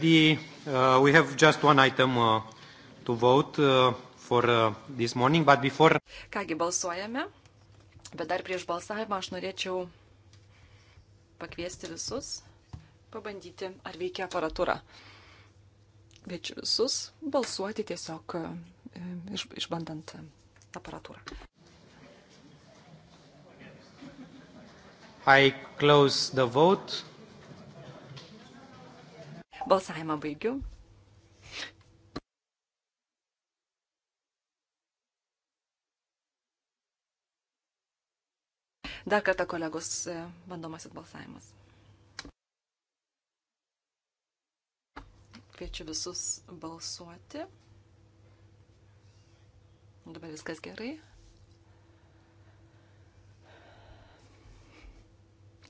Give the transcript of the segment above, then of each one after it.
The, uh, we have just one item uh, to vote uh, for uh, this morning, but before... Kągi balsuojame, bet dar prieš balsavimą aš norėčiau pakviesti visus, pabandyti, ar veikia aparatūra. Kviečiu visus balsuoti tiesiog e, iš, išbandant aparatūrą. I close the vote. Balsavimą baigiu. Dar kartą kolegos bandomasis balsavimas. Kviečiu visus balsuoti. Dabar viskas gerai.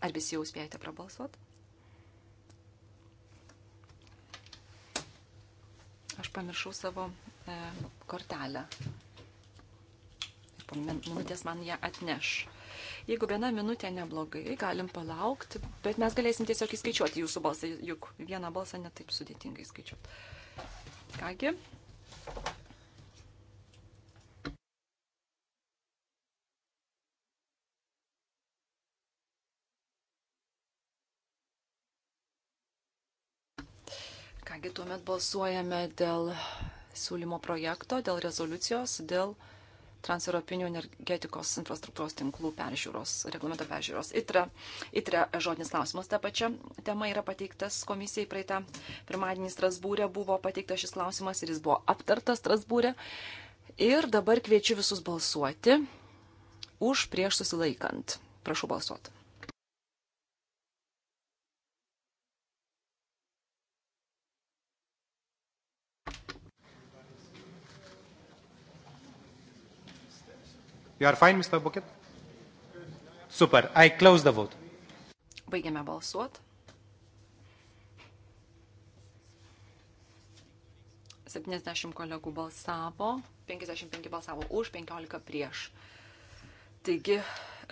Ar visi jau spėjote prabalsuoti? Aš pamiršau savo e, kortelę. Ir po minutės man ją atneš. Jeigu viena minutė neblogai, galim palaukti, bet mes galėsim tiesiog įskaičiuoti jūsų balsą, juk vieną balsą netaip sudėtingai skaičiuoti. Kągi, Kągi, tuomet balsuojame dėl siūlymo projekto, dėl rezoliucijos, dėl transeuropinių energetikos infrastruktūros tinklų peržiūros, reglamento peržiūros. ITRE, ITRE žodinis klausimas ta pačia tema yra pateiktas komisijai praeitą pirmadienį Strasbūrė buvo pateiktas šis klausimas ir jis buvo aptartas Strasbūrė. Ir dabar kviečiu visus balsuoti už prieš susilaikant. Prašau balsuoti. You are fine, Mr. Bucket? Super. I close the vote. Baigiame balsuoti. 70 kolegų balsavo, 55 balsavo už, 15 prieš. Taigi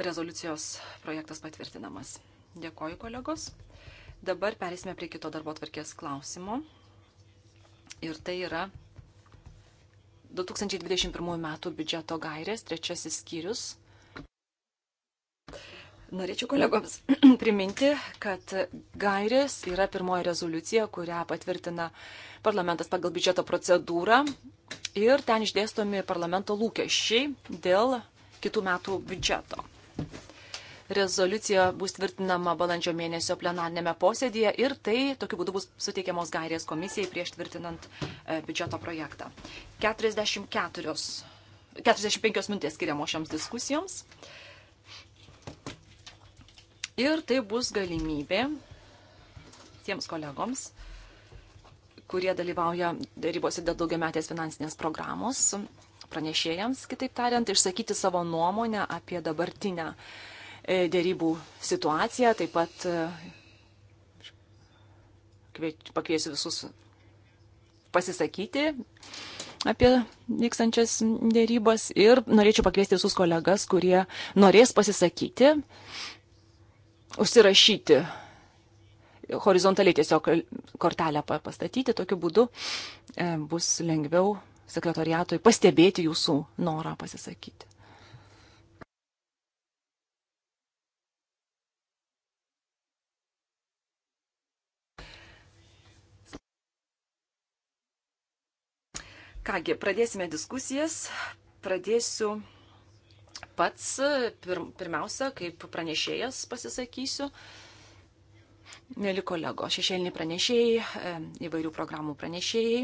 rezoliucijos projektas patvirtinamas. Dėkoju kolegos. Dabar perėsime prie kito darbo tvarkės klausimo. Ir tai yra 2021 metų biudžeto gairės, trečiasis skyrius. Norėčiau kolegoms priminti, kad gairės yra pirmoji rezoliucija, kurią patvirtina parlamentas pagal biudžeto procedūrą ir ten išdėstomi parlamento lūkesčiai dėl kitų metų biudžeto rezoliucija bus tvirtinama balandžio mėnesio plenarnėme posėdėje ir tai tokiu būdu bus suteikiamos gairės komisijai prieš tvirtinant e, biudžeto projektą. 44, 45 minutės skiriamo šioms diskusijoms. Ir tai bus galimybė tiems kolegoms, kurie dalyvauja darybose dėl daugiametės finansinės programos, pranešėjams, kitaip tariant, išsakyti savo nuomonę apie dabartinę uh, E, dėrybų situaciją. Taip pat e, pakviesiu visus pasisakyti apie vykstančias dėrybas ir norėčiau pakviesti visus kolegas, kurie norės pasisakyti, užsirašyti horizontaliai tiesiog kortelę pastatyti, tokiu būdu e, bus lengviau sekretoriatui pastebėti jūsų norą pasisakyti. Kągi, pradėsime diskusijas. Pradėsiu pats, pir, pirmiausia, kaip pranešėjas pasisakysiu. Mėly kolego, šešėliniai pranešėjai, e, įvairių programų pranešėjai,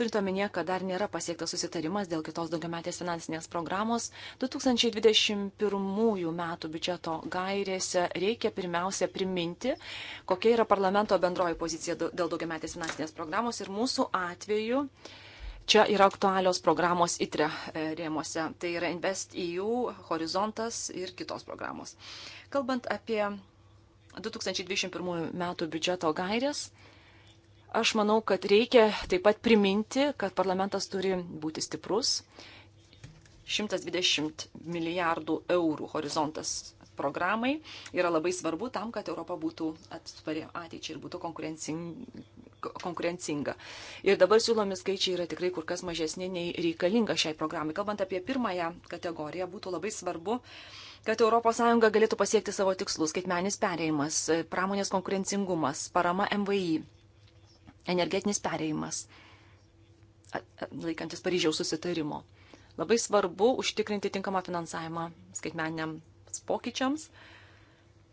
turint omenyje, kad dar nėra pasiektas susitarimas dėl kitos daugiametės finansinės programos, 2021 m. biudžeto gairėse reikia pirmiausia priminti, kokia yra parlamento bendroji pozicija dėl daugiametės finansinės programos ir mūsų atveju Čia yra aktualios programos ITRE e, rėmose. Tai yra InvestEU, Horizontas ir kitos programos. Kalbant apie 2021 metų biudžeto gairės, aš manau, kad reikia taip pat priminti, kad parlamentas turi būti stiprus. 120 milijardų eurų horizontas programai yra labai svarbu tam, kad Europa būtų atspari ateičiai ir būtų konkurencing, konkurencinga. Ir dabar siūlomi skaičiai yra tikrai kur kas mažesni nei reikalinga šiai programai. Kalbant apie pirmąją kategoriją, būtų labai svarbu, kad ES galėtų pasiekti savo tikslus - skaitmenis perėjimas, pramonės konkurencingumas, parama MVI, energetinis perėjimas, laikantis Paryžiaus susitarimo. Labai svarbu užtikrinti tinkamą finansavimą skaitmeniniams pokyčiams.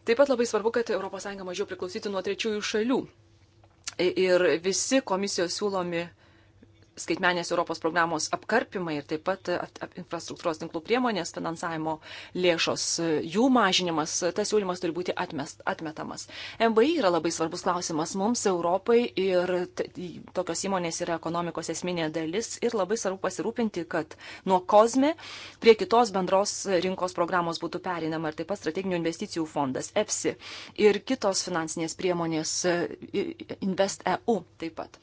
Taip pat labai svarbu, kad ES mažiau priklausytų nuo trečiųjų šalių, ir visi komisijos siūlomi skaitmenės Europos programos apkarpimai ir taip pat infrastruktūros tinklų priemonės finansavimo lėšos, jų mažinimas, tas siūlymas turi būti atmest, atmetamas. MVI yra labai svarbus klausimas mums, Europai, ir tokios įmonės yra ekonomikos esminė dalis ir labai svarbu pasirūpinti, kad nuo kozme prie kitos bendros rinkos programos būtų perinama ir taip pat strateginių investicijų fondas, EPSI ir kitos finansinės priemonės InvestEU taip pat.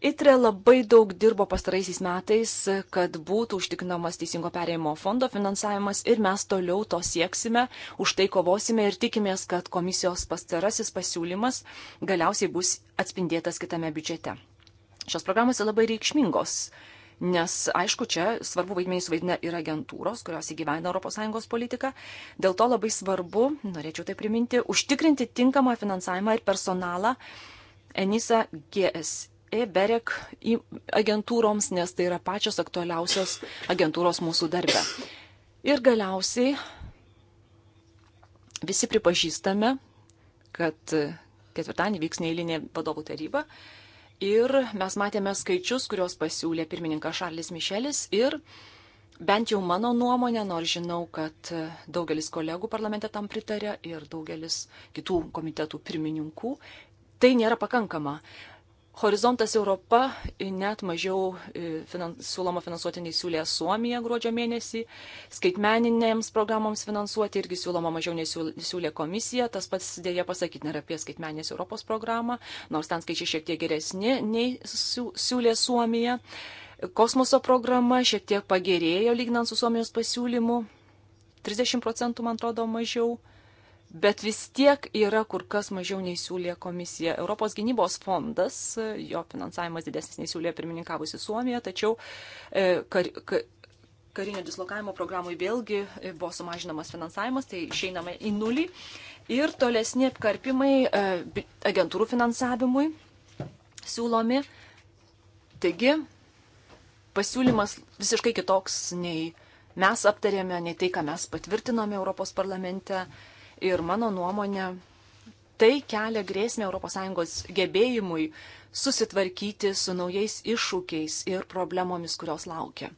ITRE labai daug dirbo pastaraisiais metais, kad būtų užtikrinamas teisingo perėjimo fondo finansavimas ir mes toliau to sieksime, už tai kovosime ir tikimės, kad komisijos pastarasis pasiūlymas galiausiai bus atspindėtas kitame biudžete. Šios programos yra labai reikšmingos nes, aišku, čia svarbu vaidmenį suvaidina ir agentūros, kurios įgyvena ES politiką. Dėl to labai svarbu, norėčiau tai priminti, užtikrinti tinkamą finansavimą ir personalą ENISA GS, EBEREK agentūroms, nes tai yra pačios aktualiausios agentūros mūsų darbe. Ir galiausiai visi pripažįstame, kad ketvirtadienį vyks neįlinė vadovų taryba. Ir mes matėme skaičius, kuriuos pasiūlė pirmininkas Šarlis Mišelis. Ir bent jau mano nuomonė, nors žinau, kad daugelis kolegų parlamente tam pritarė ir daugelis kitų komitetų pirmininkų, tai nėra pakankama. Horizontas Europa net mažiau finans, siūloma finansuoti nei siūlė Suomija gruodžio mėnesį. Skaitmeninėms programoms finansuoti irgi siūloma mažiau nei siūlė komisija. Tas pats dėja pasakyti nėra apie skaitmeninės Europos programą, nors ten skaičiai šiek tiek geresni nei siūlė Suomija. Kosmoso programa šiek tiek pagerėjo lygnant su Suomijos pasiūlymu. 30 procentų, man atrodo, mažiau bet vis tiek yra kur kas mažiau nei siūlė komisija. Europos gynybos fondas, e, jo finansavimas didesnis nei siūlė pirmininkavusi Suomija, tačiau e, kar, kar, karinio dislokavimo programui vėlgi e, buvo sumažinamas finansavimas, tai išeiname į nulį. Ir tolesni apkarpimai agentūrų finansavimui siūlomi. Taigi, pasiūlymas visiškai kitoks nei mes aptarėme, nei tai, ką mes patvirtinome Europos parlamente. Uh, Ir mano nuomonė, tai kelia grėsmę ES gebėjimui susitvarkyti su naujais iššūkiais ir problemomis, kurios laukia.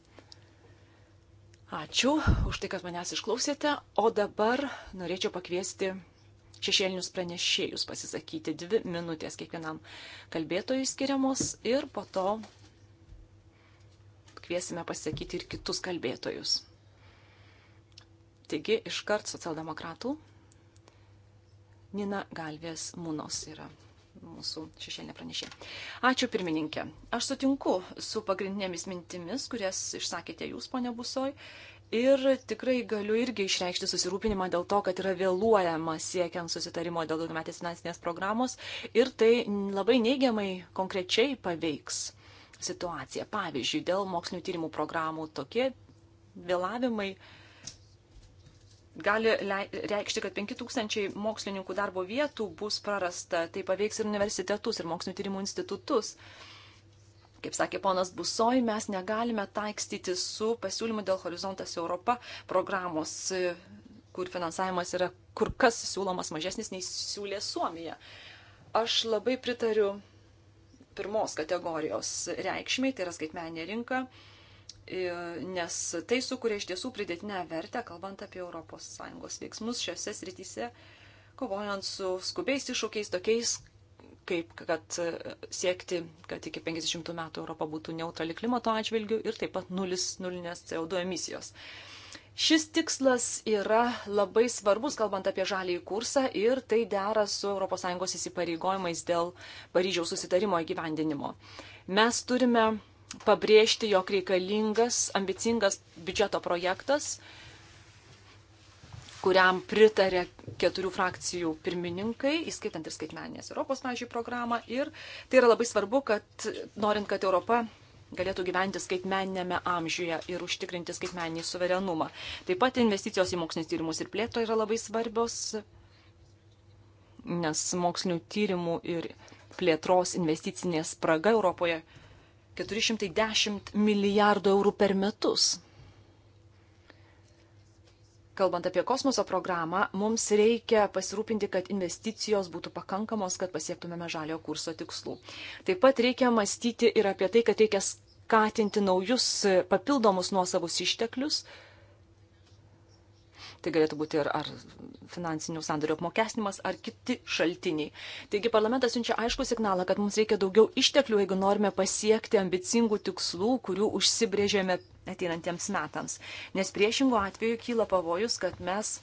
Ačiū už tai, kad manęs išklausėte, o dabar norėčiau pakviesti šešėlinius pranešėjus pasisakyti. Dvi minutės kiekvienam kalbėtojui skiriamos ir po to kviesime pasisakyti ir kitus kalbėtojus. Taigi iškart socialdemokratų Nina Galvės Munos yra mūsų šešėlinė pranešė. Ačiū pirmininkė. Aš sutinku su pagrindinėmis mintimis, kurias išsakėte jūs, ponia Busoj. Ir tikrai galiu irgi išreikšti susirūpinimą dėl to, kad yra vėluojama siekiant susitarimo dėl daugiametės finansinės programos ir tai labai neigiamai konkrečiai paveiks situaciją. Pavyzdžiui, dėl mokslinių tyrimų programų tokie vėlavimai gali reikšti, kad 5000 mokslininkų darbo vietų bus prarasta, tai paveiks ir universitetus, ir mokslinio tyrimų institutus. Kaip sakė ponas Busoj, mes negalime taikstyti su pasiūlymu dėl Horizontas Europa programos, kur finansavimas yra kur kas siūlomas mažesnis nei siūlė Suomija. Aš labai pritariu pirmos kategorijos reikšmiai, tai yra skaitmeninė rinka, nes tai sukuria iš tiesų pridėtinę vertę, kalbant apie ES veiksmus šiose srityse, kovojant su skubiais iššūkiais, tokiais kaip kad e, siekti, kad iki 50 metų Europa būtų neutrali klimato atžvilgių ir taip pat nulis, nulinės CO2 emisijos. Šis tikslas yra labai svarbus, kalbant apie žalį kursą ir tai dera su ES įsipareigojimais dėl Paryžiaus susitarimo įgyvendinimo. Mes turime pabrėžti, jog reikalingas ambicingas biudžeto projektas, kuriam pritarė keturių frakcijų pirmininkai, įskaitant ir skaitmeninės Europos, pavyzdžiui, programą. Ir tai yra labai svarbu, kad norint, kad Europa galėtų gyventi skaitmeninėme amžiuje ir užtikrinti skaitmeninį suverenumą. Taip pat investicijos į mokslinis tyrimus ir plėto yra labai svarbios, nes mokslinių tyrimų ir plėtros investicinė spraga Europoje 410 milijardų eurų per metus. Kalbant apie kosmoso programą, mums reikia pasirūpinti, kad investicijos būtų pakankamos, kad pasiektumėme žalio kurso tikslų. Taip pat reikia mąstyti ir apie tai, kad reikia skatinti naujus papildomus nuosavus išteklius, Tai galėtų būti ir ar finansinių sandorių apmokestinimas, ar kiti šaltiniai. Taigi parlamentas siunčia aišku signalą, kad mums reikia daugiau išteklių, jeigu norime pasiekti ambicingų tikslų, kurių užsibrėžėme ateinantiems metams. Nes priešingų atveju kyla pavojus, kad mes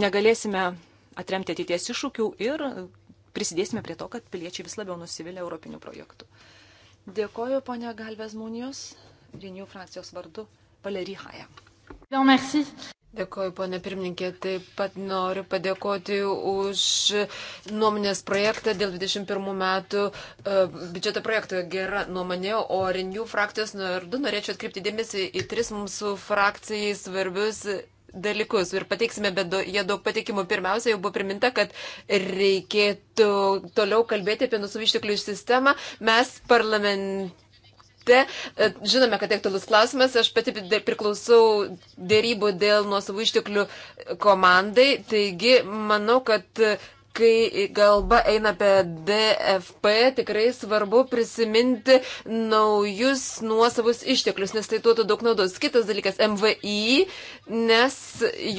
negalėsime atremti ateities iššūkių ir prisidėsime prie to, kad piliečiai vis labiau nusivylę europinių projektų. Dėkoju, ponia Galvės Munijos. Renių frakcijos vardu Valerija Haja. Dėkoju, ponė pirmininkė. Taip pat noriu padėkoti už nuomonės projektą dėl 21 metų e, biudžeto projekto. Gera nuomonė, o Renių frakcijos vardu norėčiau atkreipti dėmesį į tris mūsų frakcijai svarbius dalykus ir pateiksime, bet jie daug pateikimų. Pirmiausia, jau buvo priminta, kad reikėtų toliau kalbėti apie nusų išteklių sistemą. Mes parlamente parlamente. E, žinome, kad aktualus klausimas. Aš pati priklausau dėrybų dėl nuosavų išteklių komandai. Taigi, manau, kad e, kai galba eina apie DFP, tikrai svarbu prisiminti naujus nuosavus išteklius, nes tai duotų daug naudos. Kitas dalykas - MVI, nes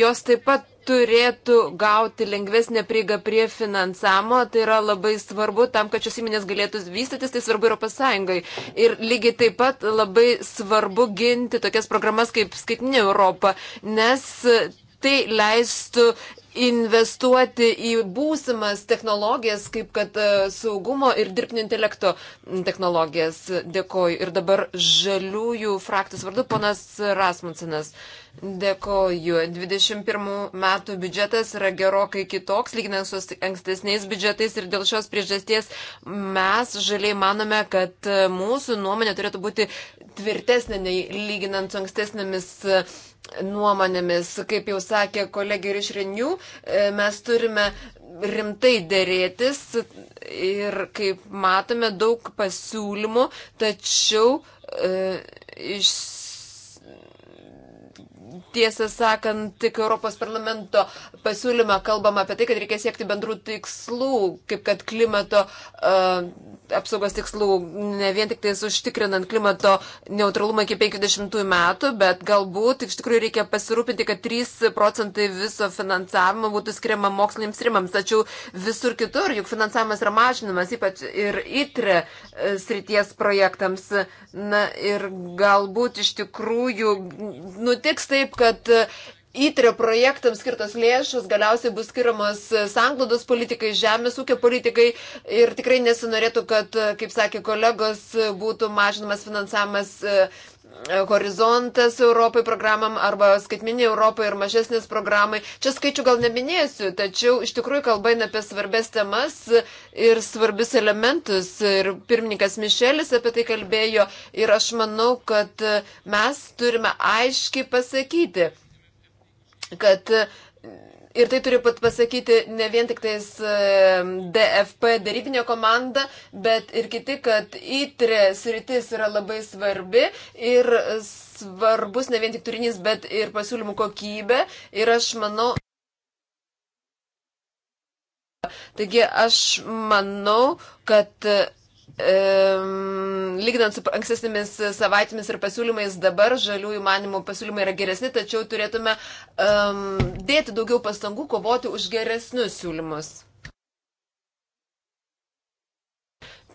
jos taip pat turėtų gauti lengvesnę prieigą prie finansavimo, tai yra labai svarbu tam, kad šios įmonės galėtų vystytis, tai svarbu Europos Sąjungai. Ir lygiai taip pat labai svarbu ginti tokias programas kaip skaitinė Europa, nes tai leistų investuoti į būsimas technologijas, kaip kad e, saugumo ir dirbtinio intelekto technologijas. Dėkoju. Ir dabar žaliųjų fraktas vardu ponas Rasmusenas. Uh, Dėkoju. 21 metų biudžetas yra gerokai kitoks, lyginant su ankstesniais biudžetais ir dėl šios priežasties mes žaliai manome, kad mūsų nuomonė turėtų būti tvirtesnė nei lyginant su ankstesnėmis nuomonėmis. Kaip jau sakė kolegė ir iš Renių, mes turime rimtai dėrėtis ir kaip matome daug pasiūlymų, tačiau e, iš tiesą sakant, tik Europos parlamento pasiūlymą kalbam apie tai, kad reikia siekti bendrų tikslų, kaip kad klimato uh, apsaugos tikslų, ne vien tik tais užtikrinant klimato neutralumą iki 50 metų, bet galbūt iš tikrųjų reikia pasirūpinti, kad 3 procentai viso finansavimo būtų skiriama moksliniams rimams. Tačiau visur kitur juk finansavimas yra mažinimas, ypač ir ITRE e, srities projektams. Na ir galbūt iš tikrųjų nutiks taip, kad įtrio projektams skirtos lėšos galiausiai bus skiriamos e, sanglaudos politikai, žemės ūkio politikai ir tikrai nesinorėtų, kad, e, kaip sakė kolegos, e, būtų mažinamas finansavimas horizontas Europai programam arba skaitminiai Europai ir mažesnės programai. Čia skaičių gal neminėsiu, tačiau iš tikrųjų kalba eina apie svarbės temas ir svarbius elementus. Ir pirmininkas Mišelis apie tai kalbėjo ir aš manau, kad mes turime aiškiai pasakyti, kad Ir tai turiu pat pasakyti ne vien tik tais DFP darybinė komanda, bet ir kiti, kad įtrė e sritis yra labai svarbi ir svarbus ne vien tik turinys, bet ir pasiūlymų kokybė. Ir aš manau. Taigi aš manau, kad lyginant su ankstesnėmis savaitėmis ir pasiūlymais, dabar žaliųjų manimų pasiūlymai yra geresni, tačiau turėtume um, dėti daugiau pastangų kovoti už geresnius siūlymus.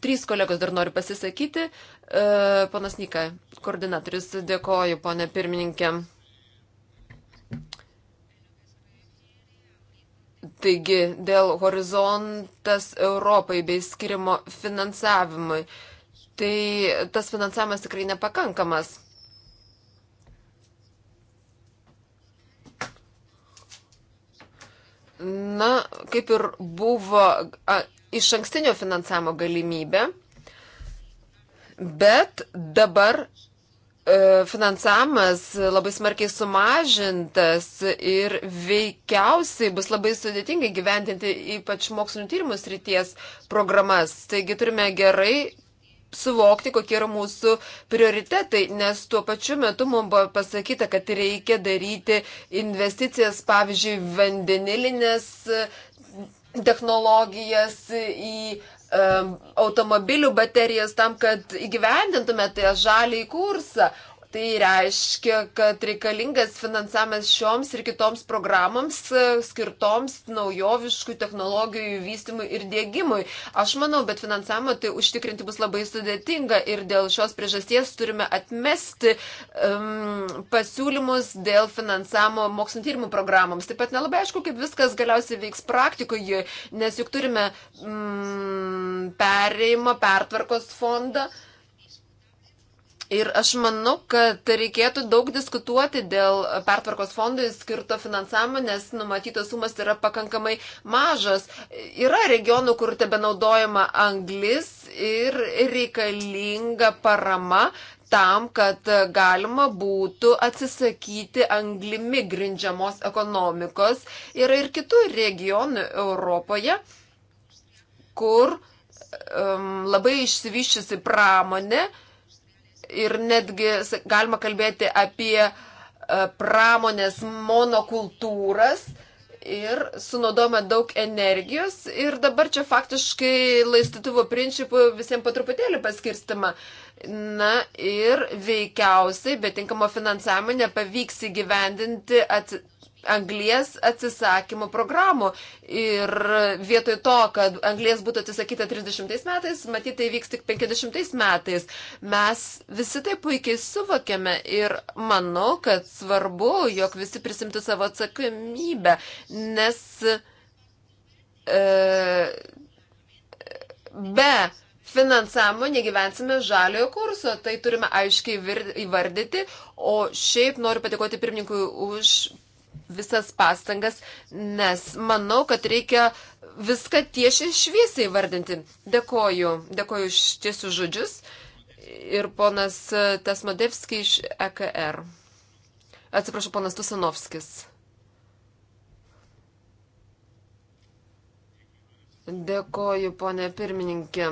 Trys kolegos dar nori pasisakyti. E, panas Nika, koordinatorius, dėkoju, ponė pirmininkė. Taigi dėl horizontas Europai bei skirimo finansavimui, tai tas finansavimas tikrai nepakankamas. Na, kaip ir buvo a, iš ankstinio finansavimo galimybė, bet dabar E, finansavimas labai smarkiai sumažintas ir veikiausiai bus labai sudėtingai gyventinti ypač mokslinio tyrimų srities programas. Taigi turime gerai suvokti, kokie yra mūsų prioritetai, nes tuo pačiu metu mums buvo pasakyta, kad reikia daryti investicijas, pavyzdžiui, vandenilinės technologijas į uh, Um, automobilių baterijas tam, kad įgyvendintume tą žalį kursą, Tai reiškia, kad reikalingas finansavimas šioms ir kitoms programoms e, skirtoms naujoviškų technologijų vystymui ir dėgymui. Aš manau, bet finansavimo tai užtikrinti bus labai sudėtinga ir dėl šios priežasties turime atmesti um, pasiūlymus dėl finansavimo mokslo tyrimų programoms. Taip pat nelabai aišku, kaip viskas galiausiai veiks praktikoje, nes juk turime um, mm, pereimo, pertvarkos fondą. Uh, Ir aš manau, kad reikėtų daug diskutuoti dėl pertvarkos fondui skirto finansavimo, nes numatytos sumas yra pakankamai mažas. Yra regionų, kur tebe naudojama anglis ir reikalinga parama tam, kad galima būtų atsisakyti anglimi grindžiamos ekonomikos. Yra ir kitų regionų Europoje, kur um, labai išsivyščiusi pramonė, uh, ir netgi galima kalbėti apie e, pramonės monokultūras ir sunaudojame daug energijos ir dabar čia faktiškai laistytuvo principų visiems po truputėlį paskirstima. Na ir veikiausiai be tinkamo finansavimo nepavyks įgyvendinti anglies atsisakymo programų. Ir vietoj to, kad anglies būtų atsisakyta 30 metais, matyt, tai vyks tik 50 metais. Mes visi tai puikiai suvokiame ir manau, kad svarbu, jog visi prisimtų savo atsakomybę, nes e, be finansavimo negyvensime žaliojo kurso, tai turime aiškiai įvardyti, o šiaip noriu patikoti pirmininkui už visas pastangas, nes manau, kad reikia viską tiešiai šviesiai vardinti. Dėkoju, dėkoju iš tiesių žodžius ir ponas Tesmadevskis iš EKR. Atsiprašau, ponas Tusanovskis. Dėkoju, ponė pirmininkė.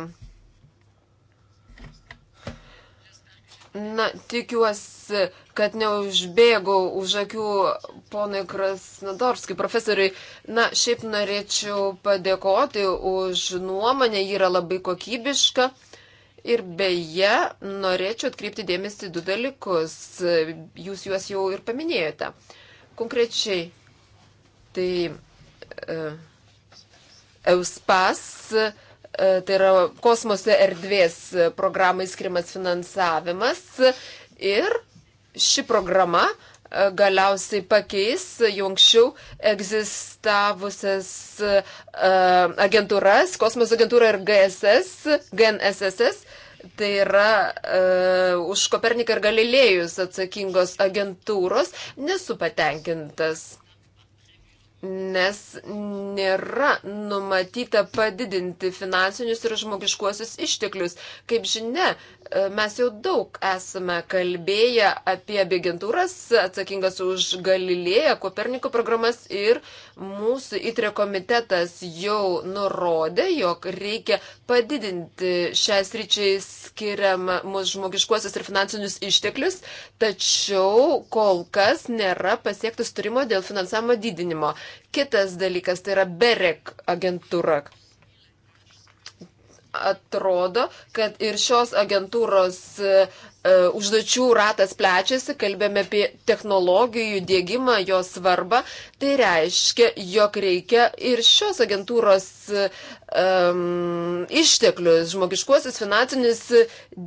Na, tikiuosi, kad neužbėgau už akių ponai Krasnodorskiai profesoriai. Na, šiaip norėčiau padėkoti už nuomonę, ji yra labai kokybiška. Ir beje, norėčiau atkreipti dėmesį du dalykus. Jūs juos jau ir paminėjote. Konkrečiai, tai uh, e, EUSPAS. Uh, E, tai yra kosmoso erdvės programai skirimas finansavimas ir ši programa e, galiausiai pakeis jau anksčiau egzistavusias e, agentūras, kosmoso agentūra ir GSS, GNSSS, tai yra uh, už Koperniką ir Galilėjus atsakingos agentūros, nesu patenkintas nes nėra numatyta padidinti finansinius ir žmogiškuosius išteklius. Kaip žinia, Mes jau daug esame kalbėję apie agentūras atsakingas už Galilėją, Koperniko programas ir mūsų įtrė komitetas jau nurodė, jog reikia padidinti šias ryčiai skiriamą mūsų žmogiškuosius ir finansinius išteklius, tačiau kol kas nėra pasiektas turimo dėl finansavimo didinimo. Kitas dalykas tai yra BEREK agentūra atrodo, kad ir šios agentūros e, e, užduočių ratas plečiasi, kalbėme apie technologijų dėgymą, jo svarbą. Tai reiškia, jog reikia ir šios agentūros um, išteklius, žmogiškuosius, finansinius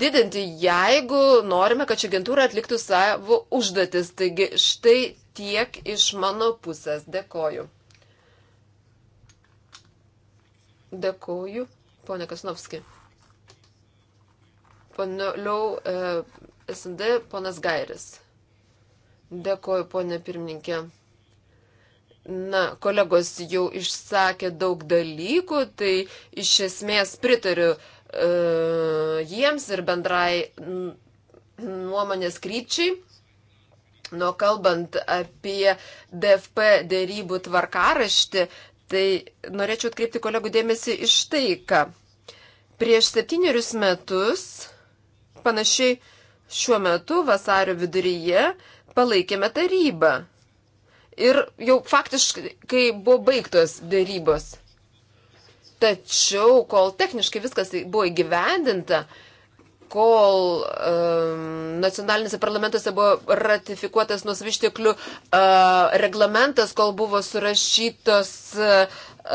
didinti, jeigu norime, kad ši agentūra atliktų savo užduotis. Taigi štai tiek iš mano pusės. Dėkoju. Dėkoju. Pone Kasnovski. Panoliau e, SND ponas Gairis. Dėkoju, ponė pirmininkė. Na, kolegos jau išsakė daug dalykų, tai iš esmės pritariu e, jiems ir bendrai nuomonės krypčiai. Nuo kalbant apie DFP dėrybų tvarkaraštį, Tai norėčiau atkreipti kolegų dėmesį iš tai, ką prieš septynerius metus, panašiai šiuo metu, vasario viduryje, palaikėme tarybą. Ir jau faktiškai buvo baigtos dėrybos. Tačiau, kol techniškai viskas buvo įgyvendinta, kol um, nacionalinėse parlamentuose buvo ratifikuotas nusvišteklių uh, e, reglamentas, kol buvo surašytos uh,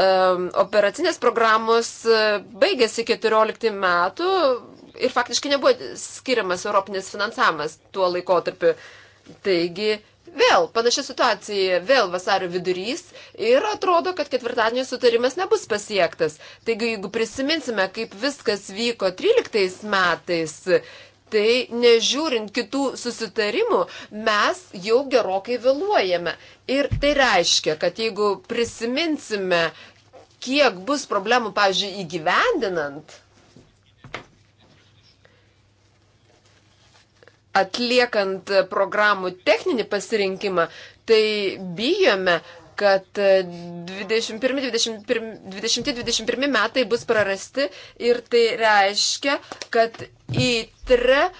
um, operacinės programos, uh, baigėsi 14 metų ir faktiškai nebuvo skiriamas europinis finansavimas tuo laikotarpiu. Taigi, uh, Vėl panaši situacija, vėl vasario vidurys ir atrodo, kad ketvirtadienio sutarimas nebus pasiektas. Taigi, jeigu prisiminsime, kaip viskas vyko 13 metais, tai nežiūrint kitų susitarimų, mes jau gerokai vėluojame. Ir tai reiškia, kad jeigu prisiminsime, kiek bus problemų, pavyzdžiui, įgyvendinant, atliekant programų techninį pasirinkimą, tai bijome, kad 2021 metai bus prarasti ir tai reiškia, kad įtre e,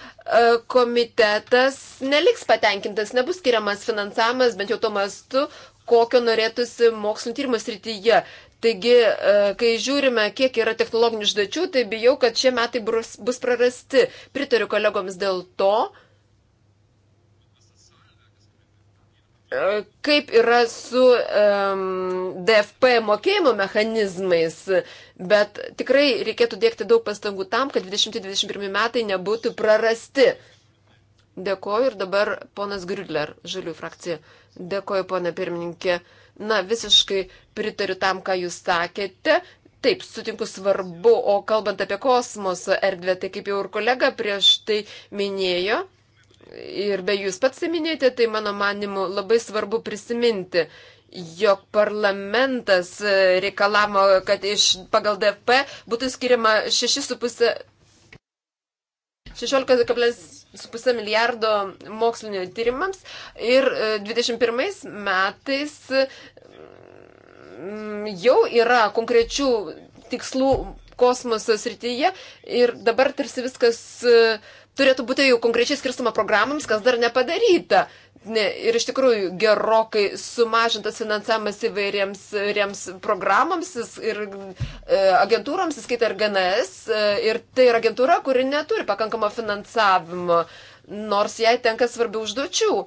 komitetas neliks patenkintas, nebus skiriamas finansavimas, bent jau to mastu, kokio norėtųsi mokslinio tyrimo srityje. Taigi, e, kai žiūrime, kiek yra technologinių užduočių, tai bijau, kad šie metai bus prarasti. Pritariu kolegoms dėl to, Kaip yra su um, DFP mokėjimo mechanizmais, bet tikrai reikėtų dėkti daug pastangų tam, kad 2021 metai nebūtų prarasti. Dėkoju ir dabar ponas Grudler, žalių frakcija. Dėkoju, ponė pirmininkė. Na, visiškai pritariu tam, ką jūs sakėte. Taip, sutinku svarbu, o kalbant apie kosmoso erdvę, tai kaip jau ir kolega prieš tai minėjo, ir be jūs pats minėjote, tai mano manimu labai svarbu prisiminti, jog parlamentas e, reikalavo, kad iš pagal DFP būtų skiriama 6,5 16,5 milijardo mokslinio tyrimams ir 21 e, metais mm, jau yra konkrečių tikslų kosmoso srityje ir dabar tarsi viskas uh, turėtų būti jau konkrečiai skirstama programams, kas dar nepadaryta. Ne, ir iš tikrųjų gerokai sumažintas finansavimas įvairiems programams ir e, agentūrams, įskaitai ir GNS. E, ir tai yra agentūra, kuri neturi pakankamo finansavimo, nors jai tenka svarbių užduočių.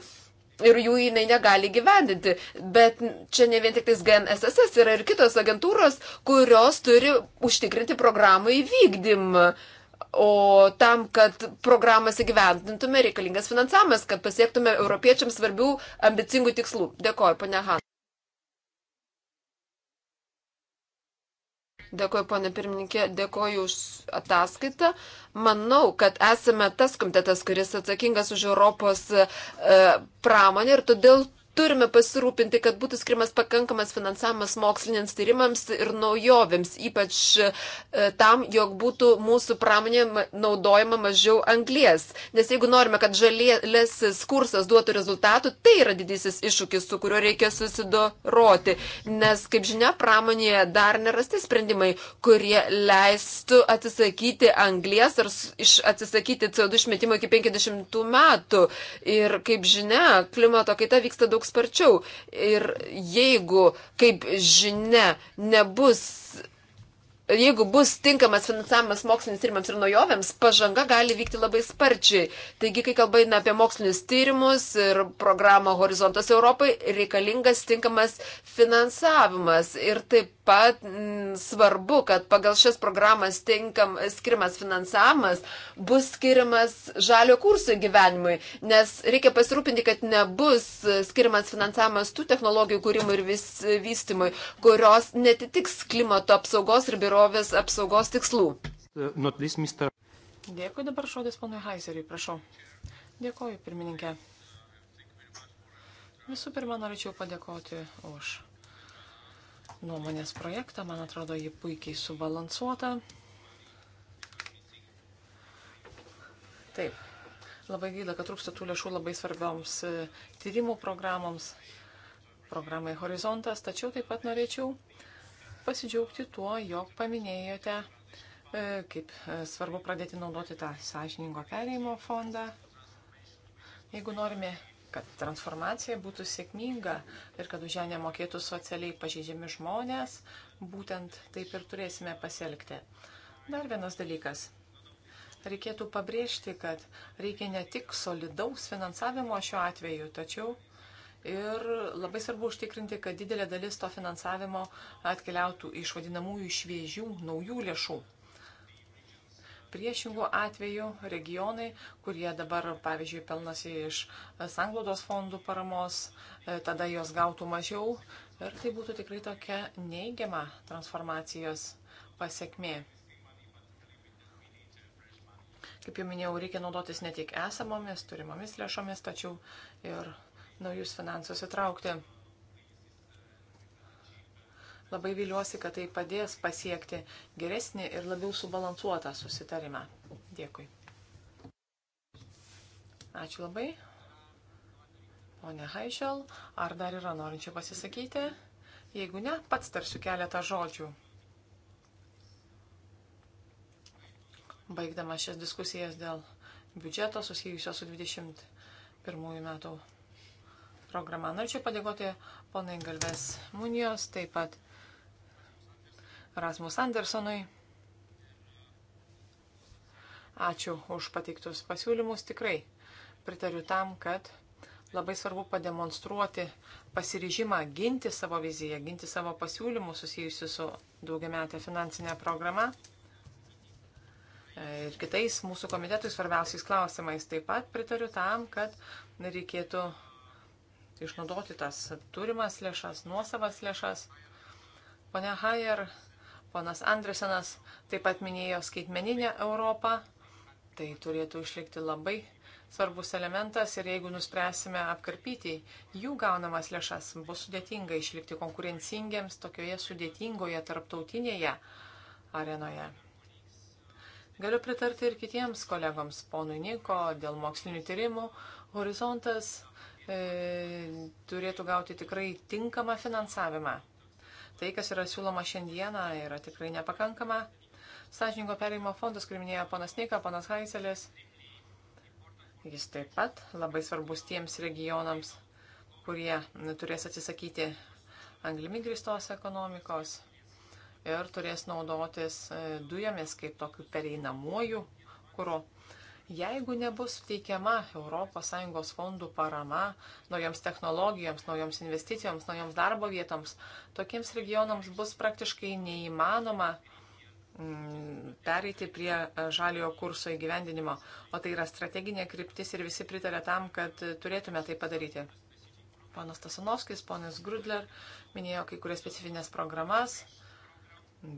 Ir jų jinai negali gyvendinti. Bet čia ne vien tik tais GNSS yra ir kitos agentūros, kurios turi užtikrinti programų įvykdymą. E, O tam, kad programas įgyvendintume, reikalingas finansavimas, kad pasiektume europiečiams svarbių ambicingų tikslų. Dėkoju, ponia Han. Dėkoju, ponė pirmininkė, dėkoju už ataskaitą. Manau, kad esame tas komitetas, kuris atsakingas už Europos e, pramonę ir todėl turime pasirūpinti, kad būtų skirimas pakankamas finansavimas moksliniams tyrimams ir naujovėms, ypač e, tam, jog būtų mūsų pramonė naudojama mažiau anglies. Nes jeigu norime, kad žalėlesis kursas duotų rezultatų, tai yra didysis iššūkis, su kuriuo reikia susidoroti. Nes, kaip žinia, pramonėje dar nerasti sprendimai, kurie leistų atsisakyti anglies ar atsisakyti CO2 išmetimo iki 50 metų. Ir, kaip žinia, klimato kaita vyksta daug sparčiau. Ir jeigu, kaip žinia, nebus jeigu bus tinkamas finansavimas mokslinis tyrimams ir naujovėms, pažanga gali vykti labai sparčiai. Taigi, kai kalba eina apie mokslinius tyrimus ir programą Horizontas Europai, reikalingas tinkamas finansavimas. Ir taip pat m, mm, svarbu, kad pagal šias programas tinkam, skirimas finansavimas bus skirimas žalio kurso gyvenimui, nes reikia pasirūpinti, kad nebus skirimas finansavimas tų technologijų kūrimui ir vis, vystimui, kurios netitiks klimato apsaugos ir biuro gerovės apsaugos tikslų. Dėkui dabar šodis ponui Haiseriui, prašau. Dėkoju, pirmininkė. Visų pirma, norėčiau padėkoti už nuomonės projektą. Man atrodo, ji puikiai subalansuota. Taip, labai gaila, kad trūksta tų lėšų labai svarbioms e, tyrimų programoms, programai Horizontas, tačiau taip pat norėčiau pasidžiaugti tuo, jog paminėjote, e, kaip e, svarbu pradėti naudoti tą sąžiningo perėjimo fondą. Jeigu norime, kad transformacija būtų sėkminga ir kad už ją nemokėtų socialiai pažeidžiami žmonės, būtent taip ir turėsime pasielgti. Dar vienas dalykas reikėtų pabrėžti, kad reikia ne tik solidaus finansavimo šiuo atveju, tačiau Ir labai svarbu užtikrinti, kad didelė dalis to finansavimo atkeliautų iš vadinamųjų šviežių, naujų lėšų. Priešingų atvejų regionai, kurie dabar, pavyzdžiui, pelnosi iš sanglaudos fondų paramos, e, tada jos gautų mažiau ir tai būtų tikrai tokia neigiama transformacijos pasiekmė kaip jau minėjau, reikia naudotis ne tik esamomis turimomis lėšomis, tačiau ir naujus finansus įtraukti. Labai viliuosi, kad tai padės pasiekti geresnį ir labiau subalansuotą susitarimą. Dėkui. Ačiū labai. Pone Haišel, ar dar yra norinčių pasisakyti? Jeigu ne, pats tarsiu keletą žodžių. Baigdama šias diskusijas dėl biudžeto susijusio su 21 metų programa. Norėčiau padėkoti ponai Galves Munijos, taip pat Rasmus Andersonui. Ačiū už pateiktus pasiūlymus. Tikrai pritariu tam, kad labai svarbu pademonstruoti pasiryžimą ginti savo viziją, ginti savo pasiūlymus susijusius su daugiametė finansinė programa ir kitais mūsų komitetui svarbiausiais klausimais. Taip pat pritariu tam, kad reikėtų išnaudoti tas turimas lėšas, nuosavas lėšas. Pone Hajer, ponas Andresenas taip pat minėjo skaitmeninę Europą. Tai turėtų išlikti labai svarbus elementas ir jeigu nuspręsime apkarpyti jų gaunamas lėšas, bus sudėtinga išlikti konkurencingiems tokioje sudėtingoje tarptautinėje arenoje. Galiu pritarti ir kitiems kolegoms, ponui Niko, dėl mokslinių tyrimų. Horizontas e, turėtų gauti tikrai tinkamą finansavimą. Tai, kas yra siūloma šiandieną, yra tikrai nepakankama. Sąžininko perėjimo fondas, kurį minėjo panas Nika, panas Haiselis, jis taip pat labai svarbus tiems regionams, kurie turės atsisakyti anglimi grįstos ekonomikos ir turės naudotis e, dujomis kaip tokiu pereinamuoju kūro Jeigu nebus teikiama ES fondų parama naujoms technologijoms, naujoms investicijoms, naujoms darbo vietoms, tokiems regionams bus praktiškai neįmanoma mm, pereiti prie e, žaliojo kurso įgyvendinimo. O tai yra strateginė kryptis ir visi pritarė tam, kad turėtume tai padaryti. Ponas Tasanovskis, ponas Grudler minėjo kai kurias specifines programas.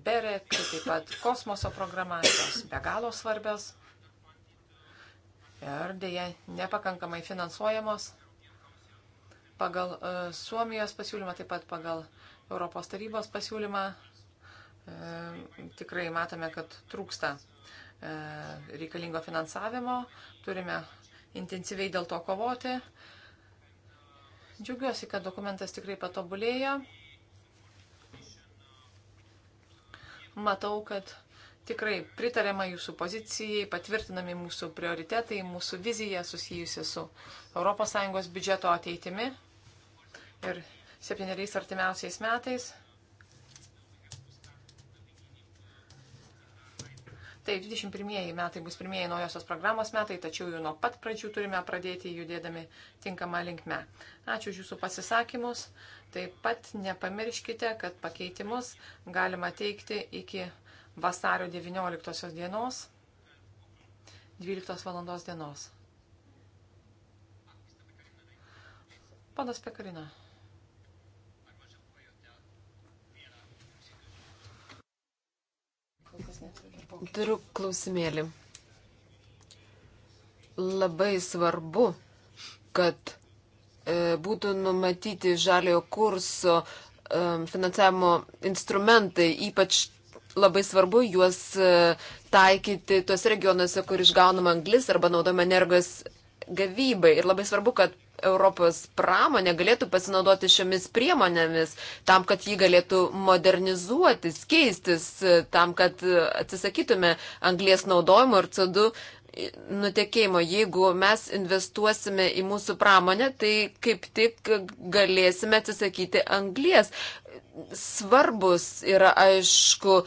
BEREK, taip pat kosmoso programas, jos be galo svarbios ir dėja nepakankamai finansuojamos. Pagal e, Suomijos pasiūlymą, taip pat pagal Europos tarybos pasiūlymą e, tikrai matome, kad trūksta e, reikalingo finansavimo, turime intensyviai dėl to kovoti. Džiaugiuosi, kad dokumentas tikrai patobulėjo. Matau, kad Tikrai pritarėma jūsų pozicijai, patvirtinami mūsų prioritetai, mūsų vizija susijusi su ES biudžeto ateitimi ir septyneriais artimiausiais metais. Taip, 21 metai bus pirmieji naujosios programos metai, tačiau jau nuo pat pradžių turime pradėti judėdami tinkamą linkmę. Ačiū už Jūsų pasisakymus. Taip pat nepamirškite, kad pakeitimus galima teikti iki vasario 19 dienos, 12 valandos dienos. Panas Pekarina. Turiu klausimėlį. Labai svarbu, kad e, būtų numatyti žaliojo kurso e, finansavimo instrumentai, ypač labai svarbu juos e, taikyti tuos regionuose, kur išgaunama anglis arba naudojama energijos gavybai. Ir labai svarbu, kad Europos pramonė galėtų pasinaudoti šiomis priemonėmis tam, kad jį galėtų modernizuotis, keistis, e, tam, kad e, atsisakytume anglės naudojimo ir CO2 nutekėjimo. Jeigu mes investuosime į mūsų pramonę, tai kaip tik galėsime atsisakyti anglies. Svarbus yra, aišku,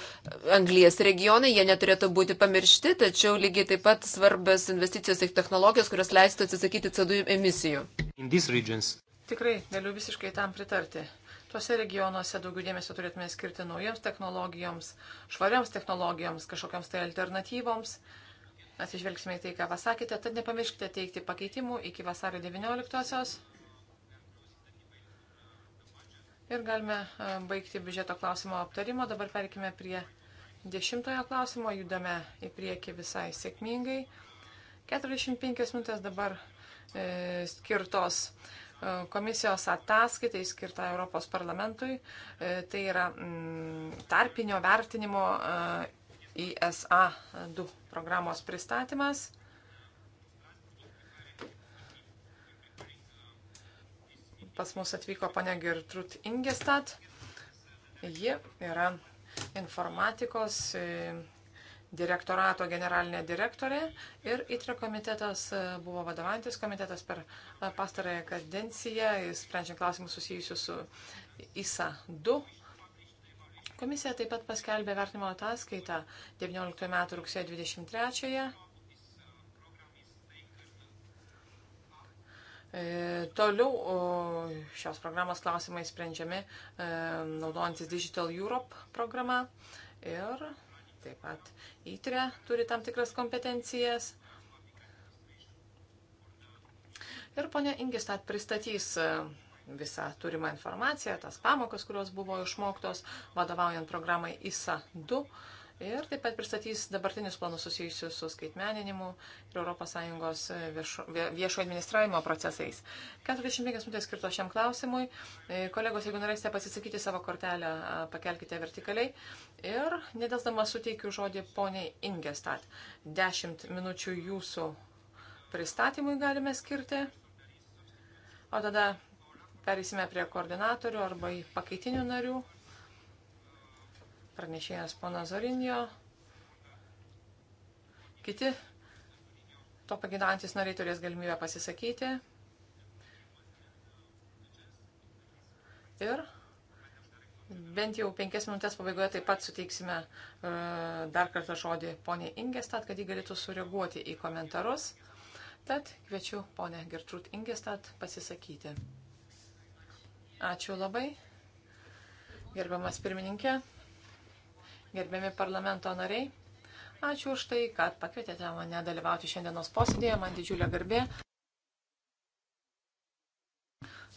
anglies regionai, jie neturėtų būti pamiršti, tačiau lygiai taip pat svarbios investicijos į technologijas, kurios leistų atsisakyti CO2 emisijų. Tikrai galiu visiškai tam pritarti. Tuose regionuose daugiau dėmesio turėtume skirti naujoms technologijoms, švarioms technologijoms, kažkokiams tai alternatyvoms. Uh, atsižvelgsime į tai, ką pasakėte, tad nepamirškite teikti pakeitimų iki vasario 19-osios. Ir galime e, baigti biudžeto klausimo aptarimo. Dabar perkime prie dešimtojo klausimo. Judame į priekį visai sėkmingai. 45 minutės dabar e, skirtos e, komisijos ataskaitai skirta Europos parlamentui. E, tai yra mm, tarpinio vertinimo ISA e 2 programos pristatymas. Pas mus atvyko ponia Gertrud Ingestat. Ji yra informatikos e, direktorato generalinė direktorė ir ITRE komitetas e, buvo vadovantis komitetas per pastarąją kadenciją, sprendžiant klausimus susijusius su ISA 2 Komisija taip pat paskelbė vertinimo ataskaitą 19 metų rugsėjo 23-ąją. E, toliau šios programos klausimai sprendžiami e, naudojantis Digital Europe programą ir taip pat ITRE turi tam tikras kompetencijas. Ir ponia Ingistat pristatys e, visą turimą informaciją, tas pamokas, kurios buvo išmoktos, vadovaujant programai ISA 2. Ir taip pat pristatys dabartinius planus susijusius su skaitmeninimu ir ES viešo, viešo administravimo procesais. 45 minutės skirto šiam klausimui. E, kolegos, jeigu norėsite pasisakyti savo kortelę, pakelkite vertikaliai. Ir nedelsdama suteikiu žodį poniai Ingestat. 10 minučių jūsų pristatymui galime skirti. O tada Perėsime prie koordinatorių arba pakaitinių narių. Pranešėjas pana Zorinio. Kiti to pagidantis nariai turės galimybę pasisakyti. Ir bent jau penkias minutės pabaigoje taip pat suteiksime uh, dar kartą žodį poniai Ingestat, kad ji galėtų sureaguoti į komentarus. Tad kviečiu ponę Gertrud Ingestat pasisakyti. Ačiū labai. Gerbiamas pirmininkė, gerbiami parlamento nariai, ačiū už tai, kad pakvietėte mane dalyvauti šiandienos posėdėje, man didžiulė garbė.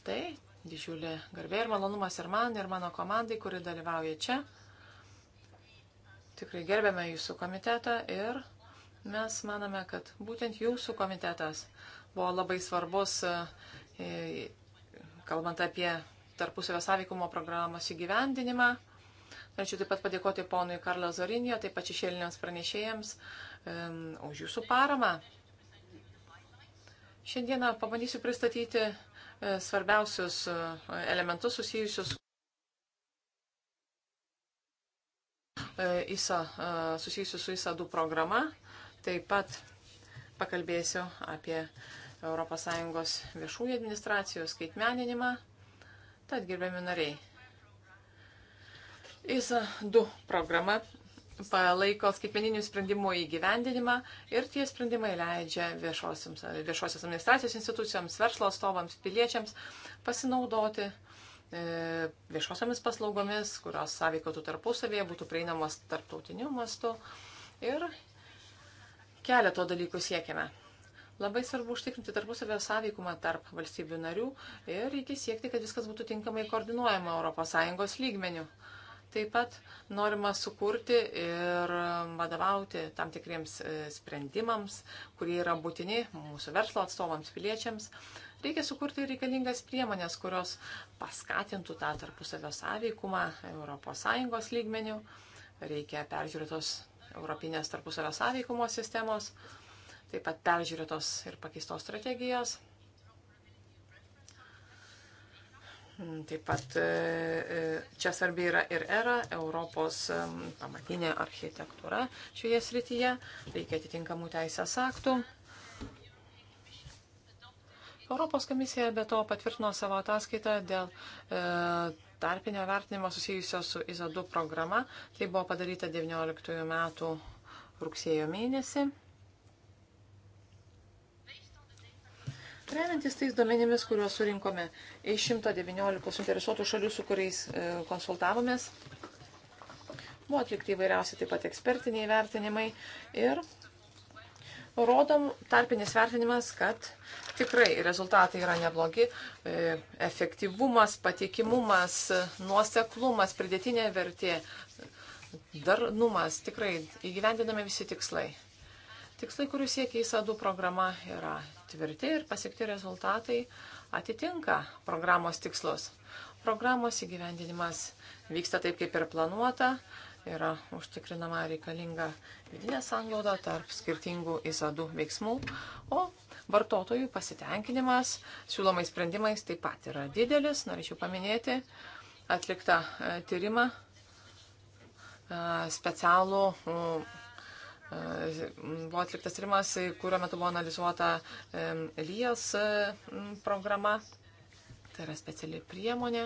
Tai didžiulė garbė ir malonumas ir man, ir mano komandai, kuri dalyvauja čia. Tikrai gerbėme jūsų komitetą ir mes manome, kad būtent jūsų komitetas buvo labai svarbus, e, kalbant apie tarpusavio sąveikumo programos įgyvendinimą. Norėčiau taip pat padėkoti ponui Karlo Zorinio, taip pat šešėliniams pranešėjams um, už jūsų paramą. Šiandieną pabandysiu pristatyti e, svarbiausius e, elementus susijusius su e, ISA, susijusius su ISA 2 programa. Taip pat pakalbėsiu apie ES viešųjų administracijų skaitmeninimą. Tad, gerbiami nariai, ISA 2 programa palaiko skaitmeninių sprendimų įgyvendinimą ir tie sprendimai leidžia viešosios, viešosios administracijos institucijoms, verslo atstovams, piliečiams pasinaudoti e, viešosiamis paslaugomis, kurios sąveikautų tarpusavėje, būtų prieinamos tarptautiniu mastu. Ir keleto dalykų siekiame. Labai svarbu užtikrinti tarpusavio sąveikumą tarp valstybių narių ir reikia siekti, kad viskas būtų tinkamai koordinuojama ES lygmenių. Taip pat norima sukurti ir vadovauti tam tikriems e, sprendimams, kurie yra būtini mūsų verslo atstovams, piliečiams. Reikia sukurti reikalingas priemonės, kurios paskatintų tą tarpusavio sąveikumą ES lygmenių. Reikia peržiūrėtos Europinės tarpusavio sąveikumo sistemos taip pat peržiūrėtos ir pakeistos strategijos. Mm, taip pat e, e, čia svarbi yra ir era, Europos pamatinė architektūra šioje srityje, reikia atitinkamų teisės aktų. Europos komisija be to patvirtino savo ataskaitą dėl e, tarpinio vertinimo susijusio su IZO 2 programa. Tai buvo padaryta 19 metų rugsėjo mėnesį. Remiantis tais duomenimis, kuriuos surinkome iš 119 suinteresuotų šalių, su kuriais e, konsultavomės, buvo atlikti įvairiausi taip pat ekspertiniai vertinimai ir rodom tarpinis vertinimas, kad tikrai rezultatai yra neblogi. E, efektyvumas, patikimumas, nuoseklumas, pridėtinė vertė, darnumas, tikrai įgyvendinami visi tikslai. Tikslai, kurių siekia įsadų programa, yra tvirti ir pasiekti rezultatai atitinka programos tikslus. Programos įgyvendinimas vyksta taip, kaip ir planuota, yra užtikrinama reikalinga vidinė sanglauda tarp skirtingų įsadų veiksmų, o vartotojų pasitenkinimas siūlomais sprendimais taip pat yra didelis. Norėčiau paminėti atliktą e, tyrimą e, specialų Buvo atliktas tyrimas, kurio metu buvo analizuota LIAS programa, tai yra speciali priemonė.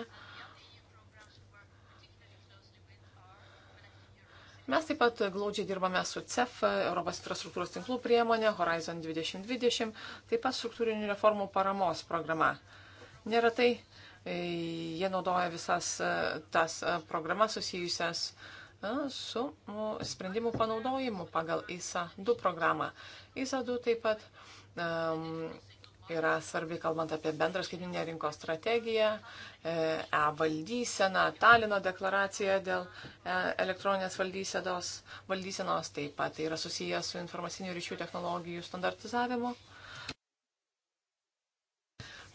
Mes taip pat glaudžiai dirbame su CEF, Europos infrastruktūros tinklų priemonė, Horizon 2020, taip pat struktūrinių reformų paramos programa. Neretai e, jie naudoja visas e, tas e, programas susijusias su su sprendimų panaudojimu pagal ISA 2 programą. ISA 2 taip pat um, yra svarbi, kalbant apie bendrą skaitminę rinkos strategiją, e, e-valdyseną, Talino deklaraciją dėl e elektroninės valdysenos, valdysenos, taip pat tai yra susijęs su informacinių ryšių technologijų standartizavimu.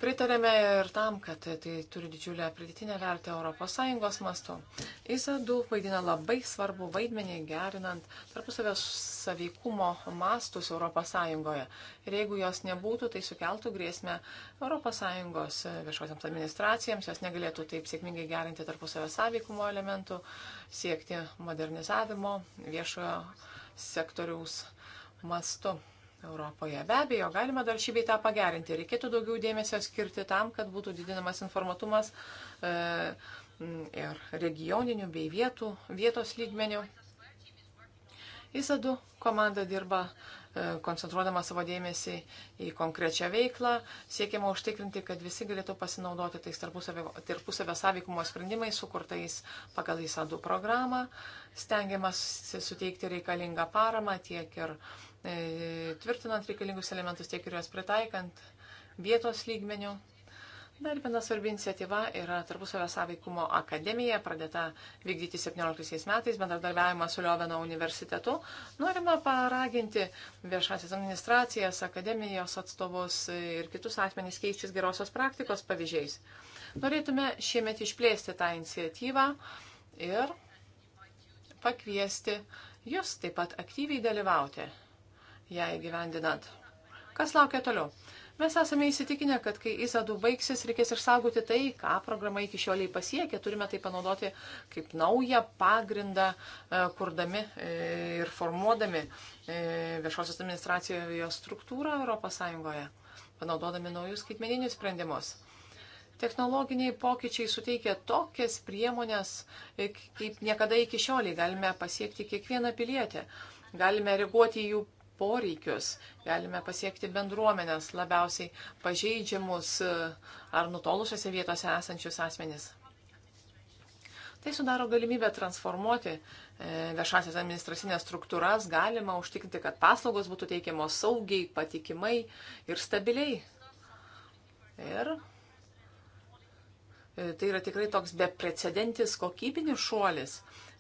Pritarėme ir tam, kad tai turi didžiulę pridėtinę vertę ES mastu. ISA 2 vaidina labai svarbu vaidmenį gerinant tarpusavės saveikumo mastus ES. Ir jeigu jos nebūtų, tai sukeltų grėsmę ES viešosiams administracijams, jos negalėtų taip sėkmingai gerinti tarpusavės saveikumo elementų, siekti modernizavimo viešojo sektoriaus mastu. Europoje. Be abejo, galima dar šį beitą pagerinti. Reikėtų daugiau dėmesio skirti tam, kad būtų didinamas informatumas e, ir regioninių bei vietų, vietos lygmenių. Įsadu komanda dirba e, koncentruodama savo dėmesį į konkrečią veiklą, siekiama užtikrinti, kad visi galėtų pasinaudoti tais tarpusavio, tarpusavio sąveikumo sprendimais sukurtais pagal įsadų programą, stengiamas suteikti reikalingą paramą tiek ir E, tvirtinant reikalingus elementus, tiek ir juos pritaikant vietos lygmenių. Dar viena svarbi iniciatyva yra tarpusavio sąveikumo akademija, pradėta vykdyti 17 metais, bendradarbiavimas su Lioveno universitetu. Norima paraginti viešasis administracijas, akademijos atstovus ir kitus asmenys keistis gerosios praktikos pavyzdžiais. Norėtume šiemet išplėsti tą iniciatyvą ir pakviesti jūs taip pat aktyviai dalyvauti ją įgyvendinant. Kas laukia toliau? Mes esame įsitikinę, kad kai įsadų baigsis, reikės išsaugoti tai, ką programa iki šioliai pasiekė, turime tai panaudoti kaip naują pagrindą, e, kurdami e, ir formuodami e, viešosios administracijos struktūrą ES, panaudodami naujus skaitmeninius sprendimus. Technologiniai pokyčiai suteikia tokias priemonės, kaip niekada iki šioliai galime pasiekti kiekvieną pilietį. Galime reaguoti į jų poreikius, galime pasiekti bendruomenės labiausiai pažeidžiamus e, ar nutolusiose vietose esančius asmenys. Tai sudaro galimybę transformuoti e, viešasias administracinės struktūras, galima užtikrinti, kad paslaugos būtų teikiamos saugiai, patikimai ir stabiliai. Ir e, tai yra tikrai toks beprecedentis kokybinis šuolis.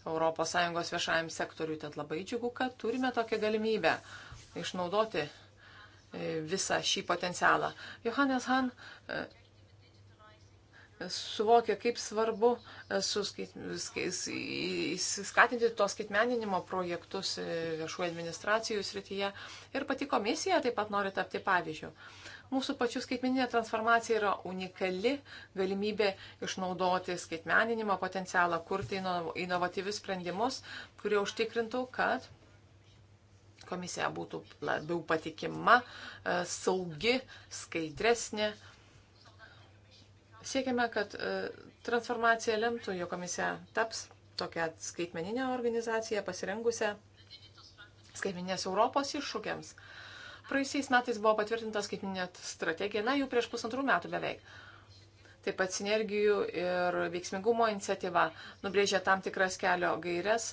ES viešajam sektoriui. Tad labai džiugu, kad turime tokią galimybę išnaudoti e, visą šį potencialą. Johannes Han e, suvokia, kaip svarbu e, skatinti tos skaitmeninimo projektus viešų administracijų srityje. Ir pati komisija taip pat nori tapti pavyzdžių. Mūsų pačių skaitmeninė transformacija yra unikali galimybė išnaudoti skaitmeninimo potencialą, kurti inovatyvius sprendimus, kurie užtikrintų, kad komisija būtų labiau patikima, e, saugi, skaidresnė. Siekime, kad e, transformacija lemtų, jo komisija taps tokia skaitmeninė organizacija, pasirengusią skaitmeninės Europos iššūkiams. Praėjusiais metais buvo patvirtintas, kaip minėt, strategija, na, jau prieš pusantrų metų beveik. Taip pat sinergijų ir veiksmingumo iniciatyva nubrėžia tam tikras kelio gairias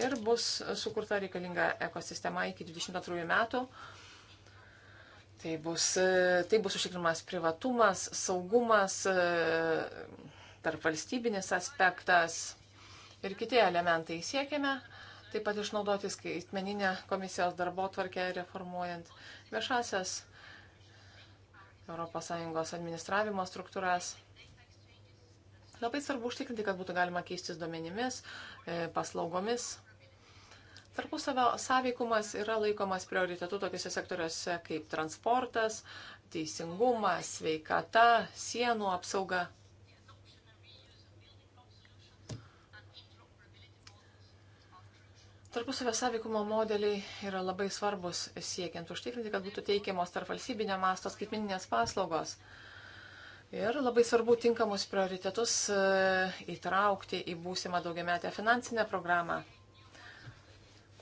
ir bus sukurta reikalinga ekosistema iki 22 metų. Tai bus, e, tai bus užtikrimas privatumas, saugumas, e, tarp valstybinis aspektas ir kiti elementai siekiame taip pat išnaudoti skaitmeninę komisijos darbo tvarkę reformuojant viešasias ES administravimo struktūras. Labai svarbu užtikrinti, kad būtų galima keistis duomenimis, e, paslaugomis. Tarpusavio sąveikumas yra laikomas prioritetu tokiuose sektoriuose kaip transportas, teisingumas, sveikata, sienų apsauga. Tarpusavio sąveikumo modeliai yra labai svarbus siekiant užtikrinti, kad būtų teikiamos tarp valstybinio masto skaitmininės paslaugos. Ir labai svarbu tinkamus prioritetus e, įtraukti į būsimą daugiametę finansinę programą,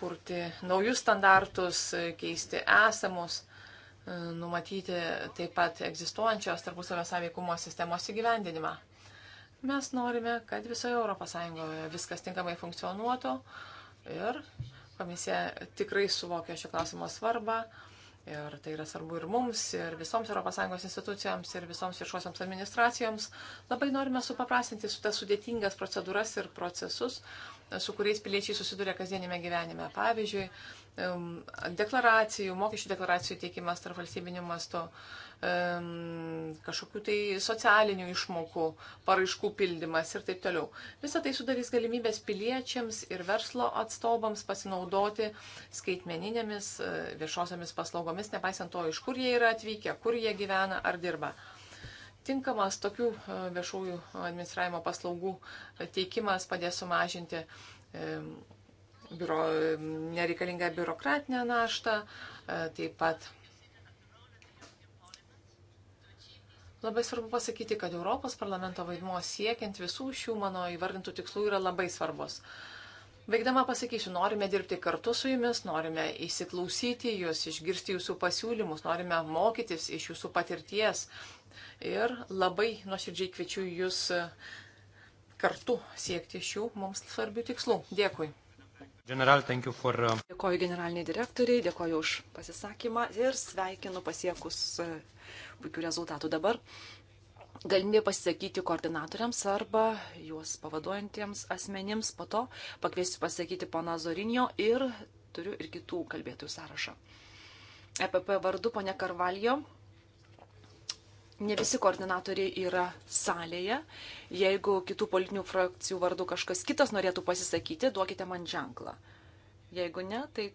kurti naujus standartus, e, keisti esamus, e, numatyti taip pat egzistuojančios tarpusavio sąveikumo sistemos įgyvendinimą. Mes norime, kad visoje ES viskas tinkamai funkcionuotų Ir komisija tikrai suvokia šio klausimo svarbą. Ir tai yra svarbu ir mums, ir visoms ES institucijoms, ir visoms viešosioms administracijoms. Labai norime supaprastinti su tas sudėtingas procedūras ir procesus, su kuriais piliečiai susiduria kasdienime gyvenime. Pavyzdžiui, deklaracijų, mokesčių deklaracijų teikimas tarp valstybinių mastų kažkokių tai socialinių išmokų, paraiškų pildymas ir taip toliau. Visą tai sudarys galimybės piliečiams ir verslo atstovams pasinaudoti skaitmeninėmis e, viešosiamis paslaugomis, nepaisant to, iš kur jie yra atvykę, kur jie gyvena ar dirba. Tinkamas tokių e, viešųjų administravimo paslaugų teikimas padės sumažinti biuro, nereikalingą biurokratinę naštą, e, taip pat Labai svarbu pasakyti, kad Europos parlamento vaidmuo siekiant visų šių mano įvardintų tikslų yra labai svarbus. Baigdama pasakysiu, norime dirbti kartu su jumis, norime įsiklausyti jūs, išgirsti jūsų pasiūlymus, norime mokytis iš jūsų patirties ir labai nuoširdžiai kviečiu jūs kartu siekti šių mums svarbių tikslų. Dėkui. General, for... Uh, dėkoju generaliniai direktoriai, dėkoju už pasisakymą ir sveikinu pasiekus puikių rezultatų. Dabar galimybė pasisakyti koordinatoriams arba juos pavaduojantiems asmenims. Po to pakviesiu pasakyti pana Zorinio ir turiu ir kitų kalbėtojų sąrašą. EPP vardu ponia Karvaljo. Ne visi koordinatoriai yra salėje. Jeigu kitų politinių frakcijų vardu kažkas kitas norėtų pasisakyti, duokite man ženklą. Jeigu ne, tai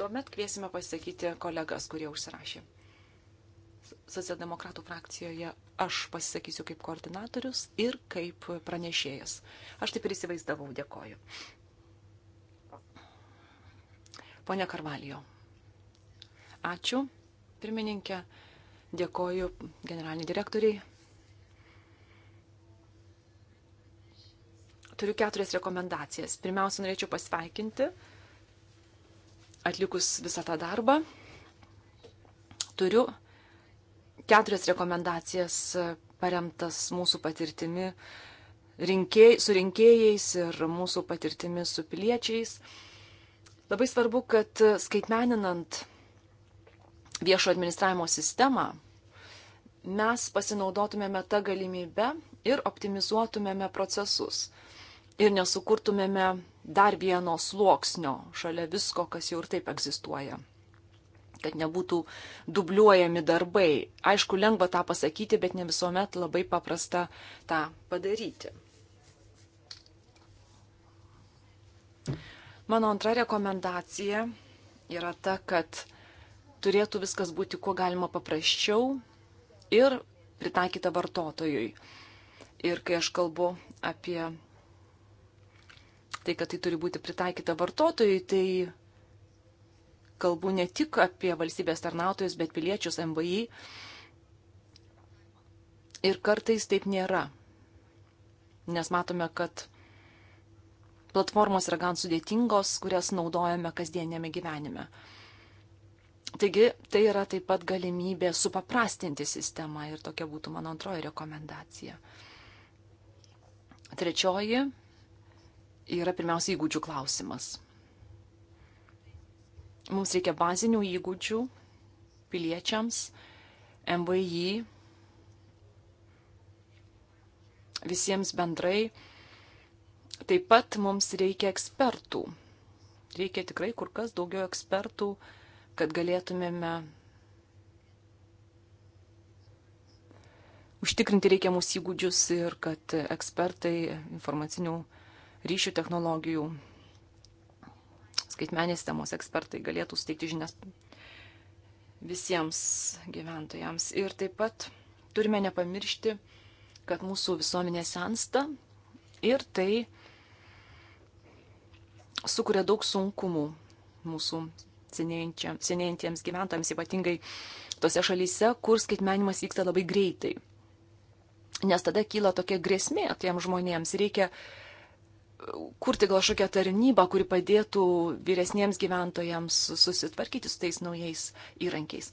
tuomet kviesime pasisakyti kolegas, kurie užsirašė socialdemokratų frakcijoje aš pasisakysiu kaip koordinatorius ir kaip pranešėjas. Aš taip ir įsivaizdavau, dėkoju. Pone Karvalijo, ačiū, pirmininkė, dėkoju generaliniai direktoriai. Turiu keturias rekomendacijas. Pirmiausia, norėčiau pasveikinti atlikus visą tą darbą. Turiu keturias rekomendacijas e, paremtas mūsų patirtimi rinkėj, su rinkėjais ir mūsų patirtimi su piliečiais. Labai svarbu, kad e, skaitmeninant viešo administravimo sistemą mes pasinaudotumėme tą galimybę ir optimizuotumėme procesus ir nesukurtumėme dar vieno sluoksnio šalia visko, kas jau ir taip egzistuoja kad nebūtų dubliuojami darbai. Aišku, lengva tą pasakyti, bet ne visuomet labai paprasta tą padaryti. Mano antra rekomendacija yra ta, kad turėtų viskas būti kuo galima paprasčiau ir pritaikyta vartotojui. Ir kai aš kalbu apie tai, kad tai turi būti pritaikyta vartotojui, tai kalbu ne tik apie valstybės tarnautojus, bet piliečius MVI. Ir kartais taip nėra, nes matome, kad platformos yra gan sudėtingos, kurias naudojame kasdienėme gyvenime. Taigi tai yra taip pat galimybė supaprastinti sistemą ir tokia būtų mano antroji rekomendacija. Trečioji yra pirmiausia įgūdžių klausimas. Mums reikia bazinių įgūdžių piliečiams, MVI, visiems bendrai. Taip pat mums reikia ekspertų. Reikia tikrai kur kas daugiau ekspertų, kad galėtumėme užtikrinti reikiamus įgūdžius ir kad ekspertai informacinių ryšių technologijų skaitmenės temos ekspertai galėtų suteikti žinias visiems gyventojams. Ir taip pat turime nepamiršti, kad mūsų visuomenė sensta ir tai sukuria daug sunkumų mūsų senėjantiems gyventojams, ypatingai tose šalyse, kur skaitmenimas vyksta labai greitai. Nes tada kyla tokia grėsmė tiem žmonėms. Reikia uh, kurti gal kažkokią tarnybą, kuri padėtų vyresniems gyventojams susitvarkyti su tais naujais įrankiais.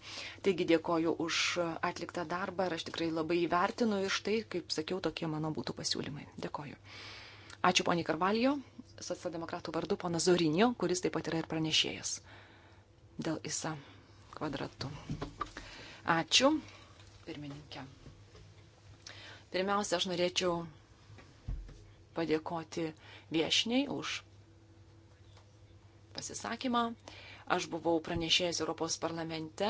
Taigi dėkoju už atliktą darbą ir aš tikrai labai įvertinu iš tai, kaip sakiau, tokie mano būtų pasiūlymai. Dėkoju. Ačiū poniai Karvalijo, socialdemokratų vardu ponas Zorinio, kuris taip pat yra ir pranešėjas dėl ISA kvadratų. Ačiū, pirmininkė. Pirmiausia, aš norėčiau padėkoti viešniai už pasisakymą. Aš buvau pranešėjęs Europos parlamente.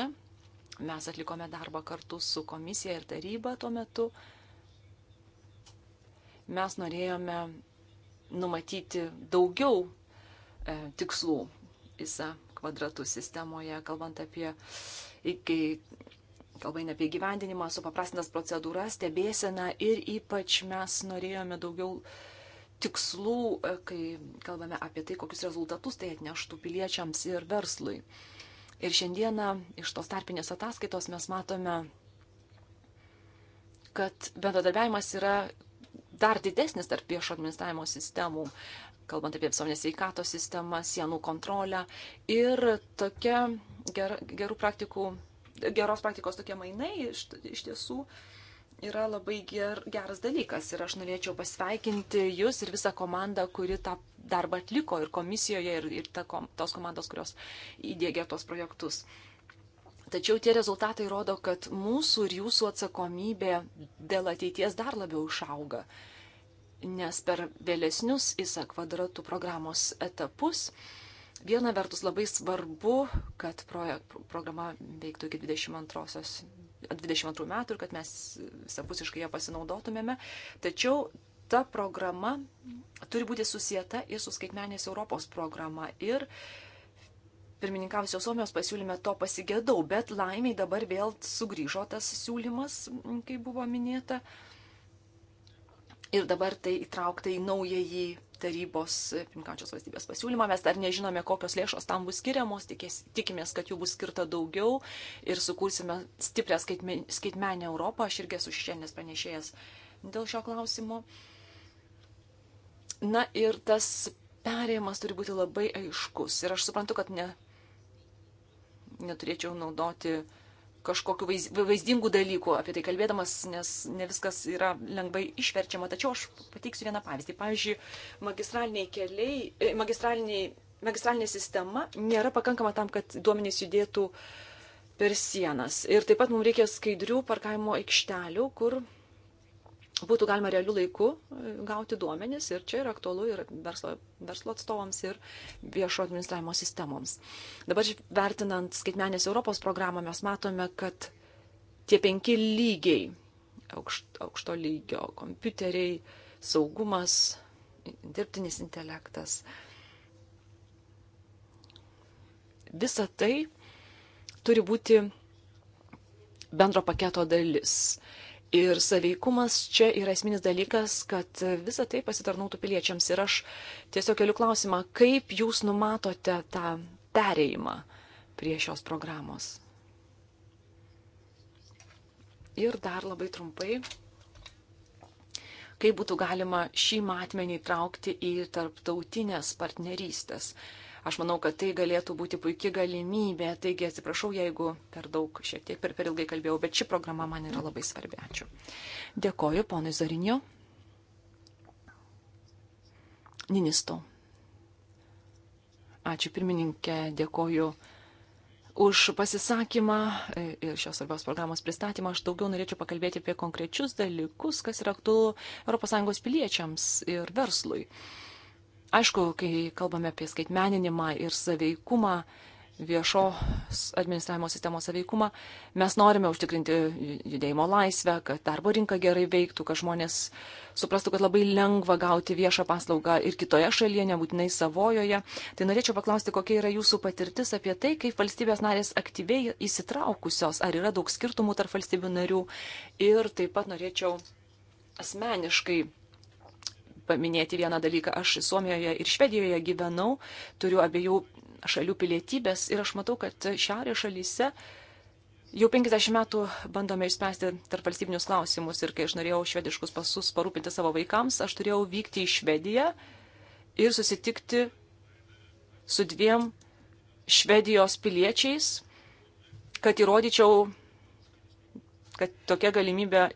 Mes atlikome darbą kartu su komisija ir taryba tuo metu. Mes norėjome numatyti daugiau e, tikslų visą kvadratų sistemoje, kalbant apie, kai kalba eina apie gyvendinimą, supaprastintas procedūras, stebėseną ir ypač mes norėjome daugiau tikslų, e, kai kalbame apie tai, kokius rezultatus tai atneštų piliečiams ir verslui. Ir šiandieną iš tos tarpinės ataskaitos mes matome, kad bendradarbiavimas yra dar didesnis tarp viešo administravimo sistemų, kalbant apie visuomenės veikatos sistemą, sienų kontrolę ir tokia ger, gerų praktikų, geros praktikos tokie mainai iš, iš tiesų uh, yra labai ger, geras dalykas ir aš norėčiau pasveikinti Jūs ir visą komandą, kuri tą darbą atliko ir komisijoje, ir, ir ta, kom, tos komandos, kurios įdėgė tos projektus. Tačiau tie rezultatai rodo, kad mūsų ir Jūsų atsakomybė dėl ateities dar labiau išauga, nes per vėlesnius ISA kvadratų programos etapus Viena vertus labai svarbu, kad projekt, programa veiktų iki 22 22 metų ir kad mes visapusiškai ją pasinaudotumėme. Tačiau ta programa turi būti susijęta ir su skaitmenės Europos programa. Ir pirmininkavusios Suomijos pasiūlyme to pasigėdau, bet laimiai dabar vėl sugrįžo tas siūlymas, kaip buvo minėta. Ir dabar tai įtraukta į naująjį tarybos e, pirmkančios valstybės pasiūlymą. Mes dar nežinome, kokios lėšos tam bus skiriamos, tikės, tikimės, kad jų bus skirta daugiau ir sukursime stiprią skaitmenę Europą. Aš irgi esu šiandienis pranešėjas dėl šio klausimo. Na ir tas perėjimas turi būti labai aiškus. Ir aš suprantu, kad ne, neturėčiau naudoti uh, kažkokiu vaizdingu dalyku apie tai kalbėdamas, nes ne viskas yra lengvai išverčiama. Tačiau aš pateiksiu vieną pavyzdį. Pavyzdžiui, magistraliniai keliai, e, magistraliniai, magistralinė sistema nėra pakankama tam, kad duomenys judėtų per sienas. Ir taip pat mums reikia skaidrių parkavimo aikštelių, kur būtų galima realiu laiku e, gauti duomenis ir čia yra aktualu ir verslo, verslo atstovams, ir viešo administravimo sistemoms. Dabar vertinant skaitmenės Europos programą mes matome, kad tie penki lygiai aukšto, aukšto lygio kompiuteriai, saugumas, dirbtinis intelektas. Visa tai turi būti bendro paketo dalis. Ir saveikumas čia yra esminis dalykas, kad visa tai pasitarnautų piliečiams. Ir aš tiesiog keliu klausimą, kaip jūs numatote tą pereimą prie šios programos. Ir dar labai trumpai, kaip būtų galima šį matmenį traukti į tarptautinės partnerystės. Uh, Aš manau, kad tai galėtų būti puikia galimybė. Taigi atsiprašau, jeigu per daug, šiek tiek per, per ilgai kalbėjau, bet ši programa man yra labai svarbi. Ačiū. Dėkoju, ponui Zarinio. Ninisto. Ačiū pirmininkė, dėkoju už pasisakymą e, ir šios svarbios programos pristatymą. Aš daugiau norėčiau pakalbėti apie konkrečius dalykus, kas yra aktualu ES piliečiams ir verslui. Aišku, kai kalbame apie skaitmeninimą ir saveikumą, viešos administravimo sistemos saveikumą, mes norime užtikrinti judėjimo laisvę, kad darbo rinka gerai veiktų, kad žmonės suprastų, kad labai lengva gauti viešą paslaugą ir kitoje šalyje, nebūtinai savojoje. Tai norėčiau paklausti, kokia yra jūsų patirtis apie tai, kaip valstybės narės aktyviai įsitraukusios, ar yra daug skirtumų tarp valstybių narių. Ir taip pat norėčiau asmeniškai paminėti vieną dalyką. Aš Suomijoje ir Švedijoje gyvenau, turiu abiejų šalių pilietybės ir aš matau, kad šiaurės šalyse jau 50 metų bandome išspręsti tarp valstybinius klausimus ir kai aš norėjau švediškus pasus parūpinti savo vaikams, aš turėjau vykti į Švediją ir susitikti su dviem Švedijos piliečiais, kad įrodyčiau, kad tokia galimybė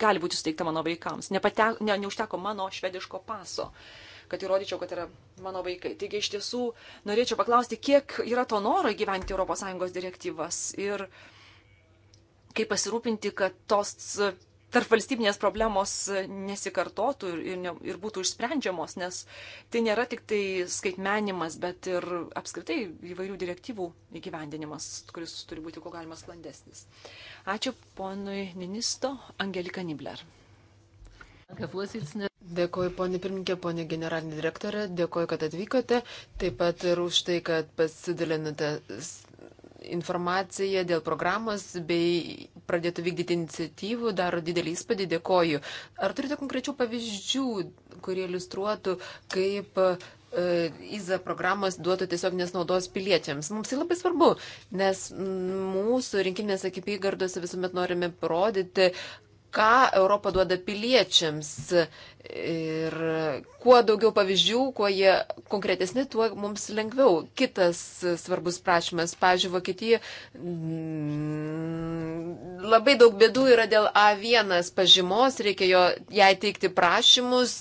gali būti suteikta mano vaikams. Nepate, ne, neužteko mano švediško paso, kad įrodyčiau, kad yra mano vaikai. Taigi iš tiesų norėčiau paklausti, kiek yra to noro gyventi ES direktyvas ir kaip pasirūpinti, kad tos tarp valstybinės problemos nesikartotų ir, ne, ir būtų išsprendžiamos, nes tai nėra tik tai skaitmenimas, bet ir apskritai įvairių direktyvų įgyvendinimas, kuris turi būti kuo galima sklandesnis. Ačiū ponui Ninisto Angelika Nibler. Dėkuoju, ponė pirmininkė, ponė generalinė direktorė, dėkuoju, kad atvykote, taip pat ir už tai, kad pasidalinote informaciją dėl programos bei pradėtų vykdyti iniciatyvų, daro didelį įspūdį, dėkoju. Ar turite konkrečių pavyzdžių, kurie iliustruotų, kaip įza e, programos duotų tiesiog nesnaudos piliečiams. Mums tai labai svarbu, nes mūsų rinkiminės apygardose visuomet norime parodyti, ką Europa duoda piliečiams Ir kuo daugiau pavyzdžių, kuo jie konkretesni, tuo mums lengviau. Kitas svarbus prašymas, pavyzdžiui, Vokietija mm, labai daug bėdų yra dėl A1 pažymos, reikia jo, jai teikti prašymus,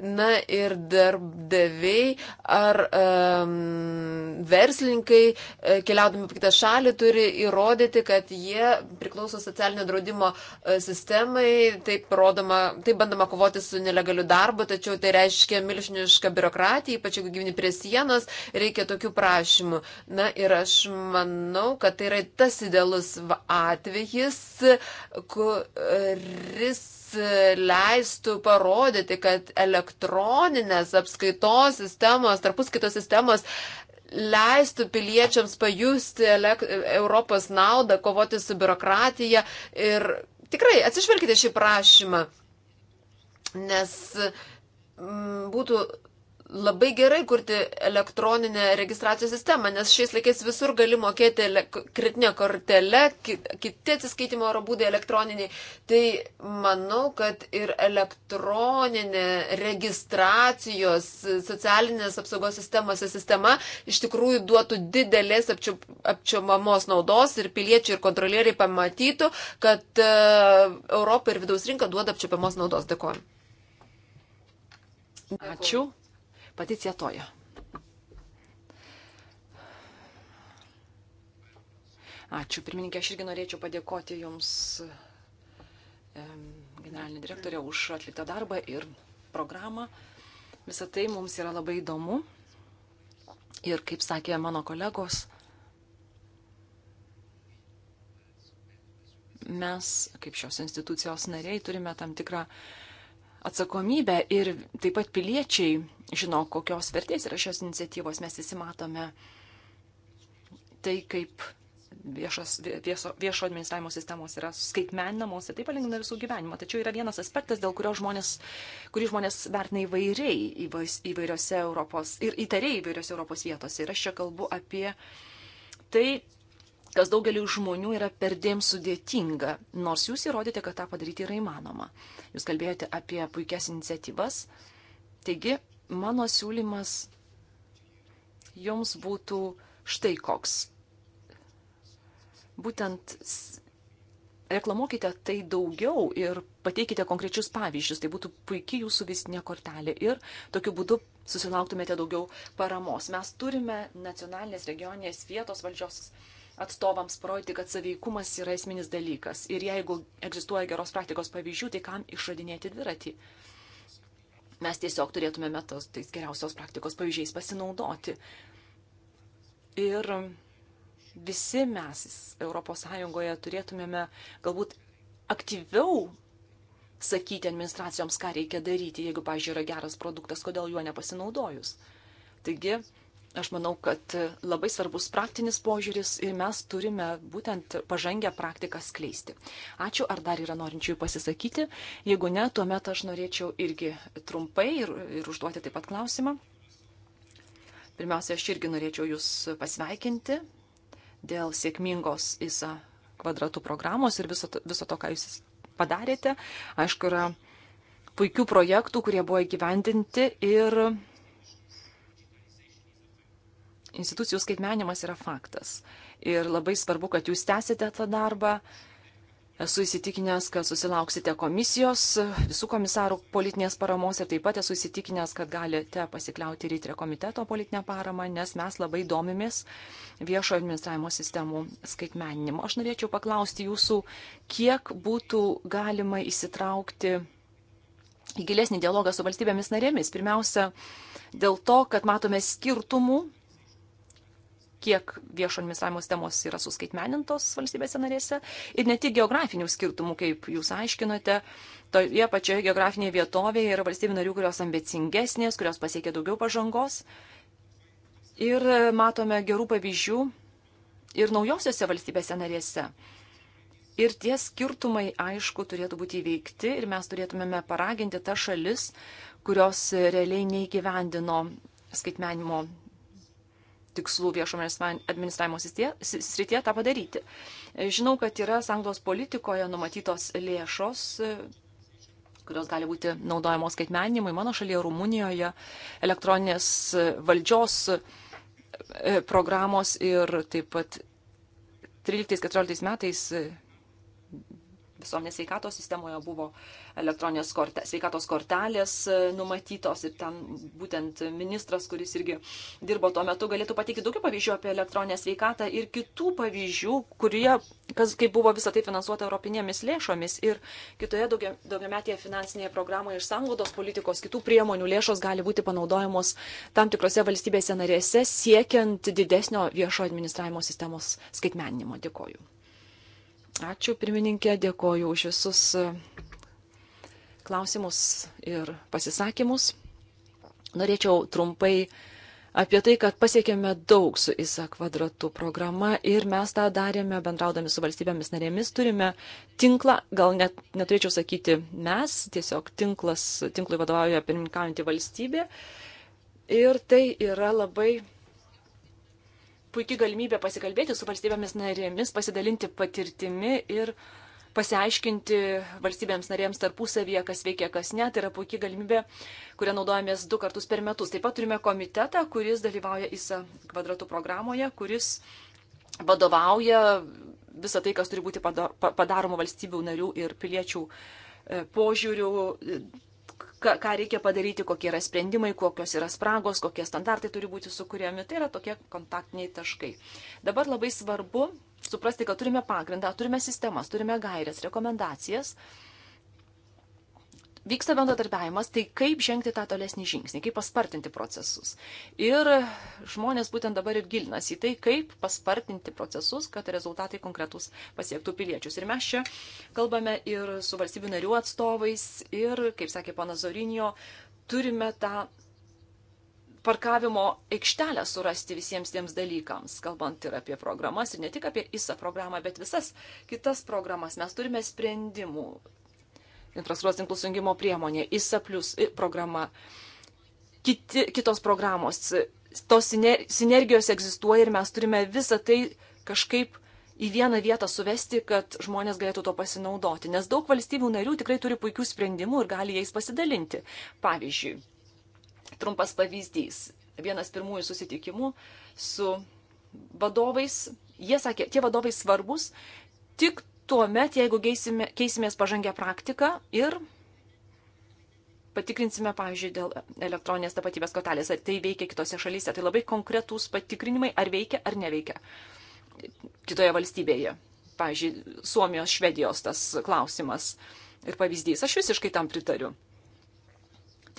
na ir darbdaviai ar um, verslininkai e, keliaudami po kitą šalį turi įrodyti, kad jie priklauso socialinio draudimo e, sistemai, taip, rodoma, taip bandoma kovoti su ne nelegaliu darbu, tačiau tai reiškia milžinišką biurokratiją, ypač jeigu gyveni prie sienos, reikia tokių prašymų. Na ir aš manau, kad tai yra tas idealus atvejis, kuris leistų parodyti, kad elektroninės apskaitos sistemos, tarpuskaitos sistemos leistų piliečiams pajusti Europos naudą, kovoti su biurokratija ir tikrai atsižvelgite šį prašymą nes mm, būtų labai gerai kurti elektroninę registracijos sistemą, nes šiais laikais visur gali mokėti kritinę kortelę, kiti atsiskaitimo oro būdai elektroniniai. Tai manau, kad ir elektroninė registracijos socialinės apsaugos sistemos sistema iš tikrųjų duotų didelės apčiomamos naudos ir piliečiai ir kontrolieriai pamatytų, kad e, Europa ir vidaus rinka duoda apčiopiamos naudos. Dėkuoju. Ačiū. Paticija Toja. Ačiū, pirmininkė, aš irgi norėčiau padėkoti Jums, generalinė direktorė, už atliktą darbą ir programą. Visą tai mums yra labai įdomu. Ir kaip sakė mano kolegos, mes, kaip šios institucijos nariai, turime tam tikrą uh, atsakomybę ir taip pat piliečiai žino, kokios vertės yra šios iniciatyvos. Mes visi matome tai, kaip viešos, viešo, viešo administravimo sistemos yra skaitmeninamos ir tai palengvina visų gyvenimą. Tačiau yra vienas aspektas, dėl kurio žmonės, kurį žmonės vertina įvairiai įvairiose Europos ir įtariai įvairiose Europos vietose. Ir aš čia kalbu apie tai, kas daugeliu žmonių yra perdėm sudėtinga, nors jūs įrodėte, kad tą padaryti yra įmanoma. Jūs kalbėjote apie puikias iniciatyvas. Taigi, mano siūlymas jums būtų štai koks. Būtent reklamuokite tai daugiau ir pateikite konkrečius pavyzdžius. Tai būtų puikiai jūsų vizitinė kortelė ir tokiu būdu susilauktumėte daugiau paramos. Mes turime nacionalinės regioninės vietos valdžios atstovams parodyti, kad saveikumas yra esminis dalykas. Ir jeigu egzistuoja geros praktikos pavyzdžių, tai kam išradinėti dviratį? Mes tiesiog turėtumėme tos, tais geriausios praktikos pavyzdžiais pasinaudoti. Ir visi mes ES turėtumėme galbūt aktyviau sakyti administracijoms, ką reikia daryti, jeigu, pažiūrėjau, yra geras produktas, kodėl juo nepasinaudojus. Taigi, Aš manau, kad labai svarbus praktinis požiūris ir mes turime būtent pažangę praktiką skleisti. Ačiū, ar dar yra norinčių pasisakyti. Jeigu ne, tuomet aš norėčiau irgi trumpai ir, ir užduoti taip pat klausimą. Pirmiausia, aš irgi norėčiau Jūs pasveikinti dėl sėkmingos ISA kvadratų programos ir viso to, viso to ką Jūs padarėte. Aišku, yra puikių projektų, kurie buvo įgyvendinti ir institucijų skaitmenimas yra faktas. Ir labai svarbu, kad jūs tęsite tą darbą. Esu įsitikinęs, kad susilauksite komisijos, visų komisarų politinės paramos ir taip pat esu įsitikinęs, kad galite pasikliauti rytrio komiteto politinę paramą, nes mes labai domimės viešo administravimo sistemų skaitmeninimu. Aš norėčiau paklausti jūsų, kiek būtų galima įsitraukti į gilesnį dialogą su valstybėmis narėmis. Pirmiausia, dėl to, kad matome skirtumų kiek viešo administravimo sistemos yra suskaitmenintos valstybėse narėse ir ne tik geografinių skirtumų, kaip jūs aiškinote, toje pačioje geografinėje vietovėje yra valstybių narių, kurios ambicingesnės, kurios pasiekė daugiau pažangos ir matome gerų pavyzdžių ir naujosiose valstybėse narėse. Ir tie skirtumai, aišku, turėtų būti įveikti ir mes turėtumėme paraginti tas šalis, kurios realiai neįgyvendino skaitmenimo tikslų viešojo administravimo srityje tą padaryti. E, žinau, kad yra sanglos politikoje numatytos lėšos e, kurios gali būti naudojamos skaitmeninimui. Mano šalyje Rumunijoje elektroninės e, valdžios programos ir taip pat 13-14 metais visuomenės sveikatos sistemoje buvo elektroninės korte, sveikatos kortelės e, numatytos ir ten būtent ministras, kuris irgi dirbo tuo metu, galėtų pateikti daugiau pavyzdžių apie elektroninę sveikatą ir kitų pavyzdžių, kurie, kas, kaip buvo visą tai finansuota europinėmis lėšomis ir kitoje daugia, daugiametėje finansinėje programoje iš sanglaudos politikos kitų priemonių lėšos gali būti panaudojamos tam tikrose valstybėse narėse siekiant didesnio viešo administravimo sistemos skaitmeninimo. Dėkoju. Ačiū pirmininkė, dėkoju už visus e, klausimus ir pasisakymus. Norėčiau trumpai apie tai, kad pasiekėme daug su ISA kvadratų programa ir mes tą darėme bendraudami su valstybėmis narėmis. Turime tinklą, gal net neturėčiau sakyti mes, tiesiog tinklas, tinklui vadovauja pirmininkaujanti valstybė. Ir tai yra labai puikia galimybė pasikalbėti su valstybėmis narėmis, pasidalinti patirtimi ir pasiaiškinti valstybėms narėms tarpusavyje, kas veikia, kas ne. Tai yra puikia galimybė, kurią naudojamės du kartus per metus. Taip pat turime komitetą, kuris dalyvauja ISA kvadratų programoje, kuris vadovauja visą tai, kas turi būti padaroma valstybių narių ir piliečių e, požiūrių ką reikia padaryti, kokie yra sprendimai, kokios yra spragos, kokie standartai turi būti sukūrėmi. Tai yra tokie kontaktiniai taškai. Dabar labai svarbu suprasti, kad turime pagrindą, turime sistemas, turime gairias, rekomendacijas. Uh, vyksta bendradarbiavimas, tai kaip žengti tą tolesnį žingsnį, kaip paspartinti procesus. Ir žmonės būtent dabar ir gilinasi į tai, kaip paspartinti procesus, kad rezultatai konkretus pasiektų piliečius. Ir mes čia kalbame ir su valstybių narių atstovais, ir, kaip sakė pana Zorinio, turime tą parkavimo aikštelę surasti visiems tiems dalykams, kalbant ir apie programas, ir ne tik apie ISA programą, bet visas kitas programas. Mes turime sprendimų infrastruktūros tinklų sujungimo priemonė, ISA plus programa, kiti, kitos programos. Tos sinergijos egzistuoja ir mes turime visą tai kažkaip į vieną vietą suvesti, kad žmonės galėtų to pasinaudoti. Nes daug valstybių narių tikrai turi puikių sprendimų ir gali jais pasidalinti. Pavyzdžiui, trumpas pavyzdys. Vienas pirmųjų susitikimų su vadovais. Jie sakė, tie vadovai svarbus tik tuo met, jeigu keisime, keisimės pažangę praktiką ir patikrinsime, pavyzdžiui, dėl elektroninės tapatybės kortelės, ar tai veikia kitose šalyse. Tai labai konkretūs patikrinimai, ar veikia ar neveikia kitoje valstybėje. Pavyzdžiui, Suomijos, Švedijos tas klausimas ir pavyzdys. Aš visiškai tam pritariu.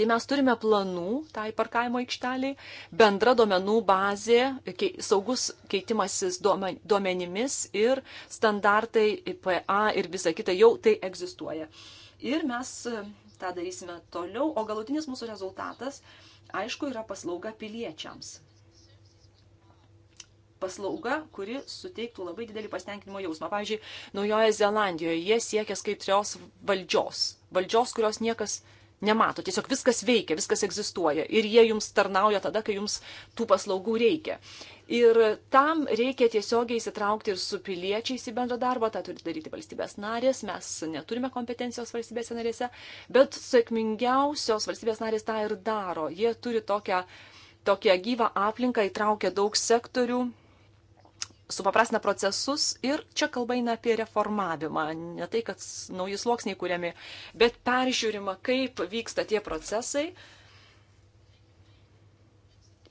Tai mes turime planų tai parkavimo aikšteliai, bendra duomenų bazė, saugus keitimasis duomenimis ir standartai PA ir visa kita jau tai egzistuoja. Ir mes e, tą darysime toliau, o galutinis mūsų rezultatas, aišku, yra paslauga piliečiams. Paslauga, kuri suteiktų labai didelį pasitenkinimo jausmą. Pavyzdžiui, Naujoje Zelandijoje jie siekia skaitrios valdžios. Valdžios, kurios niekas nemato. Tiesiog viskas veikia, viskas egzistuoja ir jie jums tarnauja tada, kai jums tų paslaugų reikia. Ir tam reikia tiesiogiai įsitraukti ir su piliečiais į bendrą darbą, tą turi daryti valstybės narės, mes neturime kompetencijos valstybėse narėse, bet sėkmingiausios valstybės narės tą ir daro. Jie turi tokią, tokią gyvą aplinką, įtraukia daug sektorių, supaprastina procesus ir čia kalba eina apie reformavimą, ne tai, kad nauji sluoksniai kūriami, bet peržiūrima, kaip vyksta tie procesai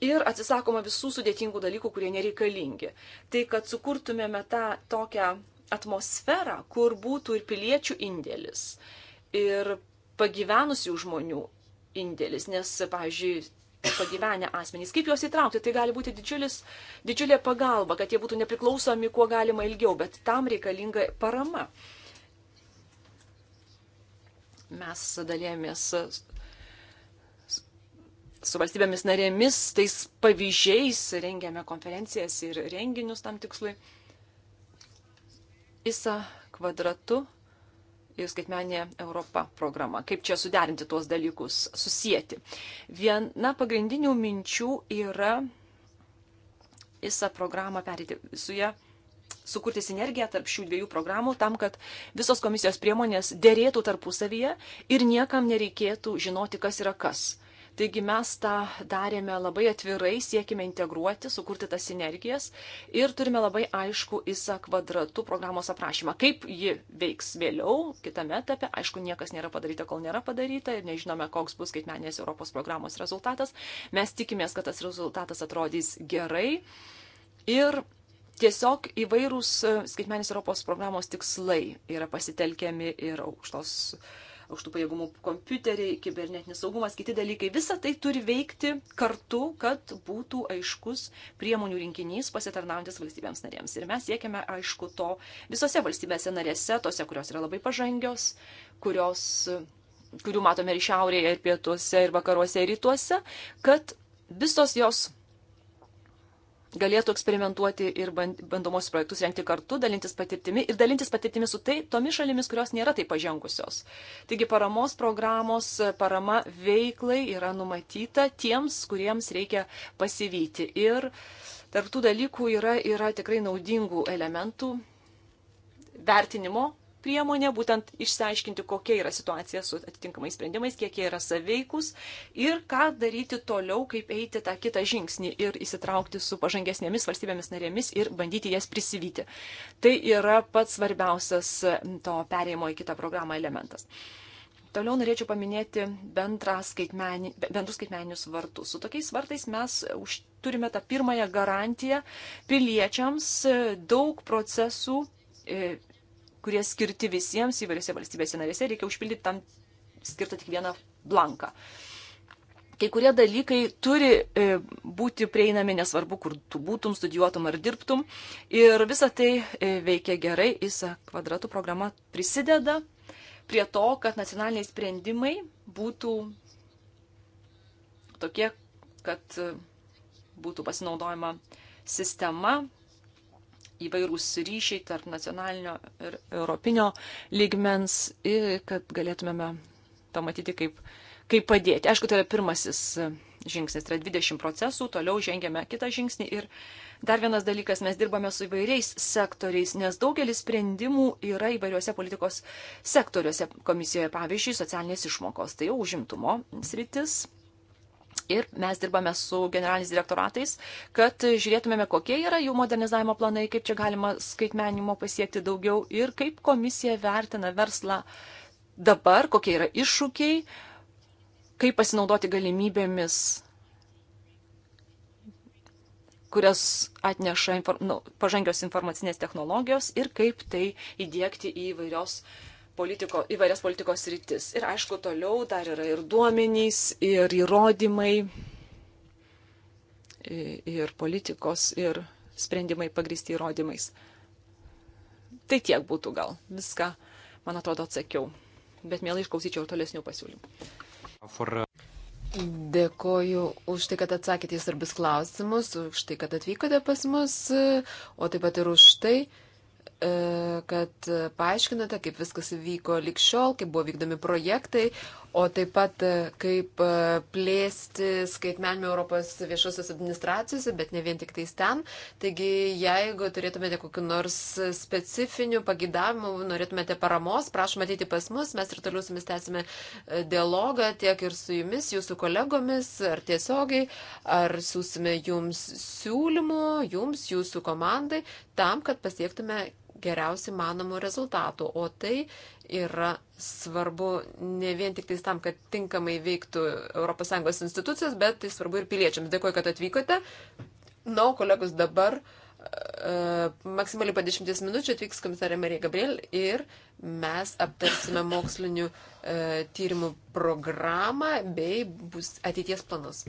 ir atsisakoma visų sudėtingų dalykų, kurie nereikalingi. Tai, kad sukurtumėme tą tokią atmosferą, kur būtų ir piliečių indėlis, ir pagyvenusių žmonių indėlis, nes, pavyzdžiui, pagyvenę asmenys. Kaip juos įtraukti? Tai gali būti didžiulis, didžiulė pagalba, kad jie būtų nepriklausomi kuo galima ilgiau, bet tam reikalinga parama. Mes dalėjomės su valstybėmis narėmis, tais pavyzdžiais rengėme konferencijas ir renginius tam tikslui. Isa kvadratu skaitmenė Europa programa. Kaip čia suderinti tuos dalykus, susijęti. Viena pagrindinių minčių yra visą programą perėti su ją sukurti sinergiją tarp šių dviejų programų tam, kad visos komisijos priemonės dėrėtų tarpusavyje ir niekam nereikėtų žinoti, kas yra kas. Taigi mes tą darėme labai atvirai, siekime integruoti, sukurti tas sinergijas ir turime labai aišku ISA kvadratų programos aprašymą. Kaip ji veiks vėliau, kitame etape, aišku, niekas nėra padaryta, kol nėra padaryta ir nežinome, koks bus skaitmenės Europos programos rezultatas. Mes tikimės, kad tas rezultatas atrodys gerai. Ir tiesiog įvairūs skaitmenės Europos programos tikslai yra pasitelkiami ir aukštos. Uh, aukštų pajėgumų kompiuteriai, kibernetinis saugumas, kiti dalykai. Visa tai turi veikti kartu, kad būtų aiškus priemonių rinkinys pasitarnaujantis valstybėms narėms. Ir mes siekiame aišku to visose valstybėse narėse, tose, kurios yra labai pažangios, kurios kurių matome ir šiaurėje, ir pietuose, ir vakaruose, ir rytuose, kad visos jos galėtų eksperimentuoti ir bandomos projektus renkti kartu, dalintis patirtimi ir dalintis patirtimi su tai, tomis šalimis, kurios nėra taip pažengusios. Taigi paramos programos, parama veiklai yra numatyta tiems, kuriems reikia pasivyti. Ir tarptų dalykų yra, yra tikrai naudingų elementų vertinimo priemonė, būtent išsiaiškinti, kokia yra situacija su atitinkamais sprendimais, kiek jie yra saveikus ir ką daryti toliau, kaip eiti tą kitą žingsnį ir įsitraukti su pažangesnėmis valstybėmis narėmis ir bandyti jas prisivyti. Tai yra pats svarbiausias to perėjimo į kitą programą elementas. Toliau norėčiau paminėti skaitmeni, bendrus skaitmeninius vartus. Su tokiais vartais mes už, turime tą pirmąją garantiją piliečiams e, daug procesų e, kurie skirti visiems įvairiose valstybėse narėse, reikia užpildyti tam skirtą tik vieną blanką. Kai kurie dalykai turi e, būti prieinami, nesvarbu, kur tu būtum, studijuotum ar dirbtum. Ir visa tai e, veikia gerai, ISA kvadratų programa prisideda prie to, kad nacionaliniai sprendimai būtų tokie, kad e, būtų pasinaudojama sistema, įvairūs ryšiai tarp nacionalinio ir europinio lygmens, ir kad galėtumėme pamatyti, kaip, kaip padėti. Aišku, tai yra pirmasis žingsnis, tai yra 20 procesų, toliau žengėme kitą žingsnį ir dar vienas dalykas, mes dirbame su įvairiais sektoriais, nes daugelis sprendimų yra įvairiuose politikos sektoriuose komisijoje, pavyzdžiui, socialinės išmokos, tai jau užimtumo sritis, Ir mes dirbame su generaliniais direktoratais, kad žiūrėtumėme, kokie yra jų modernizavimo planai, kaip čia galima skaitmenimo pasiekti daugiau ir kaip komisija vertina verslą dabar, kokie yra iššūkiai, kaip pasinaudoti galimybėmis, kurias atneša inform, nu, pažangios informacinės technologijos ir kaip tai įdėkti į vairios uh, politiko, įvairias politikos rytis. Ir aišku, toliau dar yra ir duomenys, ir įrodymai, ir politikos, ir sprendimai pagristi įrodymais. Tai tiek būtų gal. Viską, man atrodo, atsakiau. Bet mielai išklausyčiau ir tolesnių pasiūlymų. For... Uh, Dėkoju už tai, kad atsakėte į svarbius klausimus, už tai, kad atvykote pas mus, o taip pat ir už tai, E, kad paaiškinote, kaip viskas vyko likščiol, kaip buvo vykdomi projektai, o taip pat e, kaip e, plėsti skaitmenimą Europos viešosios administracijose, bet ne vien tik tais ten. Taigi, jeigu turėtumėte kokiu nors specifiniu pagidavimu, norėtumėte paramos, prašom ateiti pas mus, mes ir toliau su jumis tęsime dialogą tiek ir su jumis, jūsų kolegomis, ar tiesiogiai, ar siūsime jums siūlymų, jums, jūsų komandai, tam, kad pasiektume geriausių manomų rezultatų. O tai yra svarbu ne vien tik tam, kad tinkamai veiktų ES institucijos, bet tai svarbu ir piliečiams. Dėkuoju, kad atvykote. Na, o kolegos dabar e, maksimaliai po 10 minučių atvyks komisarė Marija Gabriel ir mes aptarsime mokslinių e, tyrimų programą bei bus ateities planus.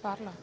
parla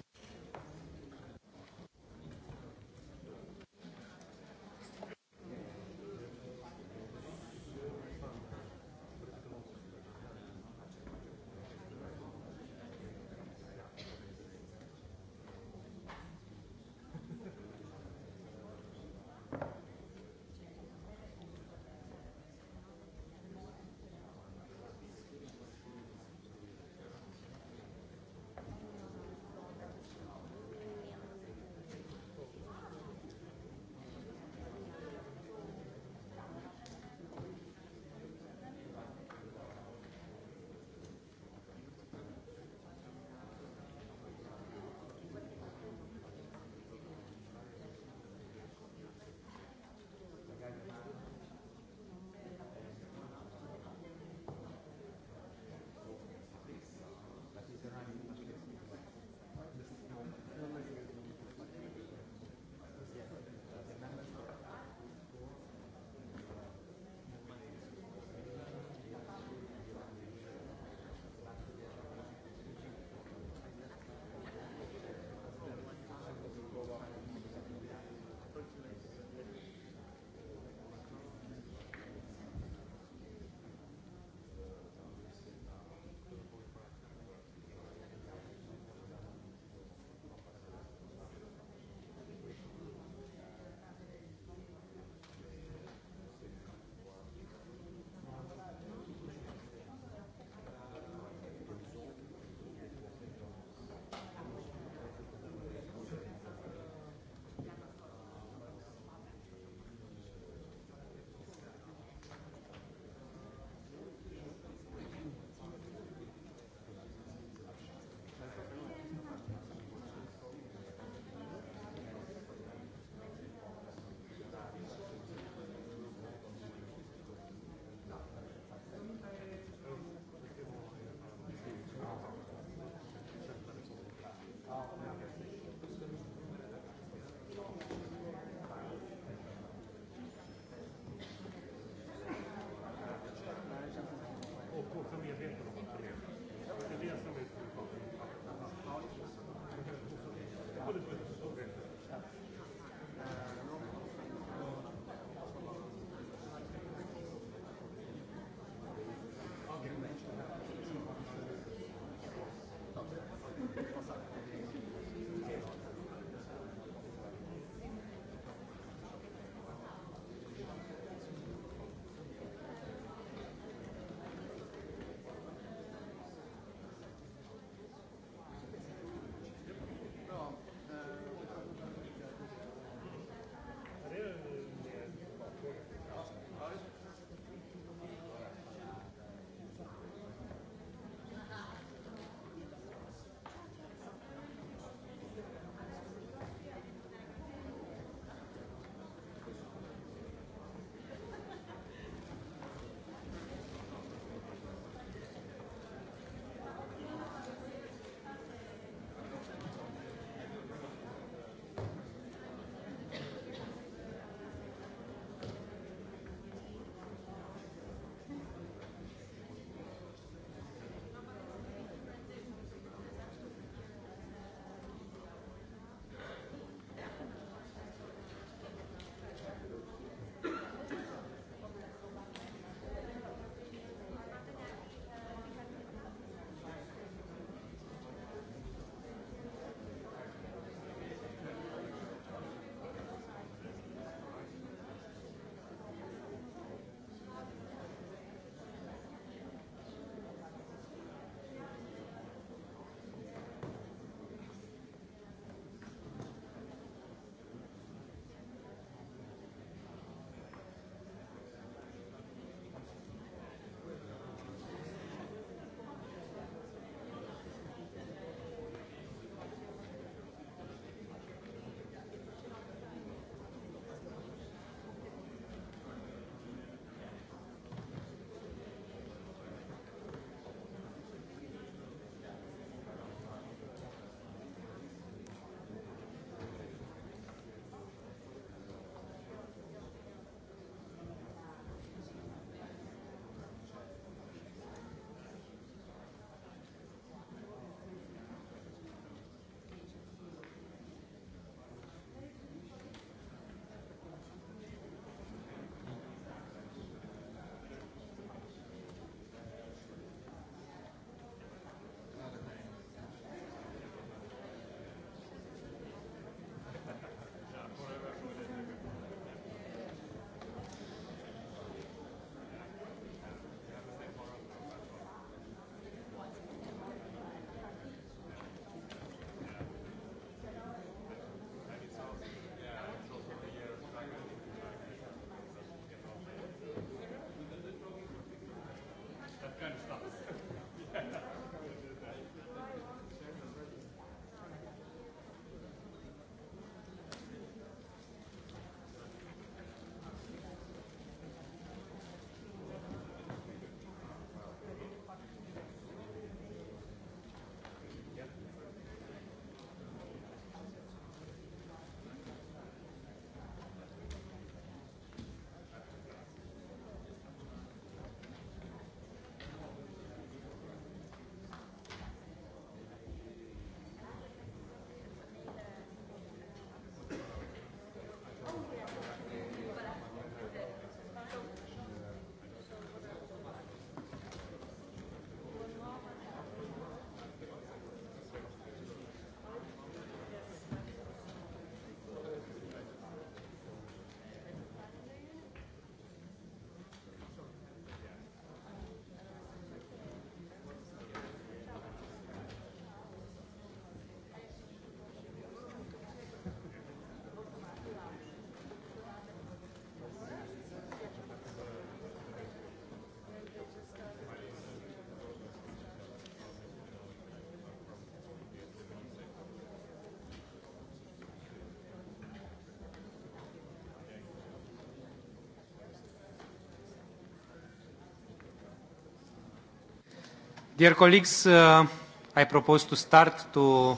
Dear colleagues, uh, I propose to start to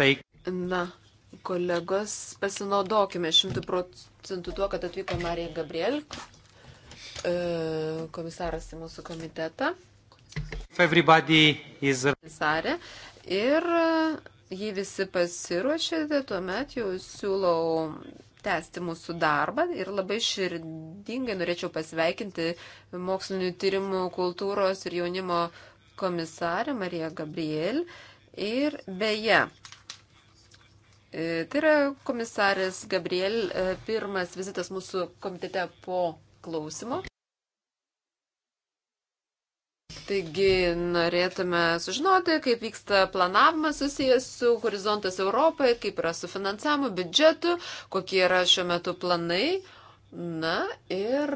take. Na, kolegos, pasinaudokime šimtų procentų tuo, kad atvyko Marija Gabriel, e, komisaras į mūsų komitetą. Is... Komisarė. Ir e, jei visi pasiruošėte, tuomet jau siūlau tęsti mūsų darbą ir labai širdingai norėčiau pasveikinti mokslinių tyrimų kultūros ir jaunimo komisarę Mariją Gabriel. Ir beje, e, tai yra komisarės Gabriel e, pirmas vizitas mūsų komitete po klausimo. Taigi norėtume sužinoti, kaip vyksta planavimas susijęs su horizontas Europoje, kaip yra su finansavimu, biudžetu, kokie yra šiuo metu planai. Na ir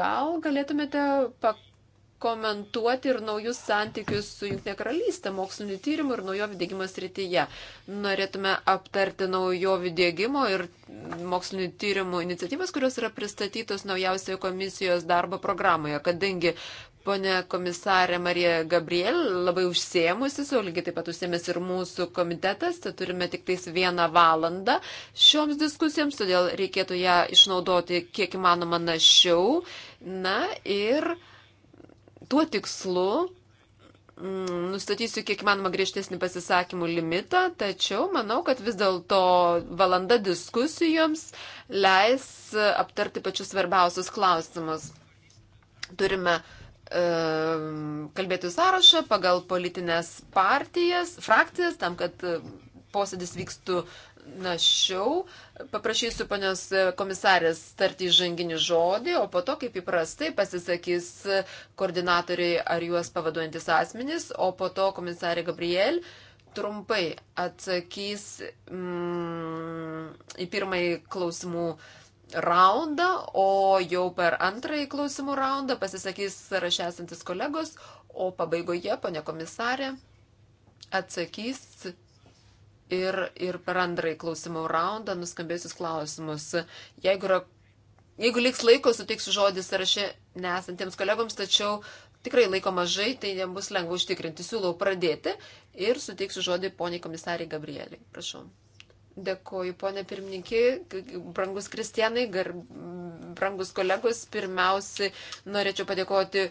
gal galėtumėte pakalbėti komentuoti ir naujus santykius su Junktinė karalystė mokslinio tyrimų ir naujovių dėgymo srityje. Norėtume aptarti naujovių dėgymo ir mokslinio tyrimų iniciatyvas, kurios yra pristatytos naujausioje komisijos darbo programoje, kadangi Pone komisarė Marija Gabriel labai užsiemusi, su lygiai taip pat užsiemės ir mūsų komitetas, tai turime tik tais vieną valandą šioms diskusijoms, todėl reikėtų ją išnaudoti kiek įmanoma našiau. Na ir Tuo tikslu mm, nustatysiu kiek manoma griežtesnį pasisakymų limitą, tačiau manau, kad vis dėlto valanda diskusijoms leis e, aptarti pačius svarbiausius klausimus. Turime e, kalbėti sąrašą pagal politinės partijas, frakcijas, tam, kad e, posėdis vykstų našiau. Paprašysiu panios komisarės starti žanginį žodį, o po to, kaip įprastai, pasisakys koordinatoriai ar juos pavaduojantis asmenys, o po to komisarė Gabriel trumpai atsakys mm, į pirmąjį klausimų raundą, o jau per antrąjį klausimų raundą pasisakys rašęsantis kolegos, o pabaigoje, ponė komisarė, atsakys ir, ir per antrąjį klausimų raundą nuskambėjusius klausimus. Jeigu, yra, jeigu liks laiko, suteiksiu žodį sąraše nesantiems kolegoms, tačiau tikrai laiko mažai, tai nebus lengva užtikrinti. Siūlau pradėti ir suteiksiu žodį poniai komisariai Gabrieliai. Prašau. Dėkoju, ponė pirmininkė, brangus kristianai, gar, brangus kolegos. Pirmiausiai norėčiau padėkoti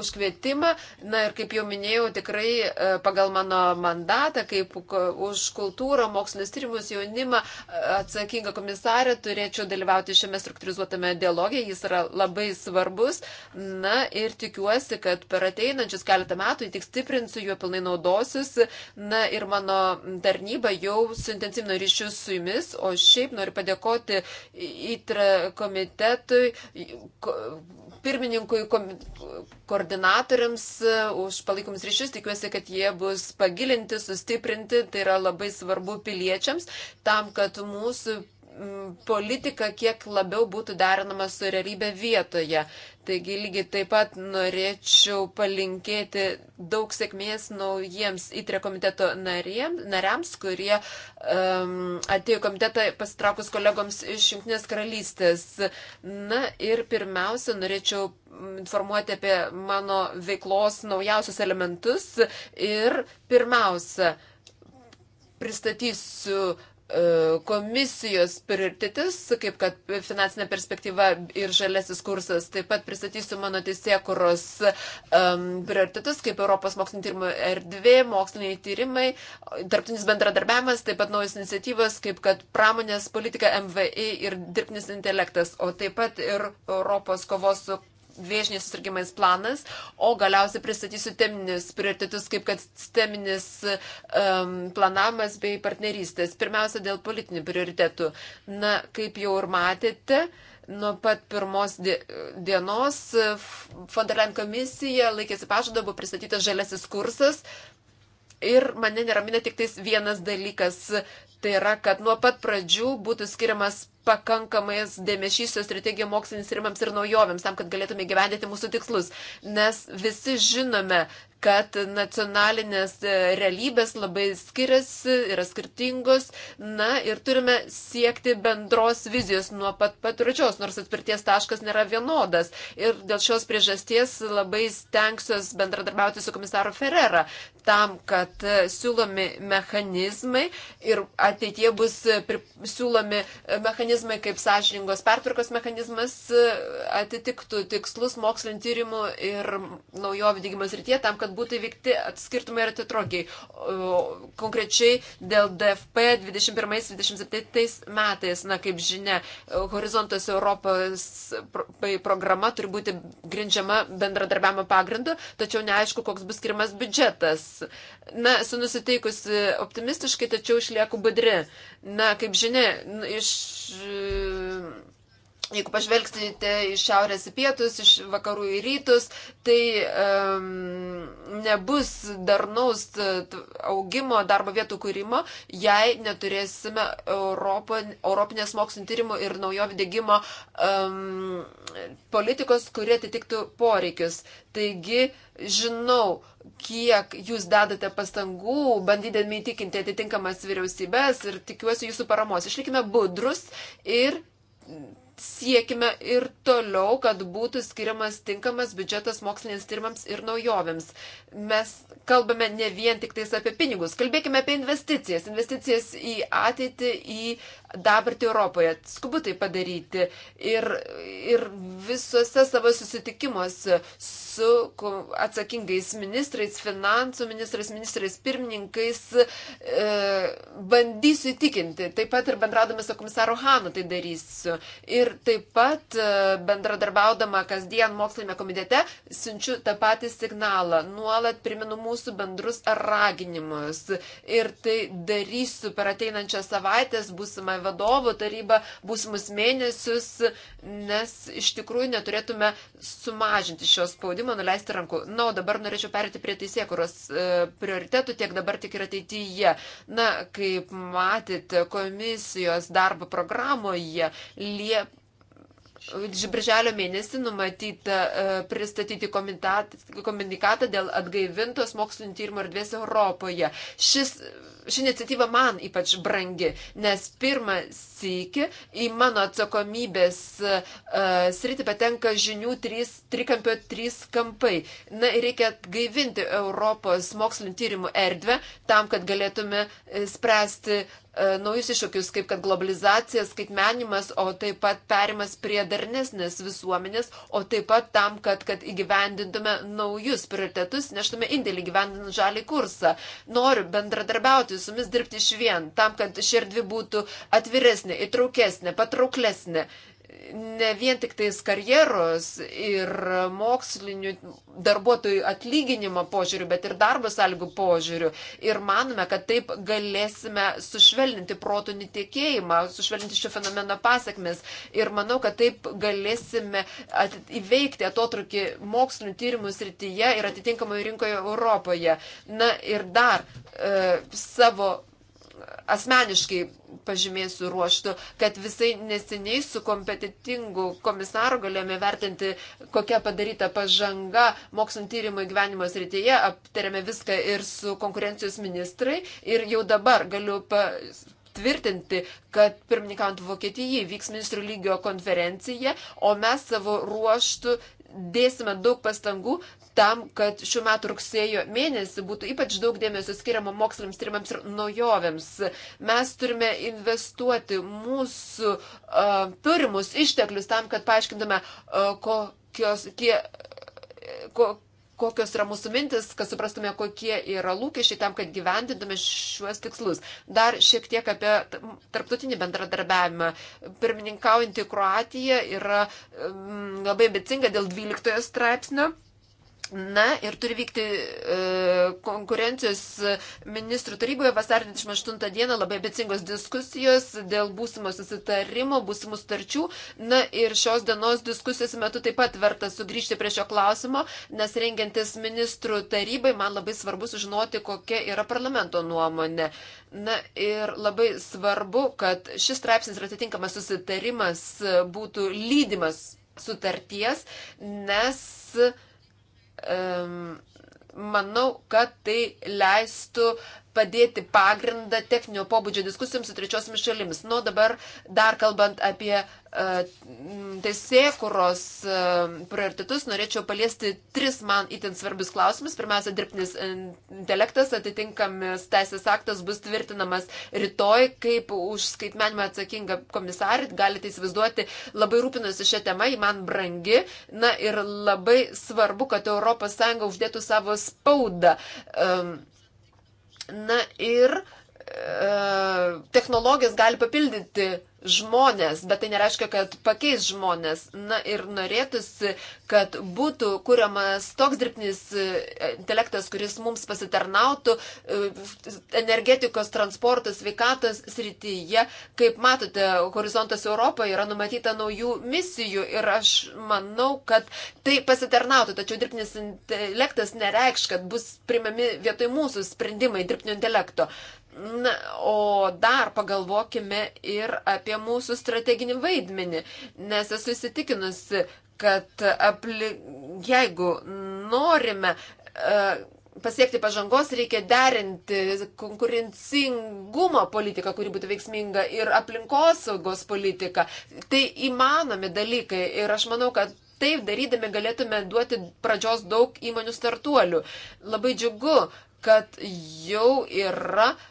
už kvietimą. Na ir kaip jau minėjau, tikrai e, pagal mano mandatą, kaip už kultūrą, mokslinis tyrimus, jaunimą e, atsakinga komisarė, turėčiau dalyvauti šiame struktūrizuotame dialoge. Jis yra labai svarbus. Na ir tikiuosi, kad per ateinančius keletą metų jį tik stiprinsiu, juo pilnai naudosius. Na ir mano tarnyba jau suintensyvino ryšius su jumis. O šiaip noriu padėkoti įtra komitetui, pirmininkui komitetui koordinatoriams e, už palaikomus ryšius. Tikiuosi, kad jie bus pagilinti, sustiprinti. Tai yra labai svarbu piliečiams, tam, kad mūsų politika kiek labiau būtų derinama su realybė vietoje. Taigi lygiai taip pat norėčiau palinkėti daug sėkmės naujiems įtrė komiteto narėm, nariams, kurie um, atėjo komitetą pasitraukus kolegoms iš Junktinės karalystės. Na ir pirmiausia, norėčiau informuoti apie mano veiklos naujausius elementus ir pirmiausia, pristatysiu uh, E, komisijos prioritetis, kaip kad finansinė perspektyva ir žalesis kursas. Taip pat pristatysiu mano teisėkuros um, prioritetus, kaip Europos mokslinio tyrimo erdvė, moksliniai tyrimai, tarptinis bendradarbiavimas, taip pat naujas iniciatyvas, kaip kad pramonės politika MVI ir dirbtinis intelektas, o taip pat ir Europos kovos su viešinės susirgymais planas, o galiausiai pristatysiu teminius prioritetus, kaip kad teminis um, planavimas bei partnerystės. Pirmiausia, dėl politinių prioritetų. Na, kaip jau ir matėte, nuo pat pirmos di dienos Fonderland komisija laikėsi pažado, buvo pristatytas žalesis kursas, Ir mane neramina tik tais vienas dalykas, tai yra, kad nuo pat pradžių būtų skiriamas pakankamas dėmesys šios strategijos mokslinis tyrimams ir naujovėms, tam, kad galėtume gyvendyti mūsų tikslus. Nes visi žinome, kad nacionalinės e, realybės labai skiriasi, yra skirtingos, na ir turime siekti bendros vizijos nuo pat patračios, nors atspirties taškas nėra vienodas. Ir dėl šios priežasties labai stengsiuos bendradarbiauti su komisaru Ferrera, tam, kad e, siūlomi mechanizmai ir ateitie bus e, siūlomi e, mechanizmai kaip sąžiningos pertvarkos mechanizmas atitiktų tikslus mokslinio tyrimų ir naujovių dygymos rytie tam, kad būtų įvykti atskirtumai ir atitrokiai. Konkrečiai dėl DFP 21-27 metais, na kaip žinia, Horizontas Europos programa turi būti grindžiama bendradarbiavimo pagrindu, tačiau neaišku, koks bus skirimas biudžetas. Na, esu nusiteikusi optimistiškai, tačiau išlieku budri. Na, kaip žinia, iš Jeigu pažvelgsite iš šiaurės į pietus, iš vakarų į rytus, tai um, nebus darnaus augimo darbo vietų kūrimo, jei neturėsime Europo, Europinės mokslinio tyrimo ir naujovių dėgymo um, politikos, kurie atitiktų poreikius. Taigi, žinau, kiek jūs dedate pastangų, bandydami įtikinti atitinkamas vyriausybės ir tikiuosi jūsų paramos. Išlikime budrus ir siekime ir toliau, kad būtų skiriamas tinkamas biudžetas moksliniams tyrimams ir naujovėms. Mes kalbame ne vien tik tais apie pinigus, kalbėkime apie investicijas, investicijas į ateitį, į dabartį Europoje. Skubu tai padaryti. Ir, ir visuose savo susitikimuose su atsakingais ministrais, finansų ministrais, ministrais pirmininkais e, bandysiu įtikinti. Taip pat ir bendraudama su komisaru Hanu tai darysiu. Ir taip pat e, bendradarbiaudama kasdien mokslinėme komitete siunčiu tą patį signalą. Nuolat priminu mūsų bendrus raginimus. Ir tai darysiu per ateinančią savaitę būsimą vadovų tarybą būsimus mėnesius, nes iš tikrųjų neturėtume sumažinti šio spaudimo, nuleisti rankų. Na, o dabar norėčiau perėti prie teisėkuros e, prioritetų tiek dabar, tiek ir ateityje. Na, kaip matėte, komisijos darbo programoje Liepos Birželio mėnesį numatyta e, pristatyti komunikatą dėl atgaivintos mokslinio tyrimo erdvės Europoje. Šis, ši iniciatyva man ypač brangi, nes pirmas sykį į mano atsakomybės uh, sritį patenka žinių trys, trikampio trys kampai. Na ir reikia gaivinti Europos mokslinio tyrimų erdvę tam, kad galėtume e, spręsti uh, naujus iššūkius, kaip kad globalizacija, skaitmenimas, o taip pat perimas prie darnesnės visuomenės, o taip pat tam, kad, kad įgyvendintume naujus prioritetus, neštume indėlį gyvendinant žalį kursą. Noriu bendradarbiauti su jumis dirbti iš vien, tam, kad širdvi būtų atviresnė įvairesnė, įtraukesnė, patrauklesnė. Ne vien tik tais karjeros ir mokslinių darbuotojų atlyginimo požiūrių, bet ir darbo sąlygų požiūrių. Ir manome, kad taip galėsime sušvelninti protų netiekėjimą, sušvelninti šio fenomeno pasiekmes. Ir manau, kad taip galėsime at, įveikti atotrukį mokslinių tyrimų srityje ir atitinkamoje rinkoje Europoje. Na ir dar e, savo asmeniškai pažymėsiu ruoštų, kad visai neseniai su kompetitingu komisaru galėjome vertinti, kokia padaryta pažanga mokslinio tyrimo įgyvenimo srityje, aptarėme viską ir su konkurencijos ministrai ir jau dabar galiu patvirtinti, kad pirmininkant Vokietijai vyks ministrų lygio konferencija, o mes savo ruoštų dėsime daug pastangų tam, kad šiuo metu rugsėjo mėnesį būtų ypač daug dėmesio skiriama moksliniams tyrimams ir naujovėms. Mes turime investuoti mūsų uh, turimus išteklius tam, kad paaiškintume, uh, kokios, kie, ko, kokios yra mūsų mintis, kad suprastume, kokie yra lūkesčiai tam, kad gyvendintume šiuos tikslus. Dar šiek tiek apie tarptautinį bendradarbiavimą. Pirmininkaujantį Kroatiją yra um, labai ambicinga dėl 12 straipsnio. Na ir turi vykti e, konkurencijos ministrų taryboje vasarį 28 dieną labai abicingos diskusijos dėl būsimo susitarimo, būsimų starčių. Na ir šios dienos diskusijos metu taip pat verta sugrįžti prie šio klausimo, nes rengiantis ministrų tarybai man labai svarbu sužinoti, kokia yra parlamento nuomonė. Na ir labai svarbu, kad šis straipsnis ir atitinkamas susitarimas būtų lydimas sutarties, nes manau, kad tai leistų padėti pagrindą techninio pobūdžio diskusijoms su trečiosiomis šalimis. Nu, dabar dar kalbant apie e, teisėkuros e, prioritetus, norėčiau paliesti tris man itin svarbius klausimus. Pirmiausia, dirbtinis e, intelektas, atitinkamas teisės aktas bus tvirtinamas rytoj, kaip už skaitmenimą atsakinga komisarė, galite įsivaizduoti, labai rūpinosi šią temą, ji man brangi. Na ir labai svarbu, kad ES uždėtų savo spaudą. Um, Na ir E, technologijos gali papildyti žmonės, bet tai nereiškia, kad pakeis žmonės. Na ir norėtųsi, kad būtų kuriamas toks dirbtinis e, intelektas, kuris mums pasitarnautų e, energetikos, transporto, sveikatos srityje. Kaip matote, Horizontas Europoje yra numatyta naujų misijų ir aš manau, kad tai pasitarnautų, tačiau dirbtinis intelektas nereikš, kad bus primami vietoj mūsų sprendimai dirbtinio intelekto. Na, o dar pagalvokime ir apie mūsų strateginį vaidmenį, nes esu įsitikinusi, kad apli... jeigu norime uh, pasiekti pažangos, reikia derinti konkurencingumo politiką, kuri būtų veiksminga, ir aplinkosaugos politiką. Tai įmanomi dalykai ir aš manau, kad taip darydami galėtume duoti pradžios daug įmonių startuolių. Labai džiugu, kad jau yra uh,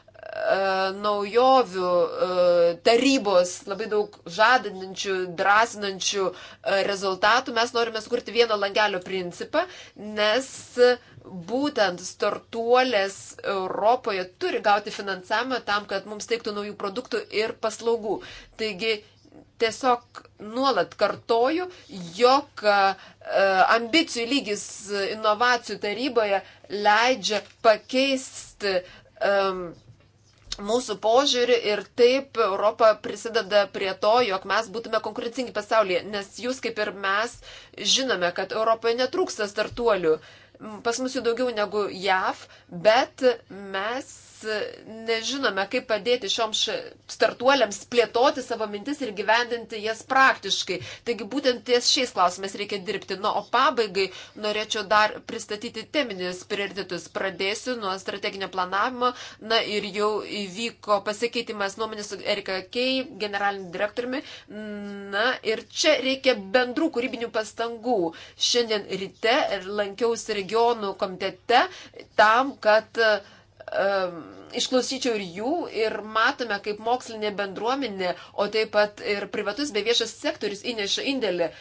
naujovių e, tarybos, labai daug žadančių, drąsinančių e, rezultatų, mes norime sukurti vieno langelio principą, nes būtent startuolės Europoje turi gauti finansavimą tam, kad mums teiktų naujų produktų ir paslaugų. Taigi tiesiog nuolat kartoju, jog e, ambicijų lygis inovacijų taryboje leidžia pakeisti um, mūsų požiūrį ir taip Europa prisideda prie to, jog mes būtume konkurencingi pasaulyje, nes jūs kaip ir mes žinome, kad Europoje netrūksta startuolių. Pas mus jų daugiau negu JAV, bet mes nežinome, kaip padėti šioms startuoliams plėtoti savo mintis ir gyvendinti jas praktiškai. Taigi būtent ties šiais klausimais reikia dirbti. Na, nu, o pabaigai norėčiau dar pristatyti teminius prioritetus. Pradėsiu nuo strateginio planavimo. Na ir jau įvyko pasikeitimas nuomonės su Erika Kei, generaliniu direktoriumi. Na ir čia reikia bendrų kūrybinių pastangų. Šiandien ryte lankiausi regionų komitete tam, kad uh, išklausyčiau ir jų ir matome, kaip mokslinė bendruomenė, o taip pat ir privatus bei viešas sektorius įneša indėlį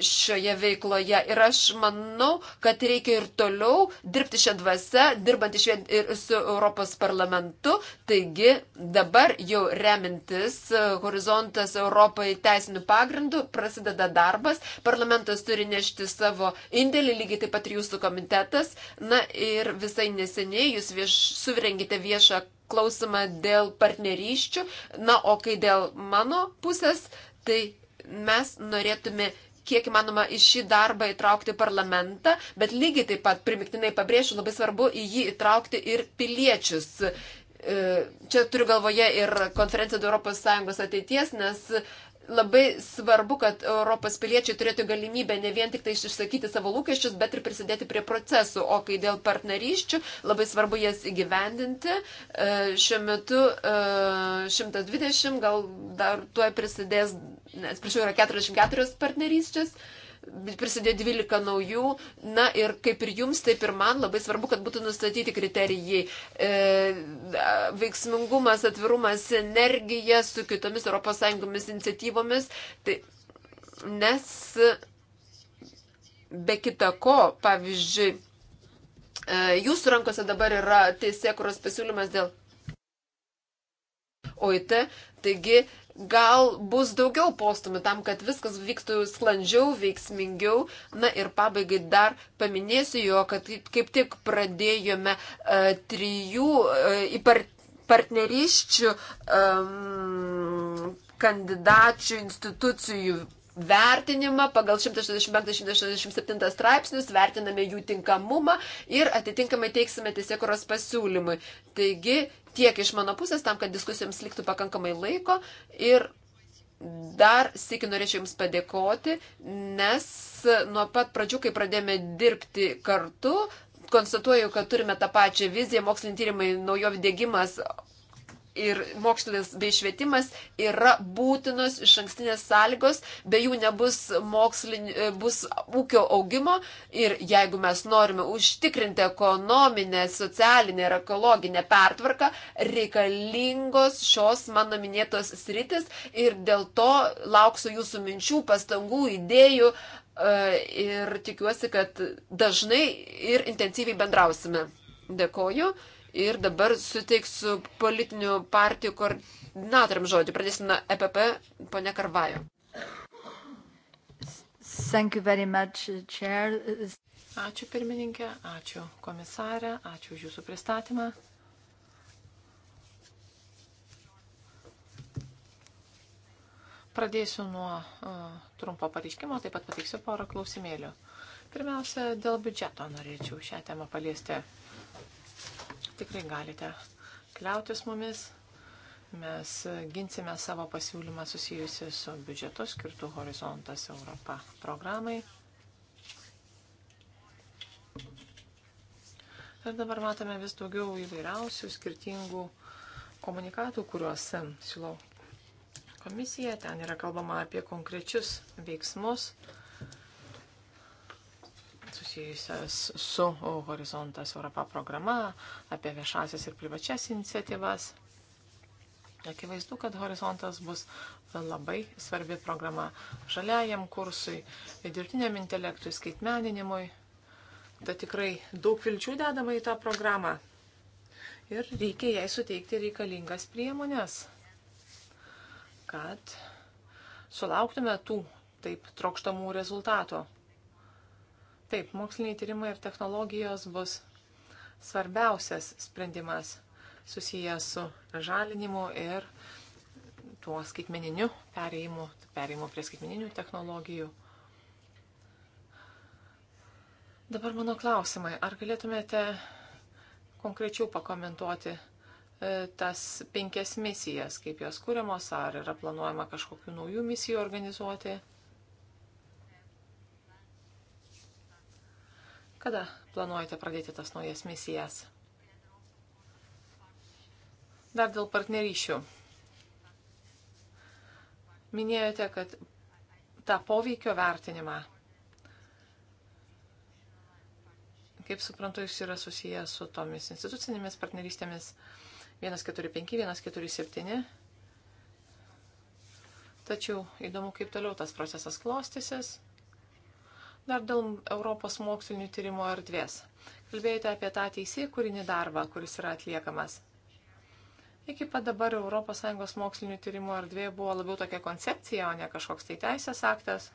šioje veikloje. Ir aš manau, kad reikia ir toliau dirbti šią dvasę, dirbant iš vien ir su Europos parlamentu. Taigi dabar jau remintis e, horizontas Europai teisinių pagrindų prasideda darbas. Parlamentas turi nešti savo indėlį, lygiai taip pat ir jūsų komitetas. Na ir visai neseniai jūs vieš, suvirengite viešą klausimą dėl partneryščių. Na, o kai dėl mano pusės, tai mes norėtume kiek įmanoma į šį darbą įtraukti parlamentą, bet lygiai taip pat primiktinai pabrėšiu, labai svarbu į jį įtraukti ir piliečius. E, čia turiu galvoje ir konferenciją dėl ES ateities, nes labai svarbu, kad Europos piliečiai turėtų galimybę ne vien tik tai išsakyti savo lūkesčius, bet ir prisidėti prie procesų. O kai dėl partnerysčių, labai svarbu jas įgyvendinti. E, šiuo metu 120, e, gal dar tuo prisidės, atsiprašau, yra 44 partnerysčias prisidėjo 12 naujų. Na ir kaip ir jums, taip ir man labai svarbu, kad būtų nustatyti kriterijai. E, veiksmingumas, atvirumas, energija su kitomis ES iniciatyvomis. Tai, nes be kita ko, pavyzdžiui, e, jūsų rankose dabar yra teisė, kurios pasiūlymas dėl OIT. Taigi, gal bus daugiau postumių tam, kad viskas vyktų sklandžiau, veiksmingiau. Na ir pabaigai dar paminėsiu jo, kad kaip tik pradėjome uh, trijų uh, e, part, partneriščių um, kandidačių institucijų vertinimą pagal 165-167 straipsnius, vertiname jų tinkamumą ir atitinkamai teiksime teisėkuros pasiūlymui. Taigi tiek iš mano pusės tam, kad diskusijoms liktų pakankamai laiko ir dar sėki norėčiau Jums padėkoti, nes nuo pat pradžių, kai pradėjome dirbti kartu, konstatuoju, kad turime tą pačią viziją, mokslinį tyrimai, naujovių dėgymas, ir mokslas bei švietimas yra būtinos iš ankstinės sąlygos, be jų nebus, mokslin, e, bus ūkio augimo ir jeigu mes norime užtikrinti ekonominę, socialinę ir ekologinę pertvarką, reikalingos šios mano minėtos sritis ir dėl to lauksiu jūsų minčių, pastangų, idėjų. E, ir tikiuosi, kad dažnai ir intensyviai bendrausime. Dėkoju ir dabar suteiksiu politinių partijų koordinatoriam žodį. Pradėsime nuo EPP, ponia Karvajo. Much, chair. ačiū pirmininkė, ačiū komisarė, ačiū už jūsų pristatymą. Pradėsiu nuo uh, trumpo pareiškimo, taip pat pateiksiu porą klausimėlių. Pirmiausia, dėl biudžeto norėčiau šią temą paliesti. Uh, tikrai galite kliautis mumis. Mes ginsime savo pasiūlymą susijusi su biudžetu skirtų Horizontas Europa programai. Ir dabar matome vis daugiau įvairiausių skirtingų komunikatų, kuriuos siūlau komisija. Ten yra kalbama apie konkrečius veiksmus, susijusias su Horizontas Europa programa, apie viešasias ir privačias iniciatyvas. Akivaizdu, kad Horizontas bus labai svarbi programa žaliajam kursui, dirbtiniam intelektui, skaitmeninimui. Tai tikrai daug vilčių dedama į tą programą. Ir reikia jai suteikti reikalingas priemonės, kad sulauktume tų taip trokštamų rezultatų. Taip, moksliniai tyrimai ir technologijos bus svarbiausias sprendimas susijęs su žalinimu ir tuo skaitmeniniu perėjimu, perėjimu prie skaitmeninių technologijų. Dabar mano klausimai. Ar galėtumėte konkrečiau pakomentuoti e, tas penkias misijas, kaip jos kūriamos, ar yra planuojama kažkokių naujų misijų organizuoti? Kada planuojate pradėti tas naujas misijas? Dar dėl partnerysčių. Minėjote, kad tą poveikio vertinimą, kaip suprantu, jis yra susijęs su tomis institucinėmis partnerystėmis 145, 147. Tačiau įdomu, kaip toliau tas procesas klostysis. Dar dėl Europos mokslinių tyrimo erdvės. Kalbėjote apie tą teisėjų kūrinį darbą, kuris yra atliekamas. Iki pat dabar ES mokslinių tyrimų erdvė buvo labiau tokia koncepcija, o ne kažkoks tai teisės aktas.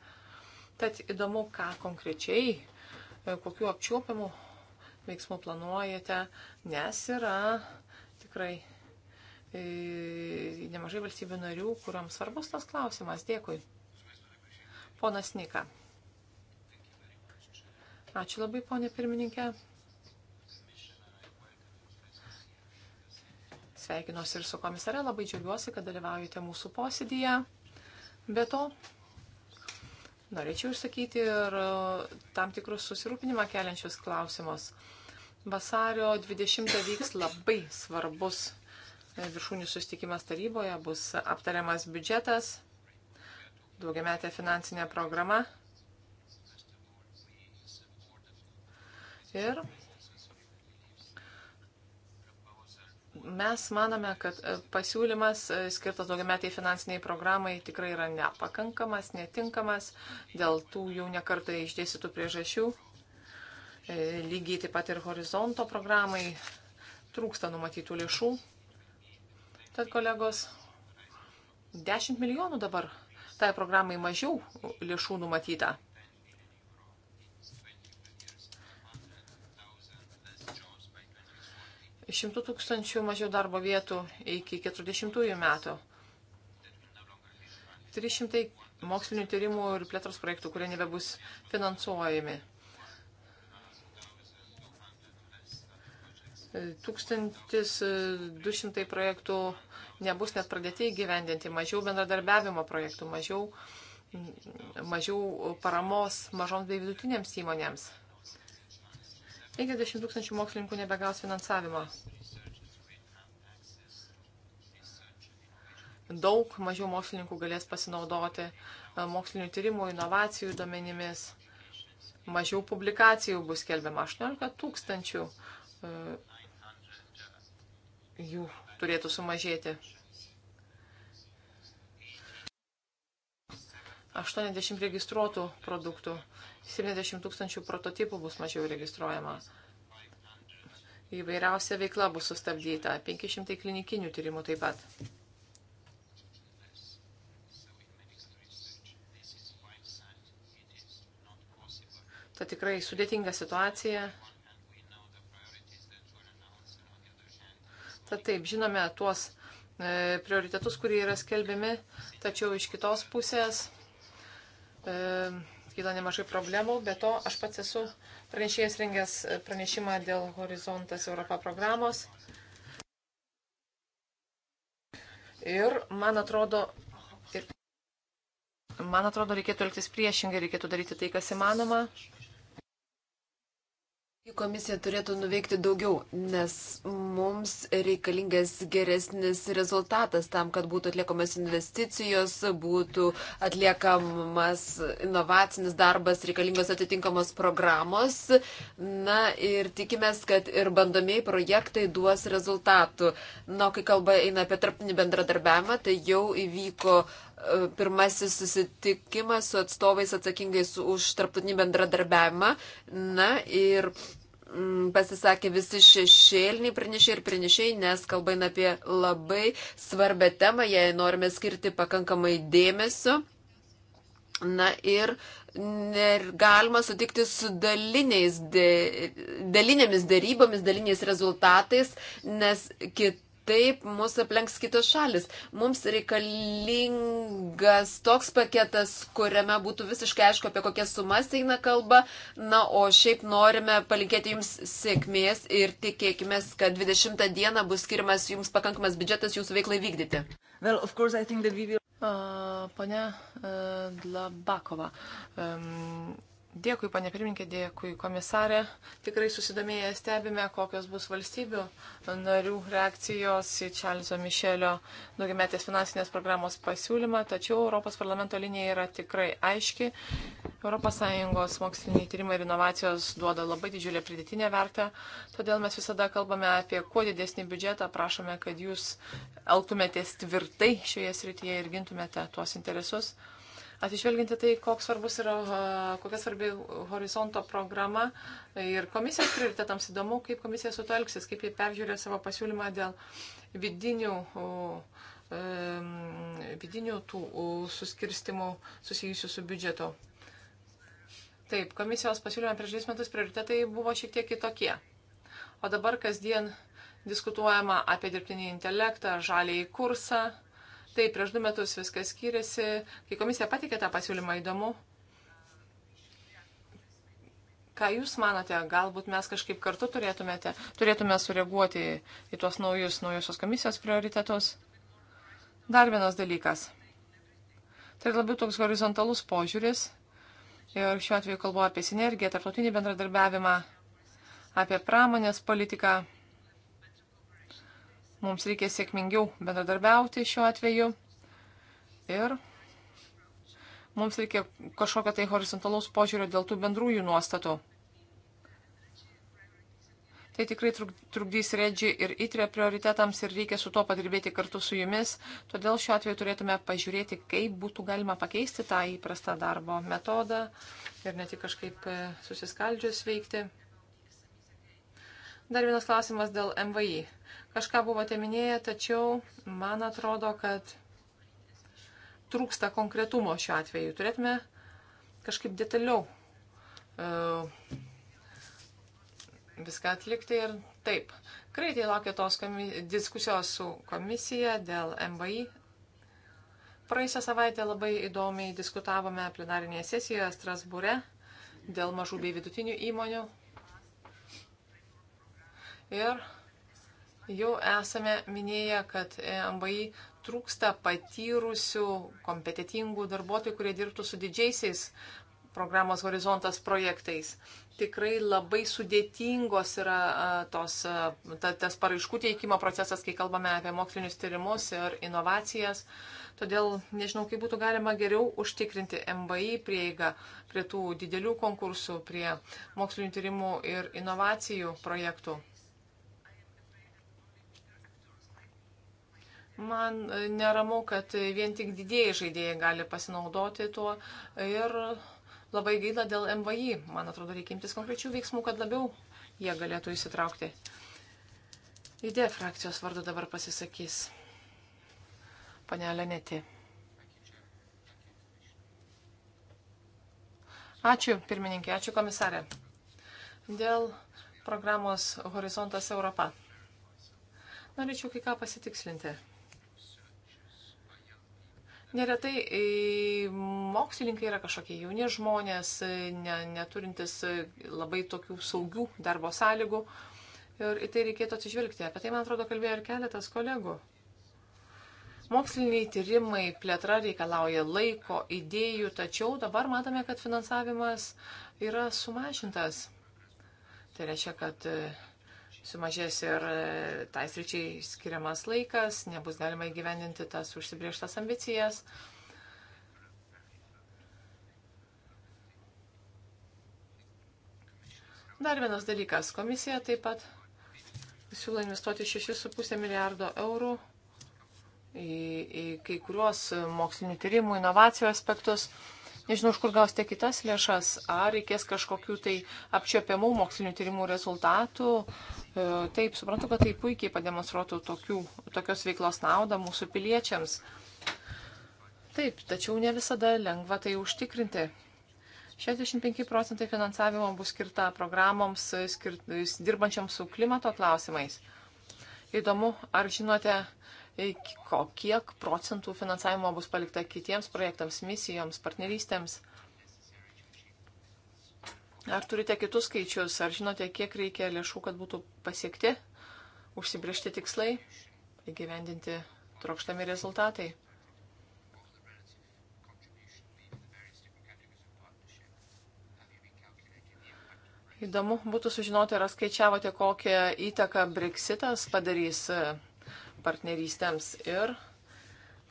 Tad įdomu, ką konkrečiai, e, kokiu apčiuopiamu veiksmu planuojate, nes yra tikrai e, nemažai valstybių narių, kuriam svarbus tas klausimas. Dėkui. Ponas Nika. Ačiū labai, ponė pirmininkė. Sveikinuosi ir su komisare, labai džiaugiuosi, kad dalyvaujate mūsų posėdėje. Be to, norėčiau išsakyti ir e, tam tikrus susirūpinimą keliančius klausimus. Vasario 20 vyks labai svarbus e, viršūnių sustikimas taryboje, bus aptariamas biudžetas, daugiametė finansinė programa Ir mes manome, kad e, pasiūlymas e, skirtas daugiametiai finansiniai programai tikrai yra nepakankamas, netinkamas dėl tų jau nekartai išdėstytų priežasčių. E, lygiai taip pat ir horizonto programai trūksta numatytų lėšų. Tad kolegos, 10 milijonų dabar tai programai mažiau lėšų numatyta. 100 tūkstančių mažiau darbo vietų iki 40 metų. 300 mokslinių tyrimų ir plėtros projektų, kurie nebebus finansuojami. 1200 projektų nebus net pradėti įgyvendinti, mažiau bendradarbiavimo projektų, mažiau, mažiau paramos mažoms bei vidutinėms įmonėms. 50 tūkstančių mokslininkų nebegaus finansavimo. Daug mažiau mokslininkų galės pasinaudoti e, mokslinių tyrimų, inovacijų duomenimis. Mažiau publikacijų bus skelbiama 18 tūkstančių. E, jų turėtų sumažėti. 80 registruotų produktų 70 tūkstančių prototipų bus mažiau registruojama. Įvairiausia veikla bus sustabdyta, 500 klinikinių tyrimų taip pat. Ta tikrai sudėtinga situacija. Tad taip, žinome tuos e, prioritetus, kurie yra skelbiami, tačiau iš kitos pusės e, kyla nemažai problemų, bet to aš pats esu pranešėjas rengęs pranešimą dėl Horizontas Europa programos. Ir man atrodo, ir man atrodo, reikėtų elgtis priešingai, reikėtų daryti tai, kas įmanoma. Komisija turėtų nuveikti daugiau, nes mums reikalingas geresnis rezultatas tam, kad būtų atliekamas investicijos, būtų atliekamas inovacinis darbas, reikalingos atitinkamos programos. Na ir tikimės, kad ir bandomieji projektai duos rezultatų. Na, kai kalba eina apie tarptinį bendradarbiavimą, tai jau įvyko uh, pirmasis susitikimas su atstovais atsakingais už tarptautinį bendradarbiavimą. Na ir Mm, pasisakė visi šešėliniai pranešiai ir pranešiai, nes kalba eina apie labai svarbę temą, jai norime skirti pakankamai dėmesio. Na ir galima sutikti su daliniais, dė, dalinėmis darybomis, daliniais rezultatais, nes kit kitaip mūsų aplenks kitos šalis. Mums reikalingas toks paketas, kuriame būtų visiškai aišku, apie kokias sumas eina kalba. Na, o šiaip norime palinkėti Jums sėkmės ir tikėkime, kad 20 dieną bus skirimas Jums pakankamas biudžetas Jūsų veiklai vykdyti. Well, Pane e, Dlabakova, um, Dėkui, panė pirmininkė, dėkui, komisarė. Tikrai susidomėję stebime, kokios bus valstybių narių reakcijos į Čarlzo Mišelio daugiametės finansinės programos pasiūlymą, tačiau Europos parlamento linija yra tikrai aiški. ES moksliniai tyrimai ir inovacijos duoda labai didžiulę pridėtinę vertę, todėl mes visada kalbame apie kuo didesnį biudžetą, prašome, kad jūs elgtumėtės tvirtai šioje srityje ir gintumėte tuos interesus. Atsižvelginti tai, koks svarbus yra, kokia svarbi horizonto programa ir komisijos prioritetams įdomu, kaip komisija su to elgsis, kaip jie peržiūrė savo pasiūlymą dėl vidinių, vidinių tų suskirstimų susijusių su biudžetu. Taip, komisijos pasiūlyme prieš 10 metus prioritetai buvo šiek tiek kitokie. O dabar kasdien diskutuojama apie dirbtinį intelektą, žalį į kursą. Taip, prieš du metus viskas skiriasi. Kai komisija patikė tą pasiūlymą, įdomu. Ką Jūs manote, galbūt mes kažkaip kartu turėtumėte, turėtume sureaguoti į tuos naujus, naujosios komisijos prioritetus? Dar vienas dalykas. Tai labiau toks horizontalus požiūris. Ir šiuo atveju kalbu apie sinergiją, tarptautinį bendradarbiavimą, apie pramonės politiką. Mums reikia sėkmingiau bendradarbiauti šiuo atveju ir mums reikia kažkokio tai horizontalaus požiūrio dėl tų bendrųjų nuostatų. Tai tikrai trukdys redžiai ir įtrė prioritetams ir reikia su tuo padirbėti kartu su jumis. Todėl šiuo atveju turėtume pažiūrėti, kaip būtų galima pakeisti tą įprastą darbo metodą ir ne tik kažkaip e, susiskaldžius veikti. Dar vienas klausimas dėl MVI. Kažką buvote minėję, tačiau man atrodo, kad trūksta konkretumo šiuo atveju. Turėtume kažkaip detaliau e, viską atlikti ir taip. Greitai laukia tos diskusijos su komisija dėl MVI. Praėjusią savaitę labai įdomiai diskutavome plenarinėje sesijoje Strasbūre dėl mažų bei vidutinių įmonių. Ir jau esame minėję, kad MBI trūksta patyrusių, kompetitingų darbuotojų, kurie dirbtų su didžiaisiais programos horizontas projektais. Tikrai labai sudėtingos yra tos, ta, tas paraiškų teikimo procesas, kai kalbame apie mokslinius tyrimus ir inovacijas. Todėl nežinau, kaip būtų galima geriau užtikrinti MBI prieigą prie tų didelių konkursų, prie mokslinių tyrimų ir inovacijų projektų. Man e, neramu, kad vien tik didieji žaidėjai gali pasinaudoti tuo ir labai gaila dėl MVI. Man atrodo, reikia imtis konkrečių veiksmų, kad labiau jie galėtų įsitraukti. Idėja frakcijos vardu dabar pasisakys. Panelė Neti. Ačiū, pirmininkė, ačiū komisarė. Dėl programos Horizontas Europa. Norėčiau kai ką pasitikslinti. Neretai e, mokslininkai yra kažkokie jauni žmonės, e, ne, neturintis e, labai tokių saugių darbo sąlygų. Ir į tai reikėtų atsižvelgti. Apie tai, man atrodo, kalbėjo ir keletas kolegų. Moksliniai tyrimai, plėtra reikalauja laiko, idėjų, tačiau dabar matome, kad finansavimas yra sumažintas. Tai reiškia, kad sumažės ir e, tai sričiai skiriamas laikas, nebus galima įgyvendinti tas užsibrieštas ambicijas. Dar vienas dalykas. Komisija taip pat siūlo investuoti 6,5 milijardo eurų į, į kai kuriuos mokslinių tyrimų, inovacijų aspektus. Nežinau, iš kur gausite kitas lėšas, ar reikės kažkokių tai apčiopiamų mokslinių tyrimų rezultatų. E, taip, suprantu, kad tai puikiai pademonstruotų tokių, tokios veiklos naudą mūsų piliečiams. Taip, tačiau ne visada lengva tai užtikrinti. 65 procentai finansavimo bus skirta programoms e, skirt, e, dirbančiams su klimato klausimais. Įdomu, ar žinote, kiek procentų finansavimo bus palikta kitiems projektams, misijoms, partnerystėms. Ar turite kitus skaičius, ar žinote, kiek reikia lėšų, kad būtų pasiekti, užsibriežti tikslai, įgyvendinti trokštami rezultatai? Įdomu būtų sužinoti, ar skaičiavote, kokią įtaką Brexitas padarys partnerystėms. Ir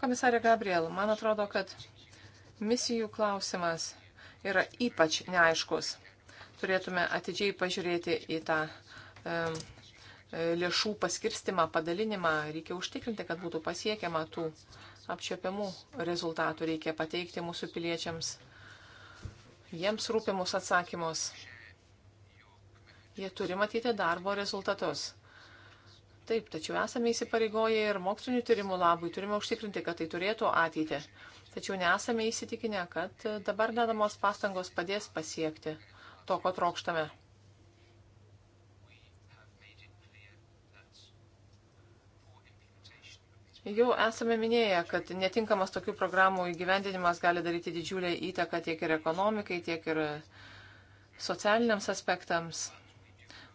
komisarė Gabriel, man atrodo, kad misijų klausimas yra ypač neaiškus. Turėtume atidžiai pažiūrėti į tą e, lėšų paskirstimą, padalinimą. Reikia užtikrinti, kad būtų pasiekiama tų apčiopiamų rezultatų. Reikia pateikti mūsų piliečiams jiems rūpimus atsakymus. Jie turi matyti darbo rezultatus. Taip, tačiau esame įsipareigoję ir mokslinių tyrimų labui, turime užtikrinti, kad tai turėtų ateitį. Tačiau nesame įsitikinę, kad dabar dedamos pastangos padės pasiekti to, ko trokštame. Jau esame minėję, kad netinkamas tokių programų įgyvendinimas gali daryti didžiulę įtaką tiek ir ekonomikai, tiek ir socialiniams aspektams.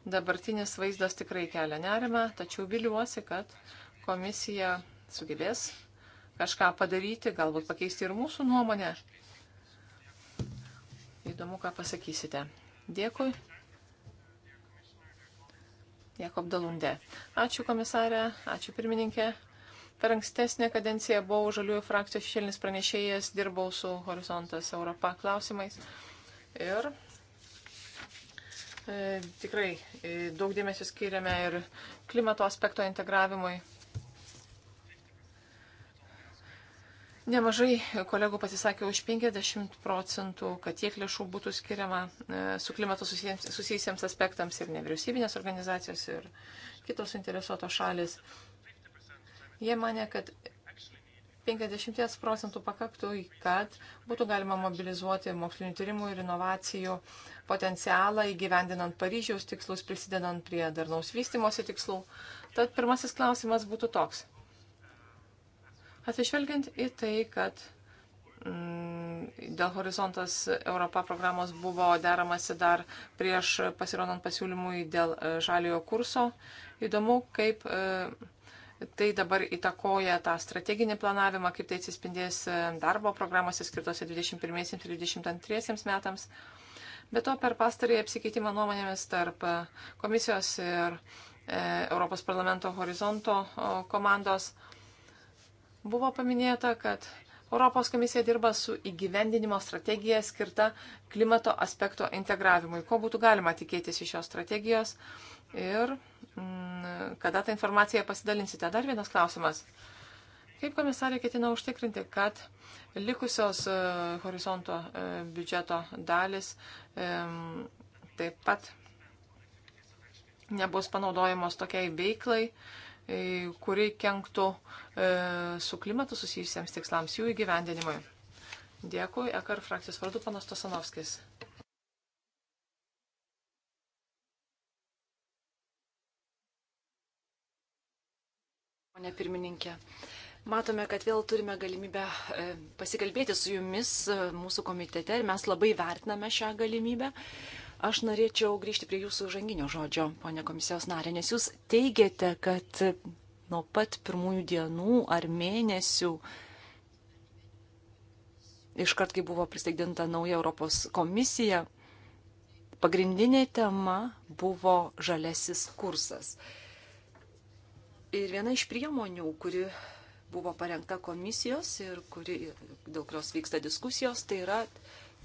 Dabartinis vaizdas tikrai kelia nerimą, tačiau viliuosi, kad komisija sugebės kažką padaryti, galbūt pakeisti ir mūsų nuomonę. Įdomu, ką pasakysite. Dėkui. Jakob Dalundė. Ačiū komisarė, ačiū pirmininkė. Per ankstesnę kadenciją buvau žaliųjų frakcijos šešėlinis pranešėjas, dirbau su Horizontas Europa klausimais. Ir E, tikrai e, daug dėmesio skiriame ir klimato aspekto integravimui. Nemažai kolegų pasisakė už 50 procentų, kad tiek lėšų būtų skiriama e, su klimato susijusiems aspektams ir nevyriausybinės organizacijos ir kitos interesuotos šalis. Jie mane, kad 50 procentų pakaktų, kad būtų galima mobilizuoti mokslinio tyrimų ir inovacijų potencialą įgyvendinant Paryžiaus tikslus, prisidedant prie darnaus vystimosi tikslų. Tad pirmasis klausimas būtų toks. Atsižvelgiant į tai, kad mm, dėl Horizontas Europa programos buvo deramasi dar prieš pasirodant pasiūlymui dėl e, žaliojo kurso. Įdomu, kaip e, tai dabar įtakoja tą strateginį planavimą, kaip tai atsispindės e, darbo programose skirtose 21-22 metams. Be to, per pastarį apsikeitimą nuomonėmis tarp e, komisijos ir e, Europos parlamento horizonto komandos buvo paminėta, kad Europos komisija dirba su įgyvendinimo strategija skirta klimato aspekto integravimui. Ko būtų galima tikėtis iš šios strategijos? Uh, ir mm, kada tą informaciją pasidalinsite. Dar vienas klausimas. Kaip komisarė ketina užtikrinti, kad likusios uh, horizonto uh, biudžeto dalis um, taip pat nebus panaudojamos tokiai veiklai, kuri kenktų su klimatu susijusiems tikslams jų įgyvendinimui. Dėkui, Ekar frakcijos vardu panas Tosanovskis. Pone pirmininkė, matome, kad vėl turime galimybę e, pasikalbėti su jumis e, mūsų komitete ir mes labai vertiname šią galimybę. Aš norėčiau grįžti prie jūsų žanginio žodžio, ponė komisijos narė, nes jūs teigiate, kad nuo pat pirmųjų dienų ar mėnesių, iškart kai buvo pristaigdinta nauja Europos komisija, pagrindinė tema buvo žalesis kursas. Ir viena iš priemonių, kuri buvo parengta komisijos ir kuri, dėl kurios vyksta diskusijos, tai yra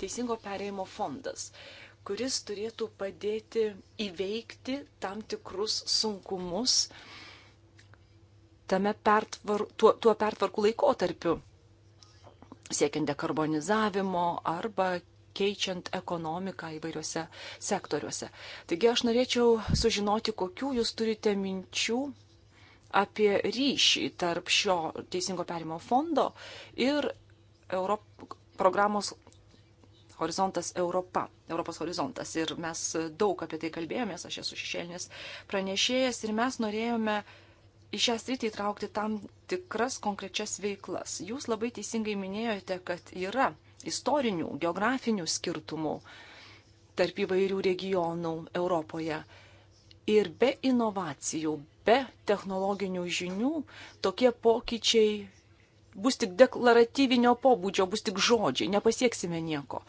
Teisingo perėjimo fondas, kuris turėtų padėti įveikti tam tikrus sunkumus tame pertvar, tuo, tuo pertvarkų laikotarpiu, siekiant dekarbonizavimo arba keičiant ekonomiką įvairiuose sektoriuose. Taigi aš norėčiau sužinoti, kokių jūs turite minčių apie ryšį tarp šio teisingo perimo fondo ir Europ programos Horizontas Europa, Europos horizontas. Ir mes daug apie tai kalbėjomės, aš esu šešėlinis pranešėjas ir mes norėjome į šią sritį įtraukti tam tikras konkrečias veiklas. Jūs labai teisingai minėjote, kad yra istorinių, geografinių skirtumų tarp įvairių regionų Europoje. Ir be inovacijų, be technologinių žinių tokie pokyčiai bus tik deklaratyvinio pobūdžio, bus tik žodžiai, nepasieksime nieko.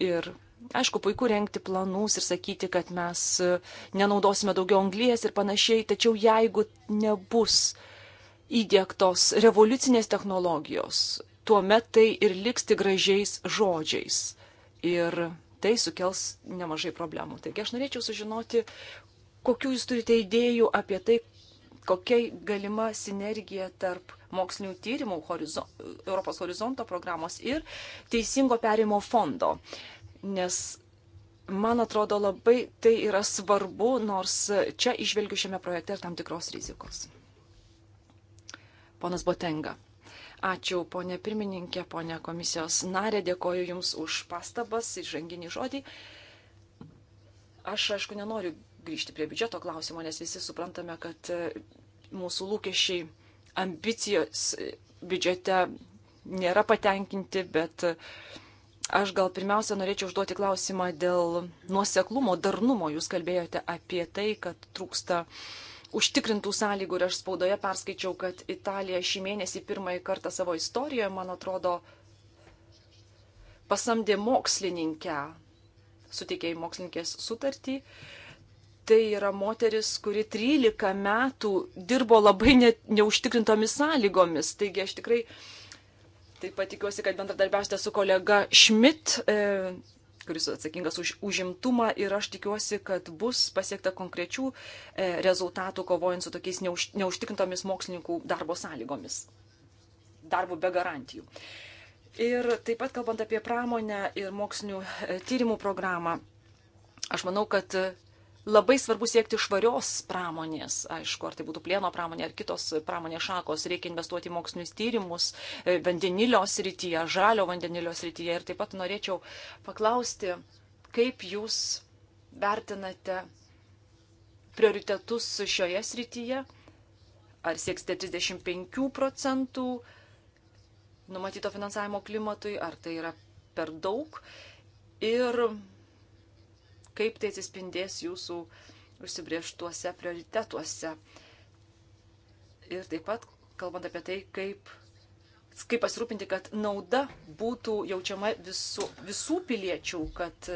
Ir aišku, puiku renkti planus ir sakyti, kad mes e, nenaudosime daugiau anglies ir panašiai, tačiau jeigu nebus įdėktos revoliucinės technologijos, tuomet tai ir liks tik gražiais žodžiais. Ir tai sukels nemažai problemų. Taigi aš norėčiau sužinoti, kokių jūs turite idėjų apie tai, kokia galima sinergija tarp mokslinių tyrimų horizo, Europos horizonto programos ir teisingo perimo fondo. Nes man atrodo labai tai yra svarbu, nors čia išvelgiu šiame projekte ir tam tikros rizikos. Ponas Botenga. Ačiū, ponė pirmininkė, ponė komisijos narė, dėkoju Jums už pastabas, įžanginį žodį. Aš, aišku, nenoriu grįžti prie biudžeto klausimo, nes visi suprantame, kad e, mūsų lūkesčiai ambicijos e, biudžete nėra patenkinti, bet e, aš gal pirmiausia norėčiau užduoti klausimą dėl nuoseklumo, darnumo. Jūs kalbėjote apie tai, kad trūksta užtikrintų sąlygų ir aš spaudoje perskaičiau, kad Italija šį mėnesį pirmąjį kartą savo istorijoje, man atrodo, pasamdė mokslininkę, suteikė į mokslininkės sutartį, Tai yra moteris, kuri 13 metų dirbo labai ne, neužtikrintomis sąlygomis. Taigi aš tikrai taip pat tikiuosi, kad bendradarbiausite su kolega Šmit, e, kuris atsakingas už užimtumą ir aš tikiuosi, kad bus pasiekta konkrečių e, rezultatų kovojant su tokiais neuž, neužtikrintomis mokslininkų darbo sąlygomis. Darbo be garantijų. Ir taip pat kalbant apie pramonę ir mokslinių e, tyrimų programą, aš manau, kad labai svarbu siekti švarios pramonės, aišku, ar tai būtų plieno pramonė ar kitos pramonės šakos, reikia investuoti į mokslinius tyrimus e, vandenilio srityje, žalio vandenilio srityje. Ir taip pat norėčiau paklausti, kaip jūs vertinate prioritetus šioje srityje, ar sieksite 35 procentų numatyto finansavimo klimatui, ar tai yra per daug. Ir kaip tai atsispindės jūsų užsibrieštuose prioritetuose. Ir taip pat, kalbant apie tai, kaip, kaip pasirūpinti, kad nauda būtų jaučiama visų, visų piliečių, kad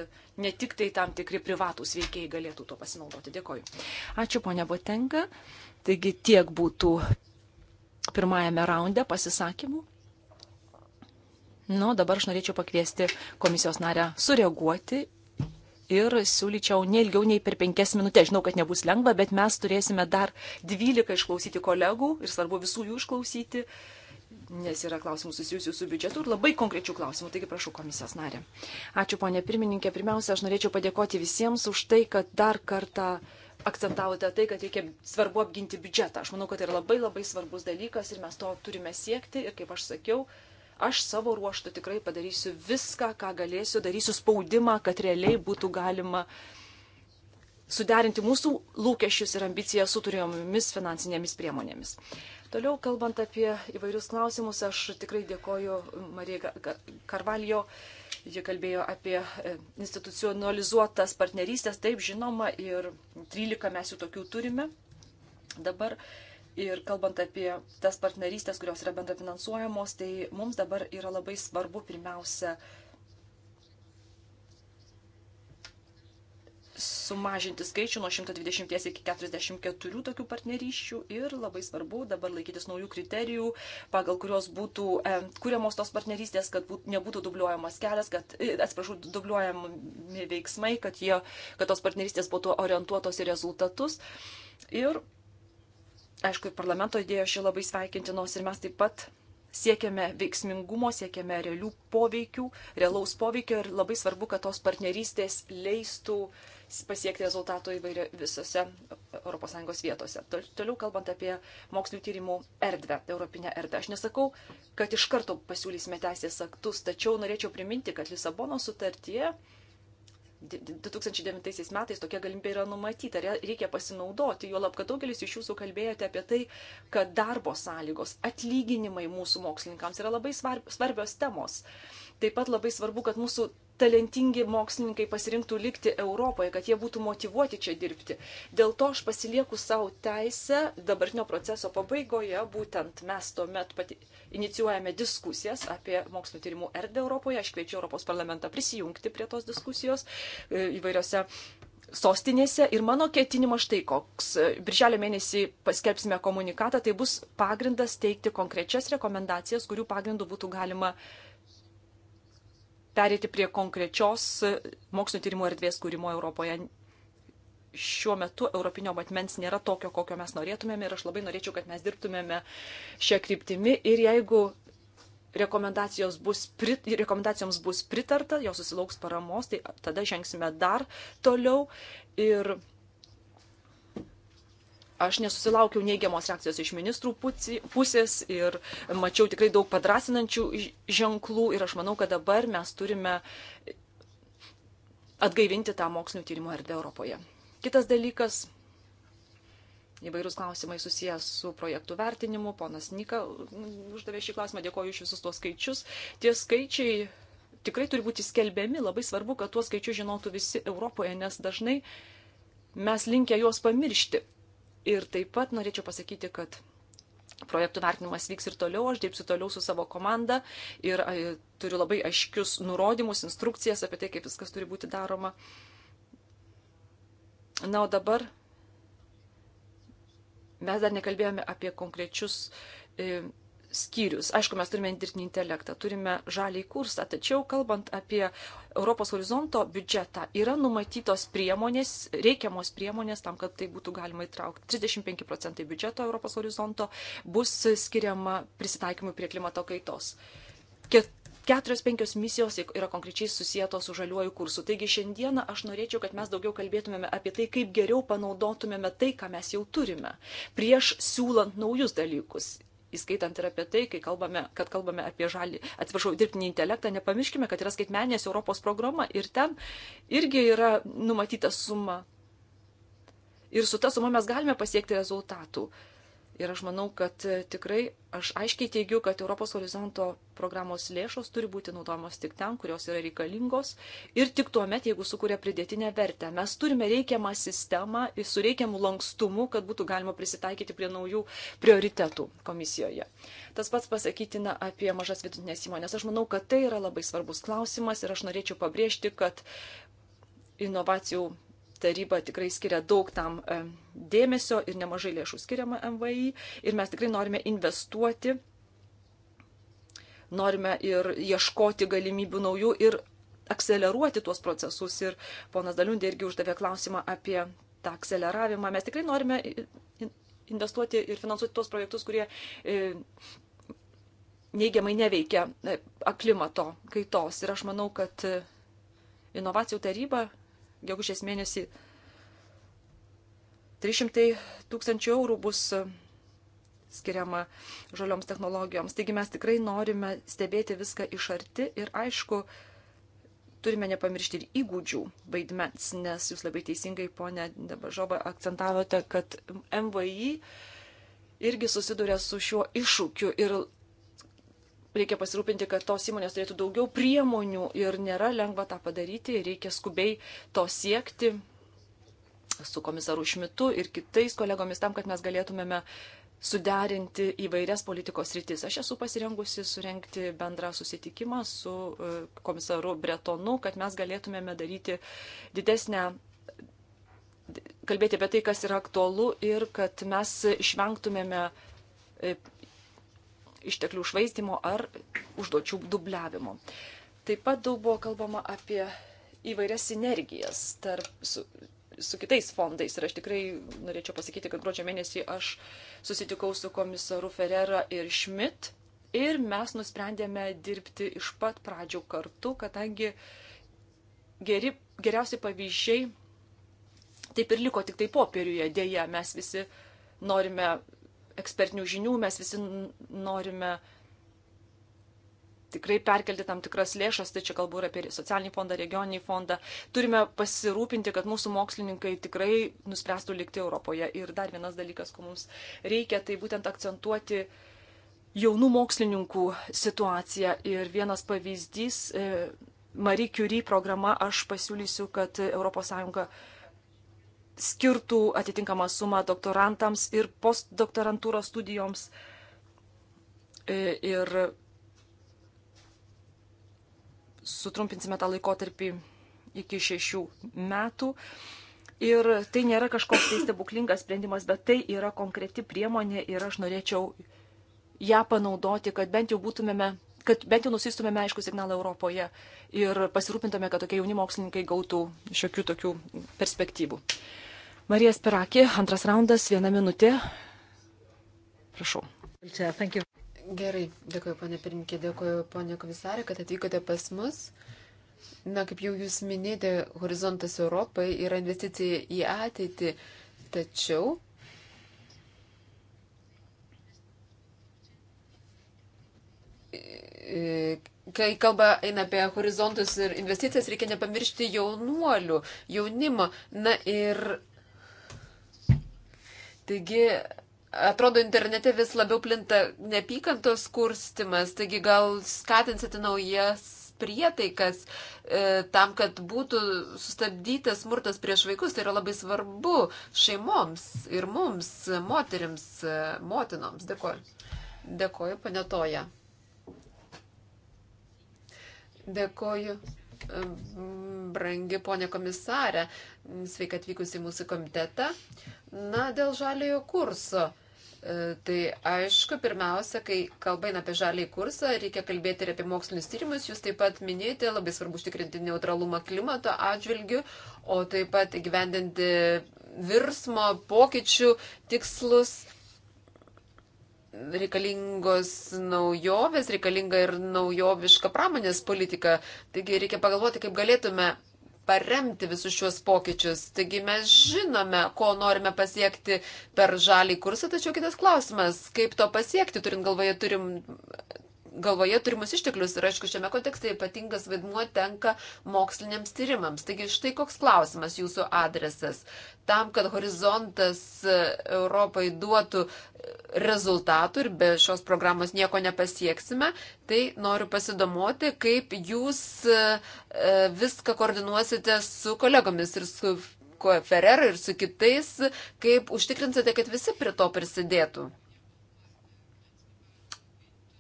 ne tik tai tam tikri privatūs veikėjai galėtų tuo pasinaudoti. Dėkoju. Ačiū, ponia Botenga. Taigi tiek būtų pirmajame raunde pasisakymų. Nu, dabar aš norėčiau pakviesti komisijos narę sureaguoti ir siūlyčiau neilgiau nei per penkias minutės. Žinau, kad nebus lengva, bet mes turėsime dar dvylika išklausyti kolegų ir svarbu visų jų išklausyti, nes yra klausimų susijusių su biudžetu ir labai konkrečių klausimų. Taigi prašau, komisijos narė. Ačiū, ponė pirmininkė. Pirmiausia, aš norėčiau padėkoti visiems už tai, kad dar kartą akcentavote tai, kad reikia svarbu apginti biudžetą. Aš manau, kad tai yra labai labai svarbus dalykas ir mes to turime siekti. Ir kaip aš sakiau, Aš savo ruoštų tikrai padarysiu viską, ką galėsiu, darysiu spaudimą, kad realiai būtų galima suderinti mūsų lūkesčius ir ambicijas su turėjomis finansinėmis priemonėmis. Toliau, kalbant apie įvairius klausimus, aš tikrai dėkoju Marijai Karvaljo. Ji kalbėjo apie e, institucionalizuotas partnerystės, taip žinoma, ir 13 mes jų tokių turime. Dabar Ir kalbant apie tas partnerystės, kurios yra bendrafinansuojamos, tai mums dabar yra labai svarbu pirmiausia sumažinti skaičių nuo 120 iki 44 tokių partnerysčių ir labai svarbu dabar laikytis naujų kriterijų, pagal kurios būtų e, kuriamos tos partnerystės, kad būt, nebūtų dubliuojamas kelias, kad, e, atsiprašau, dubliuojami veiksmai, kad, jie, kad tos partnerystės būtų orientuotos į rezultatus. Ir Aišku, ir parlamento idėja ši labai sveikintinos ir mes taip pat siekiame veiksmingumo, siekiame realių poveikių, realaus poveikio ir labai svarbu, kad tos partnerystės leistų pasiekti rezultato įvairia visose ES vietose. Toliau kalbant apie mokslinio tyrimų erdvę, europinę erdvę. Aš nesakau, kad iš karto pasiūlysime teisės aktus, tačiau norėčiau priminti, kad Lisabono sutartyje 2009 metais tokia galimybė yra numatyta, reikia pasinaudoti, juolab, kad daugelis iš jūsų kalbėjote apie tai, kad darbo sąlygos, atlyginimai mūsų mokslininkams yra labai svarbios temos. Uh, Taip pat labai svarbu, kad mūsų talentingi mokslininkai pasirinktų likti Europoje, kad jie būtų motivuoti čia dirbti. Dėl to aš pasilieku savo teisę dabartinio proceso pabaigoje, būtent mes tuomet pati inicijuojame diskusijas apie mokslinio tyrimų erdvę Europoje. Aš kviečiu Europos parlamentą prisijungti prie tos diskusijos e, įvairiose. Sostinėse ir mano ketinimas štai koks. Birželio mėnesį paskelbsime komunikatą, tai bus pagrindas teikti konkrečias rekomendacijas, kurių pagrindų būtų galima uh, perėti prie konkrečios mokslinio tyrimo erdvės kūrimo Europoje. Šiuo metu europinio matmens nėra tokio, kokio mes norėtumėme ir aš labai norėčiau, kad mes dirbtumėme šią kryptimį ir jeigu rekomendacijos bus prit, rekomendacijoms bus pritarta, jos susilauks paramos, tai tada žengsime dar toliau ir Aš nesusilaukiau neigiamos reakcijos iš ministrų pusės ir mačiau tikrai daug padrasinančių ženklų ir aš manau, kad dabar mes turime atgaivinti tą mokslinio tyrimo erdvę Europoje. Kitas dalykas įvairūs klausimai susijęs su projektų vertinimu. Ponas Nika uždavė šį klausimą, dėkoju iš visus tuos skaičius. Tie skaičiai tikrai turi būti skelbiami, labai svarbu, kad tuos skaičius žinotų visi Europoje, nes dažnai mes linkę juos pamiršti. Ir taip pat norėčiau pasakyti, kad projektų vertinimas vyks ir toliau, aš dirbsiu toliau su savo komanda ir turiu labai aiškius nurodymus, instrukcijas apie tai, kaip viskas turi būti daroma. Na, o dabar mes dar nekalbėjome apie konkrečius e, skyrius. Aišku, mes turime dirbtinį intelektą, turime žalį kursą, tačiau kalbant apie Europos horizonto biudžetą, yra numatytos priemonės, reikiamos priemonės tam, kad tai būtų galima įtraukti. 35 procentai biudžeto Europos horizonto bus skiriama prisitaikymui prie klimato kaitos. Ket keturios penkios misijos yra konkrečiai susijętos su žaliuoju kursu. Taigi šiandieną aš norėčiau, kad mes daugiau kalbėtumėme apie tai, kaip geriau panaudotumėme tai, ką mes jau turime, prieš siūlant naujus dalykus įskaitant ir apie tai, kai kalbame, kad kalbame apie žalį, atsiprašau, dirbtinį intelektą, nepamirškime, kad yra skaitmenės Europos programa ir ten irgi yra numatyta suma. Ir su ta suma mes galime pasiekti rezultatų. Uh, Ir aš manau, kad e, tikrai aš aiškiai teigiu, kad Europos horizonto programos lėšos turi būti naudojamos tik ten, kurios yra reikalingos ir tik tuo met, jeigu sukuria pridėtinę vertę. Mes turime reikiamą sistemą ir su reikiamu lankstumu, kad būtų galima prisitaikyti prie naujų prioritetų komisijoje. Tas pats pasakytina apie mažas vidutinės įmonės. Aš manau, kad tai yra labai svarbus klausimas ir aš norėčiau pabrėžti, kad inovacijų taryba tikrai skiria daug tam e, dėmesio ir nemažai lėšų skiriama MVI ir mes tikrai norime investuoti, norime ir ieškoti galimybių naujų ir akceleruoti tuos procesus. Ir ponas Daliundė irgi uždavė klausimą apie tą akceleravimą. Mes tikrai norime investuoti ir finansuoti tuos projektus, kurie e, neigiamai neveikia e, klimato kaitos. Ir aš manau, kad inovacijų taryba gegužės mėnesį 300 tūkstančių eurų bus e, skiriama žalioms technologijoms. Taigi mes tikrai norime stebėti viską iš arti ir aišku, turime nepamiršti ir įgūdžių vaidmens, nes jūs labai teisingai, ponė Debažoba, akcentavote, kad MVI irgi susiduria su šiuo iššūkiu ir reikia pasirūpinti, kad tos įmonės turėtų daugiau priemonių ir nėra lengva tą padaryti, reikia skubiai to siekti su komisaru Šmitu ir kitais kolegomis tam, kad mes galėtumėme suderinti įvairias politikos rytis. Aš esu pasirengusi surenkti bendrą susitikimą su e, komisaru Bretonu, kad mes galėtumėme daryti didesnę kalbėti apie tai, kas yra aktualu ir kad mes išvengtumėme e, išteklių švaistimo ar užduočių dubliavimo. Taip pat daug buvo kalbama apie įvairias sinergijas tarp su, su kitais fondais. Ir aš tikrai norėčiau pasakyti, kad gruodžio mėnesį aš susitikau su komisaru Ferrera ir Schmidt. Ir mes nusprendėme dirbti iš pat pradžių kartu, kadangi geri, geriausi pavyzdžiai taip ir liko tik tai popieriuje. Deja, mes visi norime ekspertinių žinių, mes visi norime tikrai perkelti tam tikras lėšas, tai čia kalbu ir apie socialinį fondą, regioninį fondą. Turime pasirūpinti, kad mūsų mokslininkai tikrai nuspręstų likti Europoje. Ir dar vienas dalykas, ko mums reikia, tai būtent akcentuoti jaunų mokslininkų situaciją. Ir vienas pavyzdys, e, Marie Curie programa, aš pasiūlysiu, kad ES skirtų atitinkamą sumą doktorantams ir postdoktorantūros studijoms. E, ir sutrumpinsime tą laikotarpį iki šešių metų. Ir tai nėra kažkoks tai stebuklingas sprendimas, bet tai yra konkreti priemonė ir aš norėčiau ją panaudoti, kad bent jau būtumėme kad bent jau nusistumėme aišku signalą Europoje ir pasirūpintume, kad tokie jauni mokslininkai gautų šiokių tokių perspektyvų. Marija Spirakė, antras raundas, viena minutė. Prašau. Gerai, dėkuoju, ponė pirmininkė, dėkuoju, ponė komisarė, kad atvykote pas mus. Na, kaip jau jūs minėjote, horizontas Europai yra investicija į ateitį, tačiau kai kalba eina apie horizontus ir investicijas, reikia nepamiršti jaunuolių, jaunimo. Na ir. Taigi, atrodo, internete vis labiau plinta neapykantos kurstimas, taigi gal skatinsite naujas prietaikas e, tam, kad būtų sustabdytas smurtas prieš vaikus. Tai yra labai svarbu šeimoms ir mums, moterims, e, motinoms. Dėkoju. Dėkoju, panetoja. Dėkoju, e, brangi ponė komisarė, sveika atvykusi į mūsų komitetą. Na, dėl žaliojo kurso. E, tai aišku, pirmiausia, kai kalba eina apie žalį kursą, reikia kalbėti ir apie mokslinius tyrimus. Jūs taip pat minėjote, labai svarbu užtikrinti neutralumą klimato atžvilgių, o taip pat gyvendinti virsmo pokyčių tikslus reikalingos naujovės, reikalinga ir naujoviška pramonės politika. Taigi reikia pagalvoti, kaip galėtume paremti visus šiuos pokyčius. Taigi mes žinome, ko norime pasiekti per žalį kursą, tačiau kitas klausimas, kaip to pasiekti, turint galvoje turim galvoje turimus išteklius ir aišku šiame kontekste ypatingas vaidmuo tenka moksliniams tyrimams. Taigi štai koks klausimas jūsų adresas. Tam, kad horizontas e, Europai duotų e, rezultatų ir be šios programos nieko nepasieksime, tai noriu pasidomoti, kaip jūs e, viską koordinuosite su kolegomis ir su Ferrer ir su kitais, kaip užtikrinsite, kad visi prie to prisidėtų.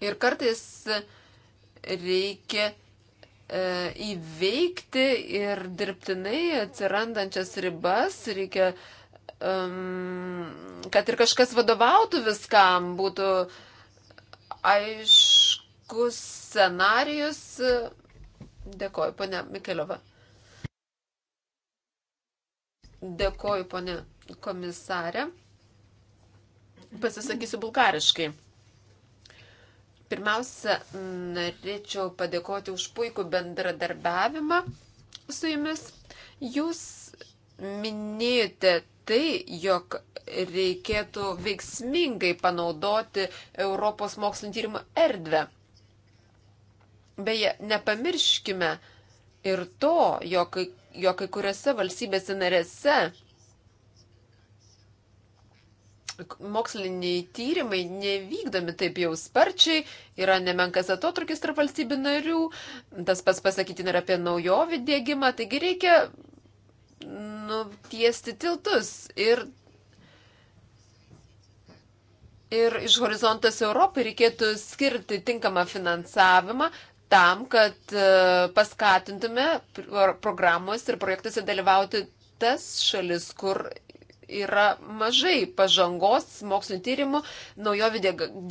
Ir kartais reikia e, įveikti ir dirbtinai atsirandančias ribas, reikia, um, kad ir kažkas vadovautų viskam, būtų aiškus scenarius. Dėkoju, ponia Mikeliova. Dėkoju, ponia komisarė. Pasisakysiu bulgariškai. Pirmiausia, norėčiau padėkoti už puikų bendradarbiavimą su jumis. Jūs minėjote tai, jog reikėtų veiksmingai panaudoti Europos mokslinio tyrimo erdvę. Beje, nepamirškime ir to, jog, jog kai kuriuose valstybėse narėse moksliniai tyrimai nevykdomi taip jau sparčiai, yra nemenkas atotrukis tarp valstybių narių, tas pats pasakytina ir apie naujovį dėgymą, taigi reikia nutiesti tiltus ir, ir iš horizontas Europai reikėtų skirti tinkamą finansavimą tam, kad e, paskatintume programuose ir projektuose dalyvauti tas šalis, kur yra mažai pažangos mokslinio tyrimų naujovių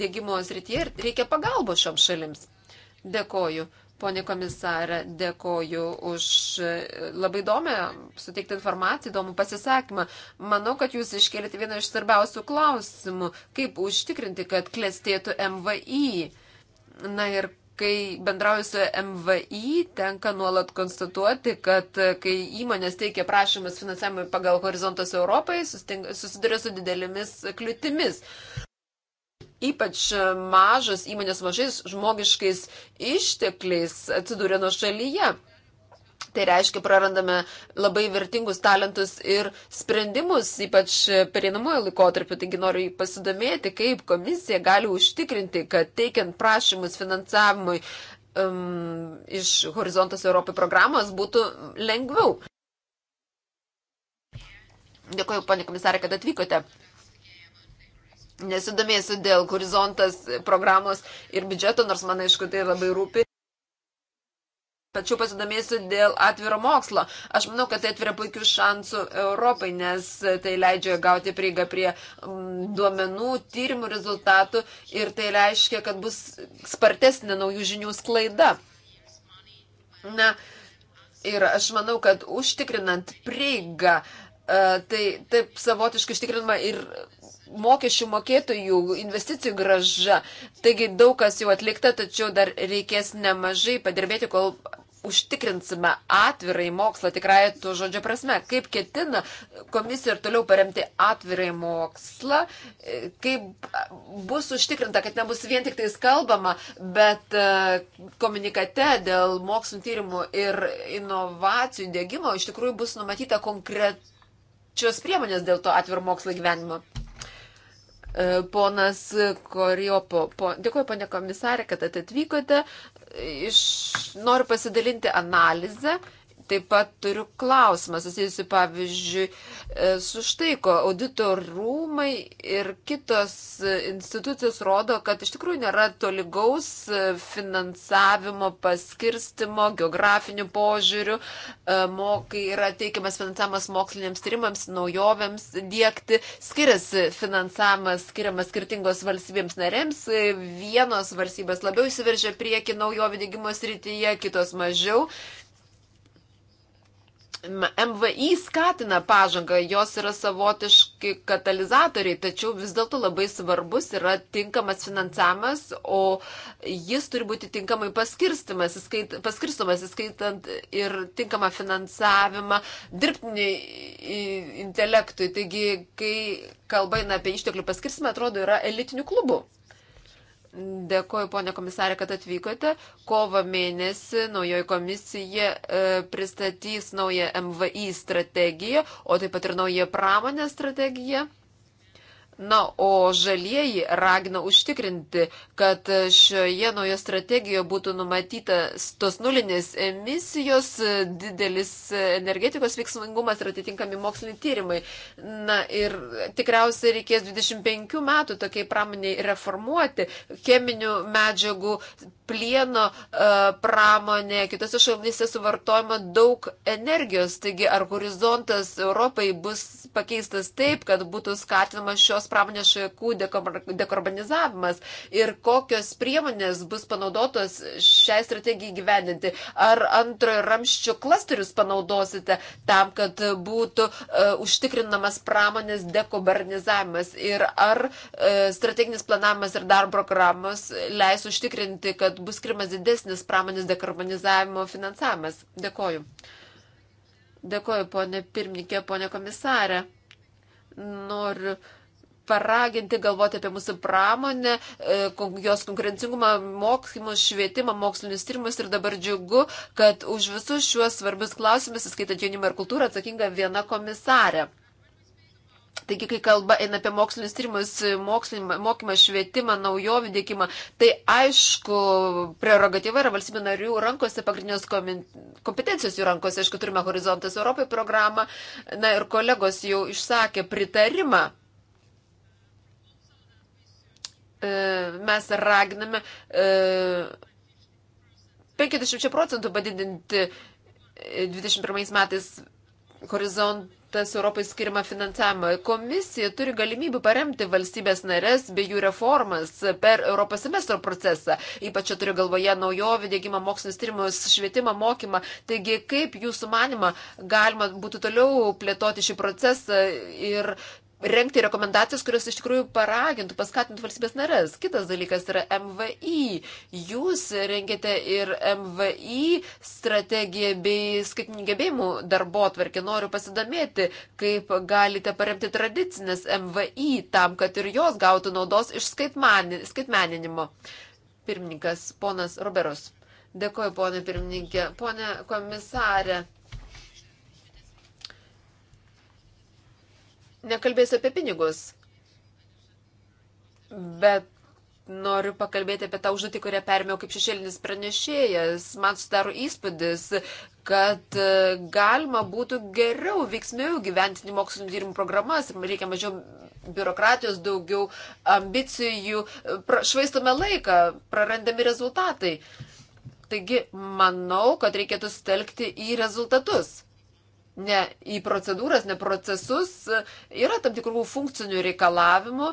dėgymo srityje ir reikia pagalbos šiom šalims. Dėkoju, ponė komisarė, dėkoju už e, labai įdomią suteiktą informaciją, įdomų pasisakymą. Manau, kad jūs iškėlėte vieną iš svarbiausių klausimų, kaip užtikrinti, kad klestėtų MVI. Na ir kai bendrauju su MVI, tenka nuolat konstatuoti, kad e, kai įmonės teikia prašymus finansavimui pagal horizontas Europai, susiduria su didelėmis kliūtimis. Ypač e, mažos įmonės mažais žmogiškais ištekliais atsidūrė nuo šalyje. Tai reiškia, prarandame labai vertingus talentus ir sprendimus, ypač perinamojo laikotarpiu. Taigi noriu pasidomėti, kaip komisija gali užtikrinti, kad teikiant prašymus finansavimui um, iš Horizontas Europai programos būtų lengviau. Dėkuoju, ponė komisarė, kad atvykote. Nesidomėsiu dėl Horizontas programos ir biudžeto, nors man aišku tai labai rūpi. Tačiau pasidomėsiu dėl atviro mokslo. Aš manau, kad tai atveria puikių šansų Europai, nes tai leidžia gauti prieigą prie mm, duomenų, tyrimų rezultatų ir tai reiškia, kad bus spartesnė naujų žinių sklaida. Na, ir aš manau, kad užtikrinant prieigą, e, tai taip savotiškai užtikrinama ir mokesčių mokėtojų investicijų graža. Taigi daug kas jau atlikta, tačiau dar reikės nemažai padirbėti, kol užtikrinsime atvirai mokslo tikrai to žodžio prasme, kaip ketina komisija ir toliau paremti atvirai mokslą, e, kaip bus užtikrinta, kad nebus vien tik tais kalbama, bet e, komunikate dėl mokslo tyrimų ir inovacijų dėgymo iš tikrųjų bus numatyta konkrečios priemonės dėl to atviro mokslo gyvenimo. E, ponas Koriopo, po, dėkuoju, ponė komisarė, kad atvykote. Iš, noriu pasidalinti analizę Taip pat turiu klausimą susijusiu, pavyzdžiui, e, su štai ko audito rūmai ir kitos e, institucijos rodo, kad iš tikrųjų nėra tolygaus e, finansavimo paskirstimo geografinių požiūrių, kai yra teikiamas finansavimas moksliniams tyrimams, naujovėms dėkti, skiriasi finansavimas skiriamas skirtingos valstybėms narėms, vienos valstybės labiau įsiveržia prieki naujovių dėgymo srityje, kitos mažiau. MVI skatina pažangą, jos yra savotiški katalizatoriai, tačiau vis dėlto labai svarbus yra tinkamas finansavimas, o jis turi būti tinkamai paskirstamas, įskait, paskirstamas įskaitant ir tinkamą finansavimą dirbtiniai intelektui. Taigi, kai kalba eina apie išteklių paskirstimą, atrodo, yra elitinių klubų. Dėkuoju, ponė komisarė, kad atvykote. Kovo mėnesį naujoji komisija e, pristatys naują MVI strategiją, o taip pat ir naują pramonės strategiją. Na, o žalieji ragina užtikrinti, kad šioje naujoje strategijoje būtų numatytas tos nulinės emisijos, didelis energetikos veiksmingumas ir atitinkami moksliniai tyrimai. Na ir tikriausiai reikės 25 metų tokiai pramoniai reformuoti cheminių medžiagų, plieno e, pramonė, kitose šalnyse suvartojama daug energijos. Taigi, ar horizontas Europai bus pakeistas taip, kad būtų skatinama šios pramonės šakų dekarbonizavimas ir kokios priemonės bus panaudotos šiai strategijai gyvendinti. Ar antrojo ramščio klasterius panaudosite tam, kad būtų uh, užtikrinamas pramonės dekarbonizavimas ir ar uh, strateginis planavimas ir darbo programos leis užtikrinti, kad bus skirimas didesnis pramonės dekarbonizavimo finansavimas. Dėkoju. Dėkoju, ponė pirmininkė, ponė komisarė. Noriu paraginti galvoti apie mūsų pramonę, e, jos konkurencingumą, mokymus, švietimą, mokslinis tyrimus ir dabar džiugu, kad už visus šiuos svarbius klausimus, įskaitant jaunimą ir kultūrą, atsakinga viena komisarė. Taigi, kai kalba eina apie mokslinis tyrimus, mokymą, švietimą, naujovį dėkimą, tai aišku, prerogatyva yra valstybių narių rankose, pagrindinės kompetencijos jų rankose, aišku, turime Horizontas Europai programą, na ir kolegos jau išsakė pritarimą E, mes raginame 50 e, procentų padidinti 21 e, metais horizontas Europai skirima finansavimą. Komisija turi galimybę paremti valstybės narės bei jų reformas per Europos semestro procesą. Ypač čia turiu galvoje naujovį, dėgymą mokslinis tyrimus, švietimą, mokymą. Taigi, kaip jūsų manima galima būtų toliau plėtoti šį procesą ir renkti rekomendacijas, kurios iš tikrųjų paragintų, paskatintų valstybės narės. Kitas dalykas yra MVI. Jūs rengiate ir MVI strategiją bei skaitinių gebėjimų darbo atverkį. Noriu pasidomėti, kaip galite paremti tradicinės MVI tam, kad ir jos gautų naudos iš skaitmeninimo. Pirmininkas, ponas Roberos. Dėkoju, ponė pirmininkė. Pone komisarė. nekalbėsiu apie pinigus, bet noriu pakalbėti apie tą užduotį, kurią permėjau kaip šešėlinis pranešėjas. Man sudaro įspūdis, kad e, galima būtų geriau, veiksmiau gyventinti mokslinio tyrimų programas, reikia mažiau biurokratijos, daugiau ambicijų, e, pra, švaistome laiką, prarandami rezultatai. Taigi, manau, kad reikėtų stelkti į rezultatus ne į procedūras, ne procesus, yra tam tikrų funkcinių reikalavimų.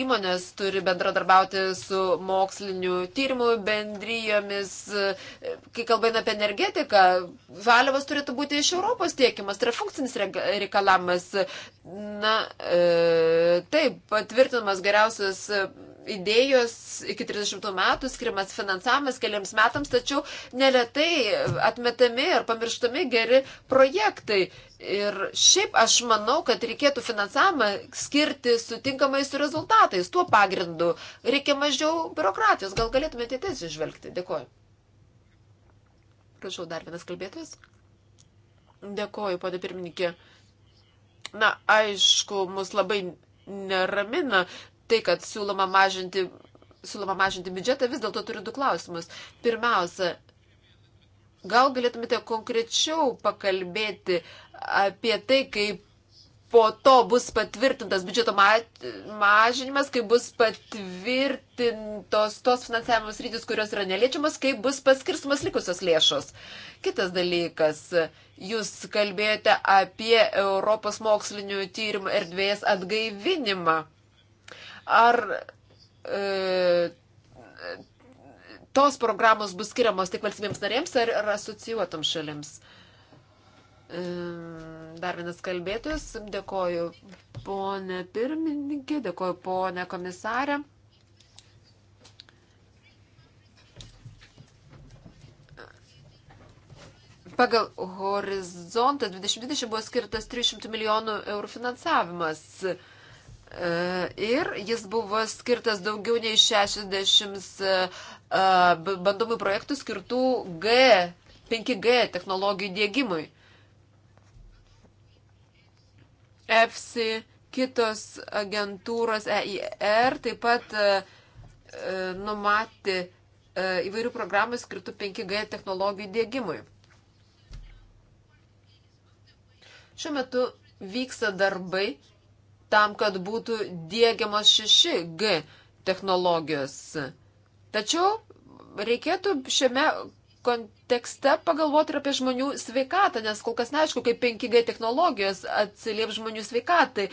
Įmonės turi bendradarbiauti su mokslinių tyrimų bendryjomis. Kai kalbame apie energetiką, žaliavas turėtų būti iš Europos tiekimas, tai yra funkcinis reikalavimas. Na, e, taip, patvirtinamas geriausias idėjos iki 30 metų skiriamas finansavimas keliams metams, tačiau neretai atmetami ar pamirštami geri projektai. Ir šiaip aš manau, kad reikėtų finansavimą skirti sutinkamai su rezultatais, tuo pagrindu. Reikia mažiau biurokratijos, gal galėtumėte į tai atsižvelgti. Dėkuoju. Prašau, dar vienas kalbėtojas. Dėkuoju, padė pirmininkė. Na, aišku, mus labai neramina tai, kad siūloma mažinti, siūloma mažinti biudžetą, vis dėlto turiu du klausimus. Pirmiausia, gal galėtumėte konkrečiau pakalbėti apie tai, kaip po to bus patvirtintas biudžeto mažinimas, kai bus patvirtintos tos finansavimo sritis, kurios yra neliečiamas, kai bus paskirstumas likusios lėšos. Kitas dalykas, jūs kalbėjote apie Europos mokslinių tyrimų erdvės atgaivinimą. Ar e, tos programos bus skiriamos tik valstybėms narėms ar, ar asocijuotoms šalims? E, dar vienas kalbėtojas, dėkoju ponė pirmininkė, dėkoju ponė komisarė. Pagal horizontą 2020 buvo skirtas 300 milijonų eurų finansavimas. E, E, ir jis buvo skirtas daugiau nei 60 e, e, bandomų projektų skirtų G, 5G technologijų dėgymui. EFSI, kitos agentūros EIR taip pat numatė įvairių programų skirtų 5G technologijų dėgymui. Šiuo metu vyksta darbai tam, kad būtų dėgiamos 6G technologijos. Tačiau reikėtų šiame kontekste pagalvoti ir apie žmonių sveikatą, nes kol kas neaišku, kaip 5G technologijos atsiliep žmonių sveikatai.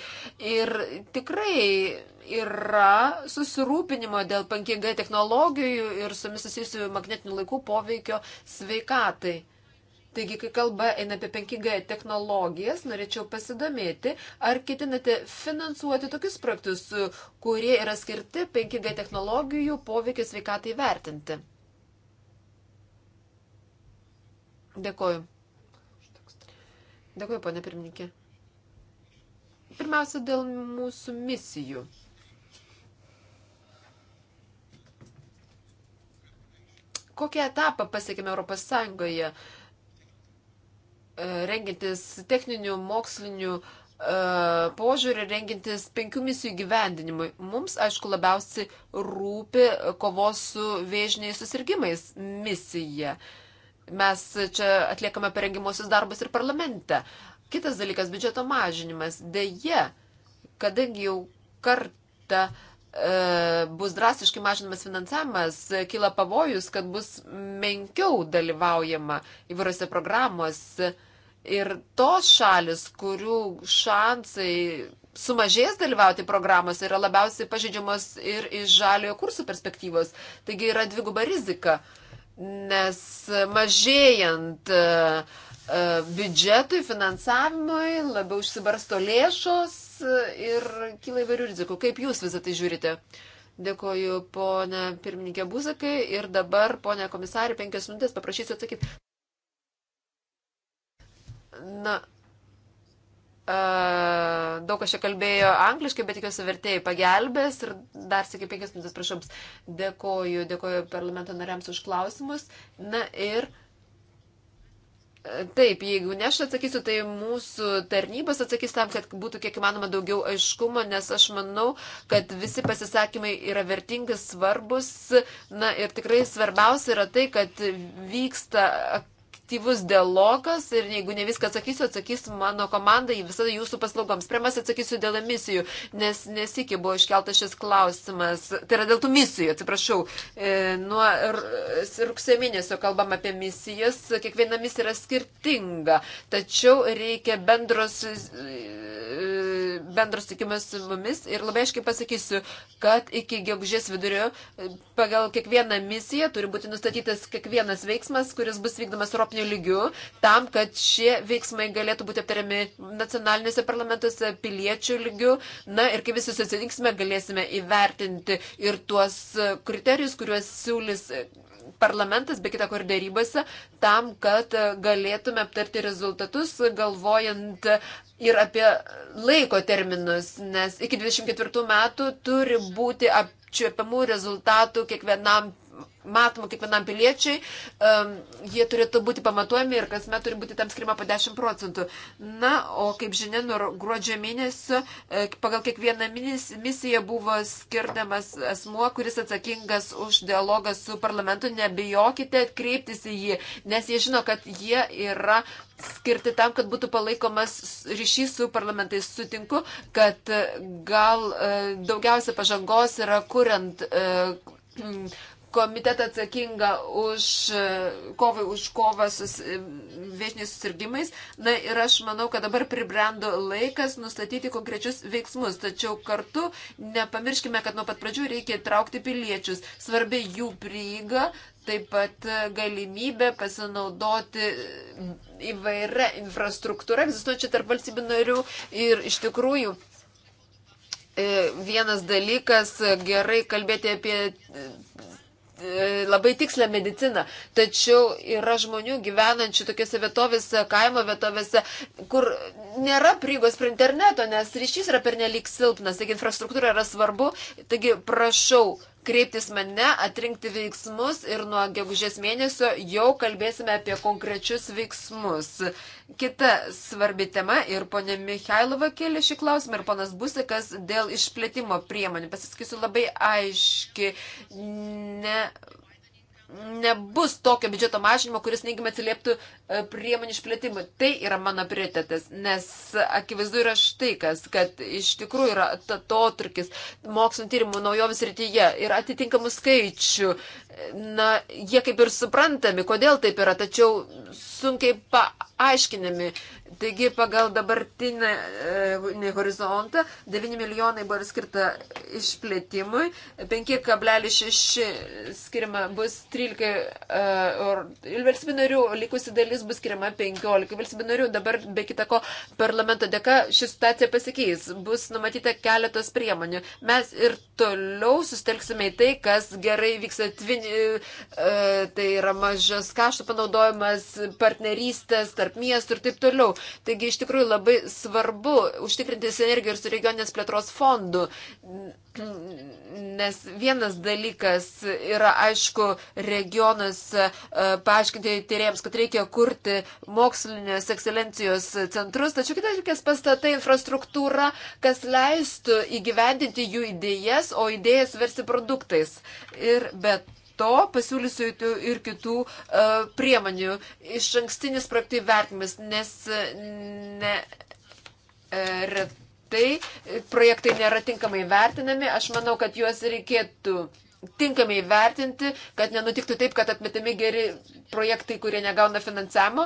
Ir tikrai yra susirūpinimo dėl 5G technologijų ir su mis susijusių magnetinių laikų poveikio sveikatai. Taigi, kai kalba eina apie 5G technologijas, norėčiau pasidomėti, ar ketinate finansuoti tokius projektus, kurie yra skirti 5G technologijų poveikiai sveikatai vertinti. Dėkoju. Dėkoju, ponė pirmininkė. Pirmiausia, dėl mūsų misijų. Kokią etapą pasiekime Europos Sąjungoje? Uh, E, rengintis techninių, mokslinių e, požiūrį, rengintis penkių misijų gyvendinimui. Mums, aišku, labiausiai rūpi kovos su vėžiniais susirgymais misija. Mes čia atliekame parengimuosius darbus ir parlamente. Kitas dalykas - biudžeto mažinimas. Deja, kadangi jau kartą uh, E, bus drastiškai mažinamas finansavimas, kyla pavojus, kad bus menkiau dalyvaujama įvairiose programuose. Ir tos šalis, kurių šansai sumažės dalyvauti programuose, yra labiausiai pažydžiamos ir iš žaliojo kursų perspektyvos. Taigi yra dviguba rizika, nes mažėjant e, e, biudžetui, finansavimui, labiau išsibarsto lėšos ir kyla įvairių rizikų. Kaip jūs visą tai žiūrite? Dėkoju, ponė pirmininkė Buzakai. Ir dabar, ponė komisarė, penkias minutės paprašysiu atsakyti. Na, Uh, daug kas čia kalbėjo angliškai, bet tikiuosi vertėjai pagelbės ir dar sėkiai penkias minutės prašoms. Dėkoju, dėkoju parlamento nariams už klausimus. Na ir uh, Taip, jeigu ne aš atsakysiu, tai mūsų tarnybos atsakys tam, kad būtų kiek įmanoma daugiau aiškumo, nes aš manau, kad visi pasisakymai yra vertingi, svarbus. Na ir tikrai svarbiausia yra tai, kad vyksta aktyvus dialogas ir jeigu ne viską atsakysiu, atsakys mano komanda į visą jūsų paslaugoms. Pirmas atsakysiu dėl emisijų, nes nesikė buvo iškeltas šis klausimas. Tai yra dėl tų misijų, atsiprašau. E, nuo rugsėjo mėnesio kalbam apie misijas. Kiekviena misija yra skirtinga, tačiau reikia bendros, e, bendros tikimės su mumis ir labai aiškiai pasakysiu, kad iki gegužės vidurio e, pagal kiekvieną misiją turi būti nustatytas kiekvienas veiksmas, kuris bus vykdomas Europos europinių lygių, tam, kad šie veiksmai galėtų būti aptariami nacionalinėse parlamentuose piliečių lygių. Na ir kai visi susirinksime, galėsime įvertinti ir tuos kriterijus, kuriuos siūlis parlamentas, be kita kur darybose, tam, kad galėtume aptarti rezultatus, galvojant ir apie laiko terminus, nes iki 24 metų turi būti apčiuopiamų rezultatų kiekvienam matoma kiekvienam piliečiui, um, jie turėtų būti pamatuojami ir kasmet turi būti tam skirima po 10 procentų. Na, o kaip žinia, nuo gruodžio mėnesio e, pagal kiekvieną misiją buvo skirdamas asmuo, kuris atsakingas už dialogą su parlamentu. Nebijokite kreiptis į jį, nes jie žino, kad jie yra skirti tam, kad būtų palaikomas ryšys su parlamentais. Sutinku, kad e, gal e, daugiausia pažangos yra kuriant komitetą atsakingą už e, kovą, už kovą su viešiniais susirgymais. Na ir aš manau, kad dabar pribrendo laikas nustatyti konkrečius veiksmus. Tačiau kartu nepamirškime, kad nuo pat pradžių reikia traukti piliečius. Svarbi jų prieiga, taip pat galimybė pasinaudoti įvairią infrastruktūrą egzistuojančią tarp valstybių narių ir iš tikrųjų e, vienas dalykas gerai kalbėti apie E, labai tikslę mediciną. Tačiau yra žmonių gyvenančių tokiuose vietovėse, kaimo vietovėse, kur nėra prieigos prie interneto, nes ryšys yra pernelyg silpnas, taigi infrastruktūra yra svarbu. Taigi prašau kreiptis mane, atrinkti veiksmus ir nuo gegužės mėnesio jau kalbėsime apie konkrečius veiksmus. Kita svarbi tema ir ponė Mikhailova kėlė šį klausimą ir ponas Busikas dėl išplėtimo priemonių. Pasiskisiu labai aiškiai. Ne nebus tokio biudžeto mažinimo, kuris neigiamai atsilieptų e, priemonių išplėtimui. Tai yra mano prioritetas, nes akivaizdu yra štai kas, kad iš tikrųjų yra atotrukis mokslo tyrimų naujovis rytyje ir atitinkamų skaičių. Na, jie kaip ir suprantami, kodėl taip yra, tačiau sunkiai paaiškinami. Taigi pagal dabartinę e, horizontą 9 milijonai buvo skirta išplėtimui, 5,6 skirima bus 13 e, valstybių narių, likusi dalis bus skirima 15 valstybių narių. Dabar be kita ko parlamento dėka ši situacija pasikeis, bus numatyta keletos priemonių. Mes ir toliau sustelksime į tai, kas gerai vyksta, tvin, e, tai yra mažas kaštų panaudojimas, partnerystės tarp miestų ir taip toliau. Taigi iš tikrųjų labai svarbu užtikrinti sinergiją ir su regioninės plėtros fondu, nes vienas dalykas yra, aišku, regionas e, paaiškinti tyriems, kad reikia kurti mokslinės ekscelencijos centrus, tačiau kitas reikės pastatai infrastruktūrą, kas leistų įgyvendinti jų idėjas, o idėjas versi produktais. Ir bet to pasiūlysiu ir kitų e, priemonių. Iš ankstinis projektų įvertimas, nes e, ne, e, retai projektai nėra tinkamai vertinami. Aš manau, kad juos reikėtų tinkamai vertinti, kad nenutiktų taip, kad atmetami geri projektai, kurie negauna finansavimo.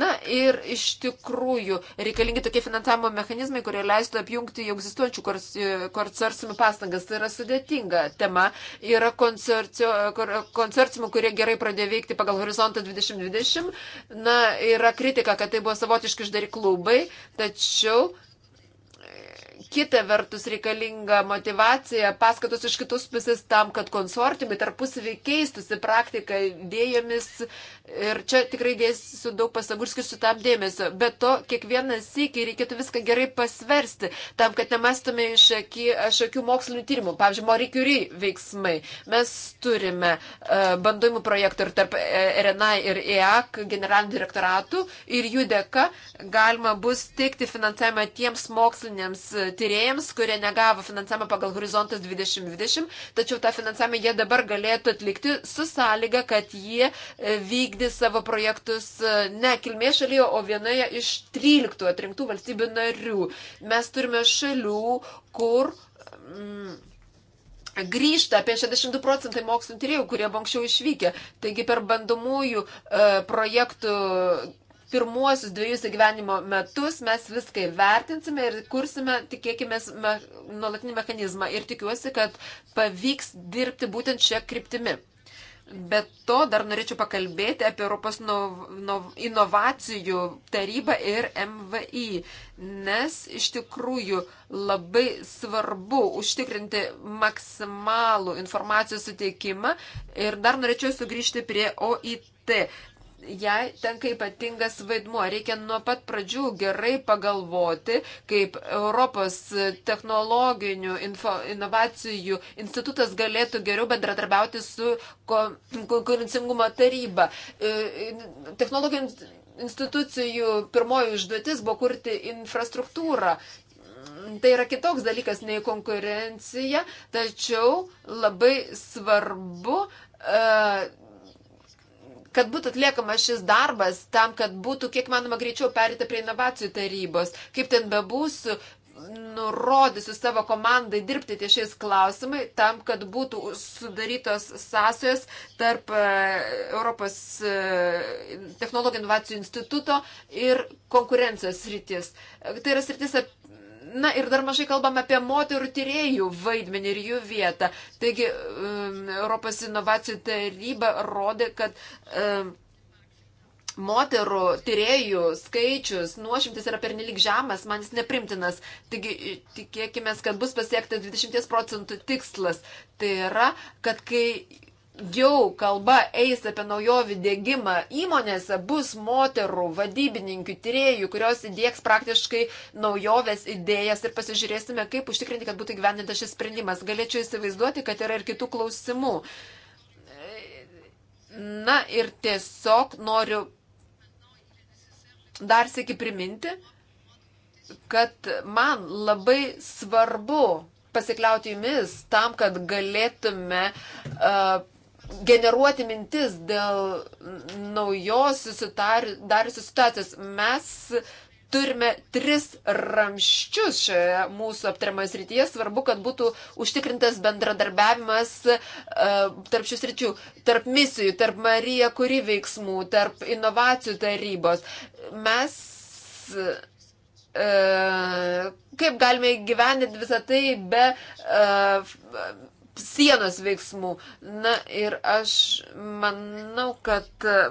Na ir iš tikrųjų reikalingi tokie finansavimo mechanizmai, kurie leistų apjungti jau egzistuojančių konsorciumų pastangas. Tai yra sudėtinga tema. Yra konsorciumų, kurie gerai pradėjo veikti pagal horizontą 2020. Na, yra kritika, kad tai buvo savotiški uždari klubai, tačiau kita vertus reikalinga motivacija, paskatos iš kitos pusės tam, kad konsortimai tarpusavį keistusi praktiką, idėjomis, Ir čia tikrai dėsiu daug pasagų ir skirsiu tam dėmesio. Bet to kiekvienas sėkiai reikėtų viską gerai pasversti, tam, kad nemastume iš akių mokslinių tyrimų. Pavyzdžiui, Marie Curie veiksmai. Mes turime uh, e, bandomų projektų ir tarp e, RNA ir EAC generalinių direktoratų ir jų dėka galima bus teikti finansavimą tiems moksliniams e, tyrėjams, kurie negavo finansavimą pagal horizontas 2020, tačiau tą finansavimą jie dabar galėtų atlikti su sąlyga, kad jie vykdė vykdys savo projektus e, ne kilmės šalyje, o vienoje iš 13 atrinktų valstybių narių. Mes turime šalių, kur. Mm, grįžta apie 62 procentai mokslinų tyriejų, kurie buvo anksčiau išvykę. Taigi per bandomųjų e, projektų pirmuosius dviejus gyvenimo metus mes viską vertinsime ir kursime, tikėkime, me, nuolatinį mechanizmą. Ir tikiuosi, kad pavyks dirbti būtent šią kryptimį. Bet to dar norėčiau pakalbėti apie Europos inovacijų tarybą ir MVI, nes iš tikrųjų labai svarbu užtikrinti maksimalų informacijos suteikimą ir dar norėčiau sugrįžti prie OIT jai tenka ypatingas vaidmuo. Reikia nuo pat pradžių gerai pagalvoti, kaip Europos technologinių info, inovacijų institutas galėtų geriau bendratarbiauti su konkurencingumo taryba. E, technologinių institucijų pirmoji užduotis buvo kurti infrastruktūrą. Tai yra kitoks dalykas nei konkurencija, tačiau labai svarbu uh, kad būtų atliekamas šis darbas tam, kad būtų kiek manoma greičiau perėta prie inovacijų tarybos. Kaip ten bebūsiu, nurodysiu savo komandai dirbti ties šiais klausimai, tam, kad būtų sudarytos sąsajos tarp e, Europos e, technologijų inovacijų instituto ir konkurencijos rytis. E, tai yra sritis, Na ir dar mažai kalbam apie moterų tyriejų vaidmenį ir jų vietą. Taigi um, Europos inovacijų taryba rodė, kad um, moterų tyriejų skaičius nuošimtis yra pernelik žemas, man jis neprimtinas. Taigi tikėkime, kad bus pasiektas 20 procentų tikslas. Tai yra, kad kai jau kalba eis apie naujovių dėgymą, įmonėse bus moterų, vadybininkių, tyriejų, kurios įdėks praktiškai naujoves idėjas ir pasižiūrėsime, kaip užtikrinti, kad būtų gyvenintas šis sprendimas. Galėčiau įsivaizduoti, kad yra ir kitų klausimų. Na ir tiesiog noriu dar sėki priminti, kad man labai svarbu pasikliauti jumis tam, kad galėtume uh, generuoti mintis dėl naujos susidariusios situacijos. Mes turime tris ramščius šioje mūsų aptariamoje srityje. Svarbu, kad būtų užtikrintas bendradarbiavimas uh, tarp šių sričių, tarp misijų, tarp Marija kuri veiksmų, tarp inovacijų tarybos. Mes uh, kaip galime gyveninti visą tai be uh, sienos veiksmų. Na ir aš manau, kad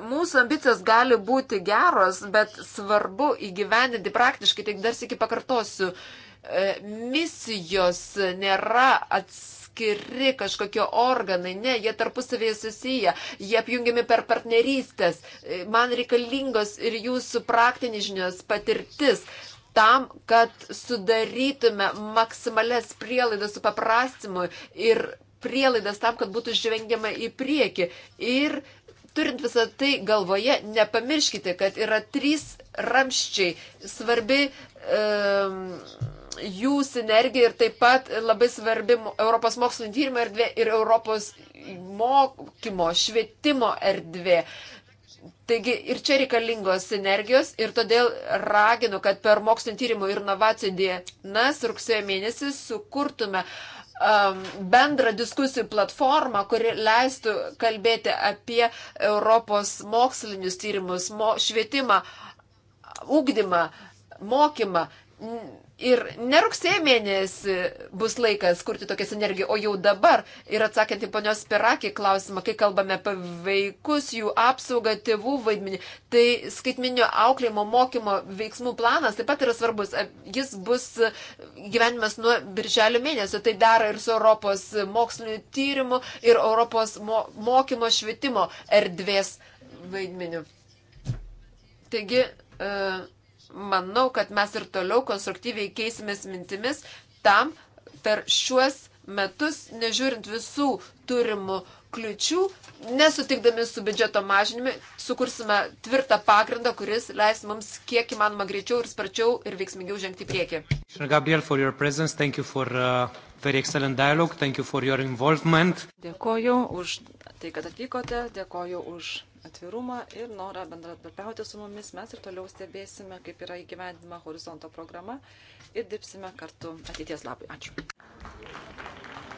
mūsų ambicijos gali būti geros, bet svarbu įgyvendinti praktiškai, tik dar sėki pakartosiu, e, misijos nėra atsitikti atskiri kažkokie organai, ne, jie tarpusavėje susiję, jie apjungiami per partnerystės, e, man reikalingos ir jūsų praktinis žinios, patirtis tam, kad sudarytume maksimales prielaidas su paprastimui ir prielaidas tam, kad būtų žvengiama į priekį. Ir turint visą tai galvoje, nepamirškite, kad yra trys ramščiai. Svarbi um, jų sinergija ir taip pat labai svarbi Europos mokslinio tyrimo erdvė ir Europos mokymo, švietimo erdvė. Taigi ir čia reikalingos sinergijos ir todėl raginu, kad per mokslinio tyrimų ir inovacijų dienas rugsėjo mėnesį sukurtume um, bendrą diskusijų platformą, kuri leistų kalbėti apie Europos mokslinius tyrimus, mo, švietimą, ūkdymą, mokymą. Ir ne rugsėjo mėnesį bus laikas kurti tokią sinergiją, o jau dabar. Ir atsakant į ponios Pirakį klausimą, kai kalbame apie vaikus, jų apsaugą, tėvų vaidmenį, tai skaitminio auklėjimo mokymo veiksmų planas taip pat yra svarbus. Jis bus gyvenimas nuo birželio mėnesio. Tai daro ir su Europos mokslinio tyrimu, ir Europos mo mokymo švietimo erdvės vaidmeniu. Taigi, uh, manau, kad mes ir toliau konstruktyviai keisimės mintimis tam per šiuos metus, nežiūrint visų turimų kliučių, nesutikdami su biudžeto mažinimi, sukursime tvirtą pagrindą, kuris leis mums kiek įmanoma greičiau ir sparčiau ir veiksmingiau žengti į priekį. Gabriel, for your presence, thank you for uh, very excellent dialogue. Thank you for your involvement. Dėkoju už tai, kad atvykote, dėkoju už atvirumą ir norą bendradarbiauti su mumis. Mes ir toliau stebėsime, kaip yra įgyvendima horizonto programa ir dirbsime kartu ateities labai. Ačiū.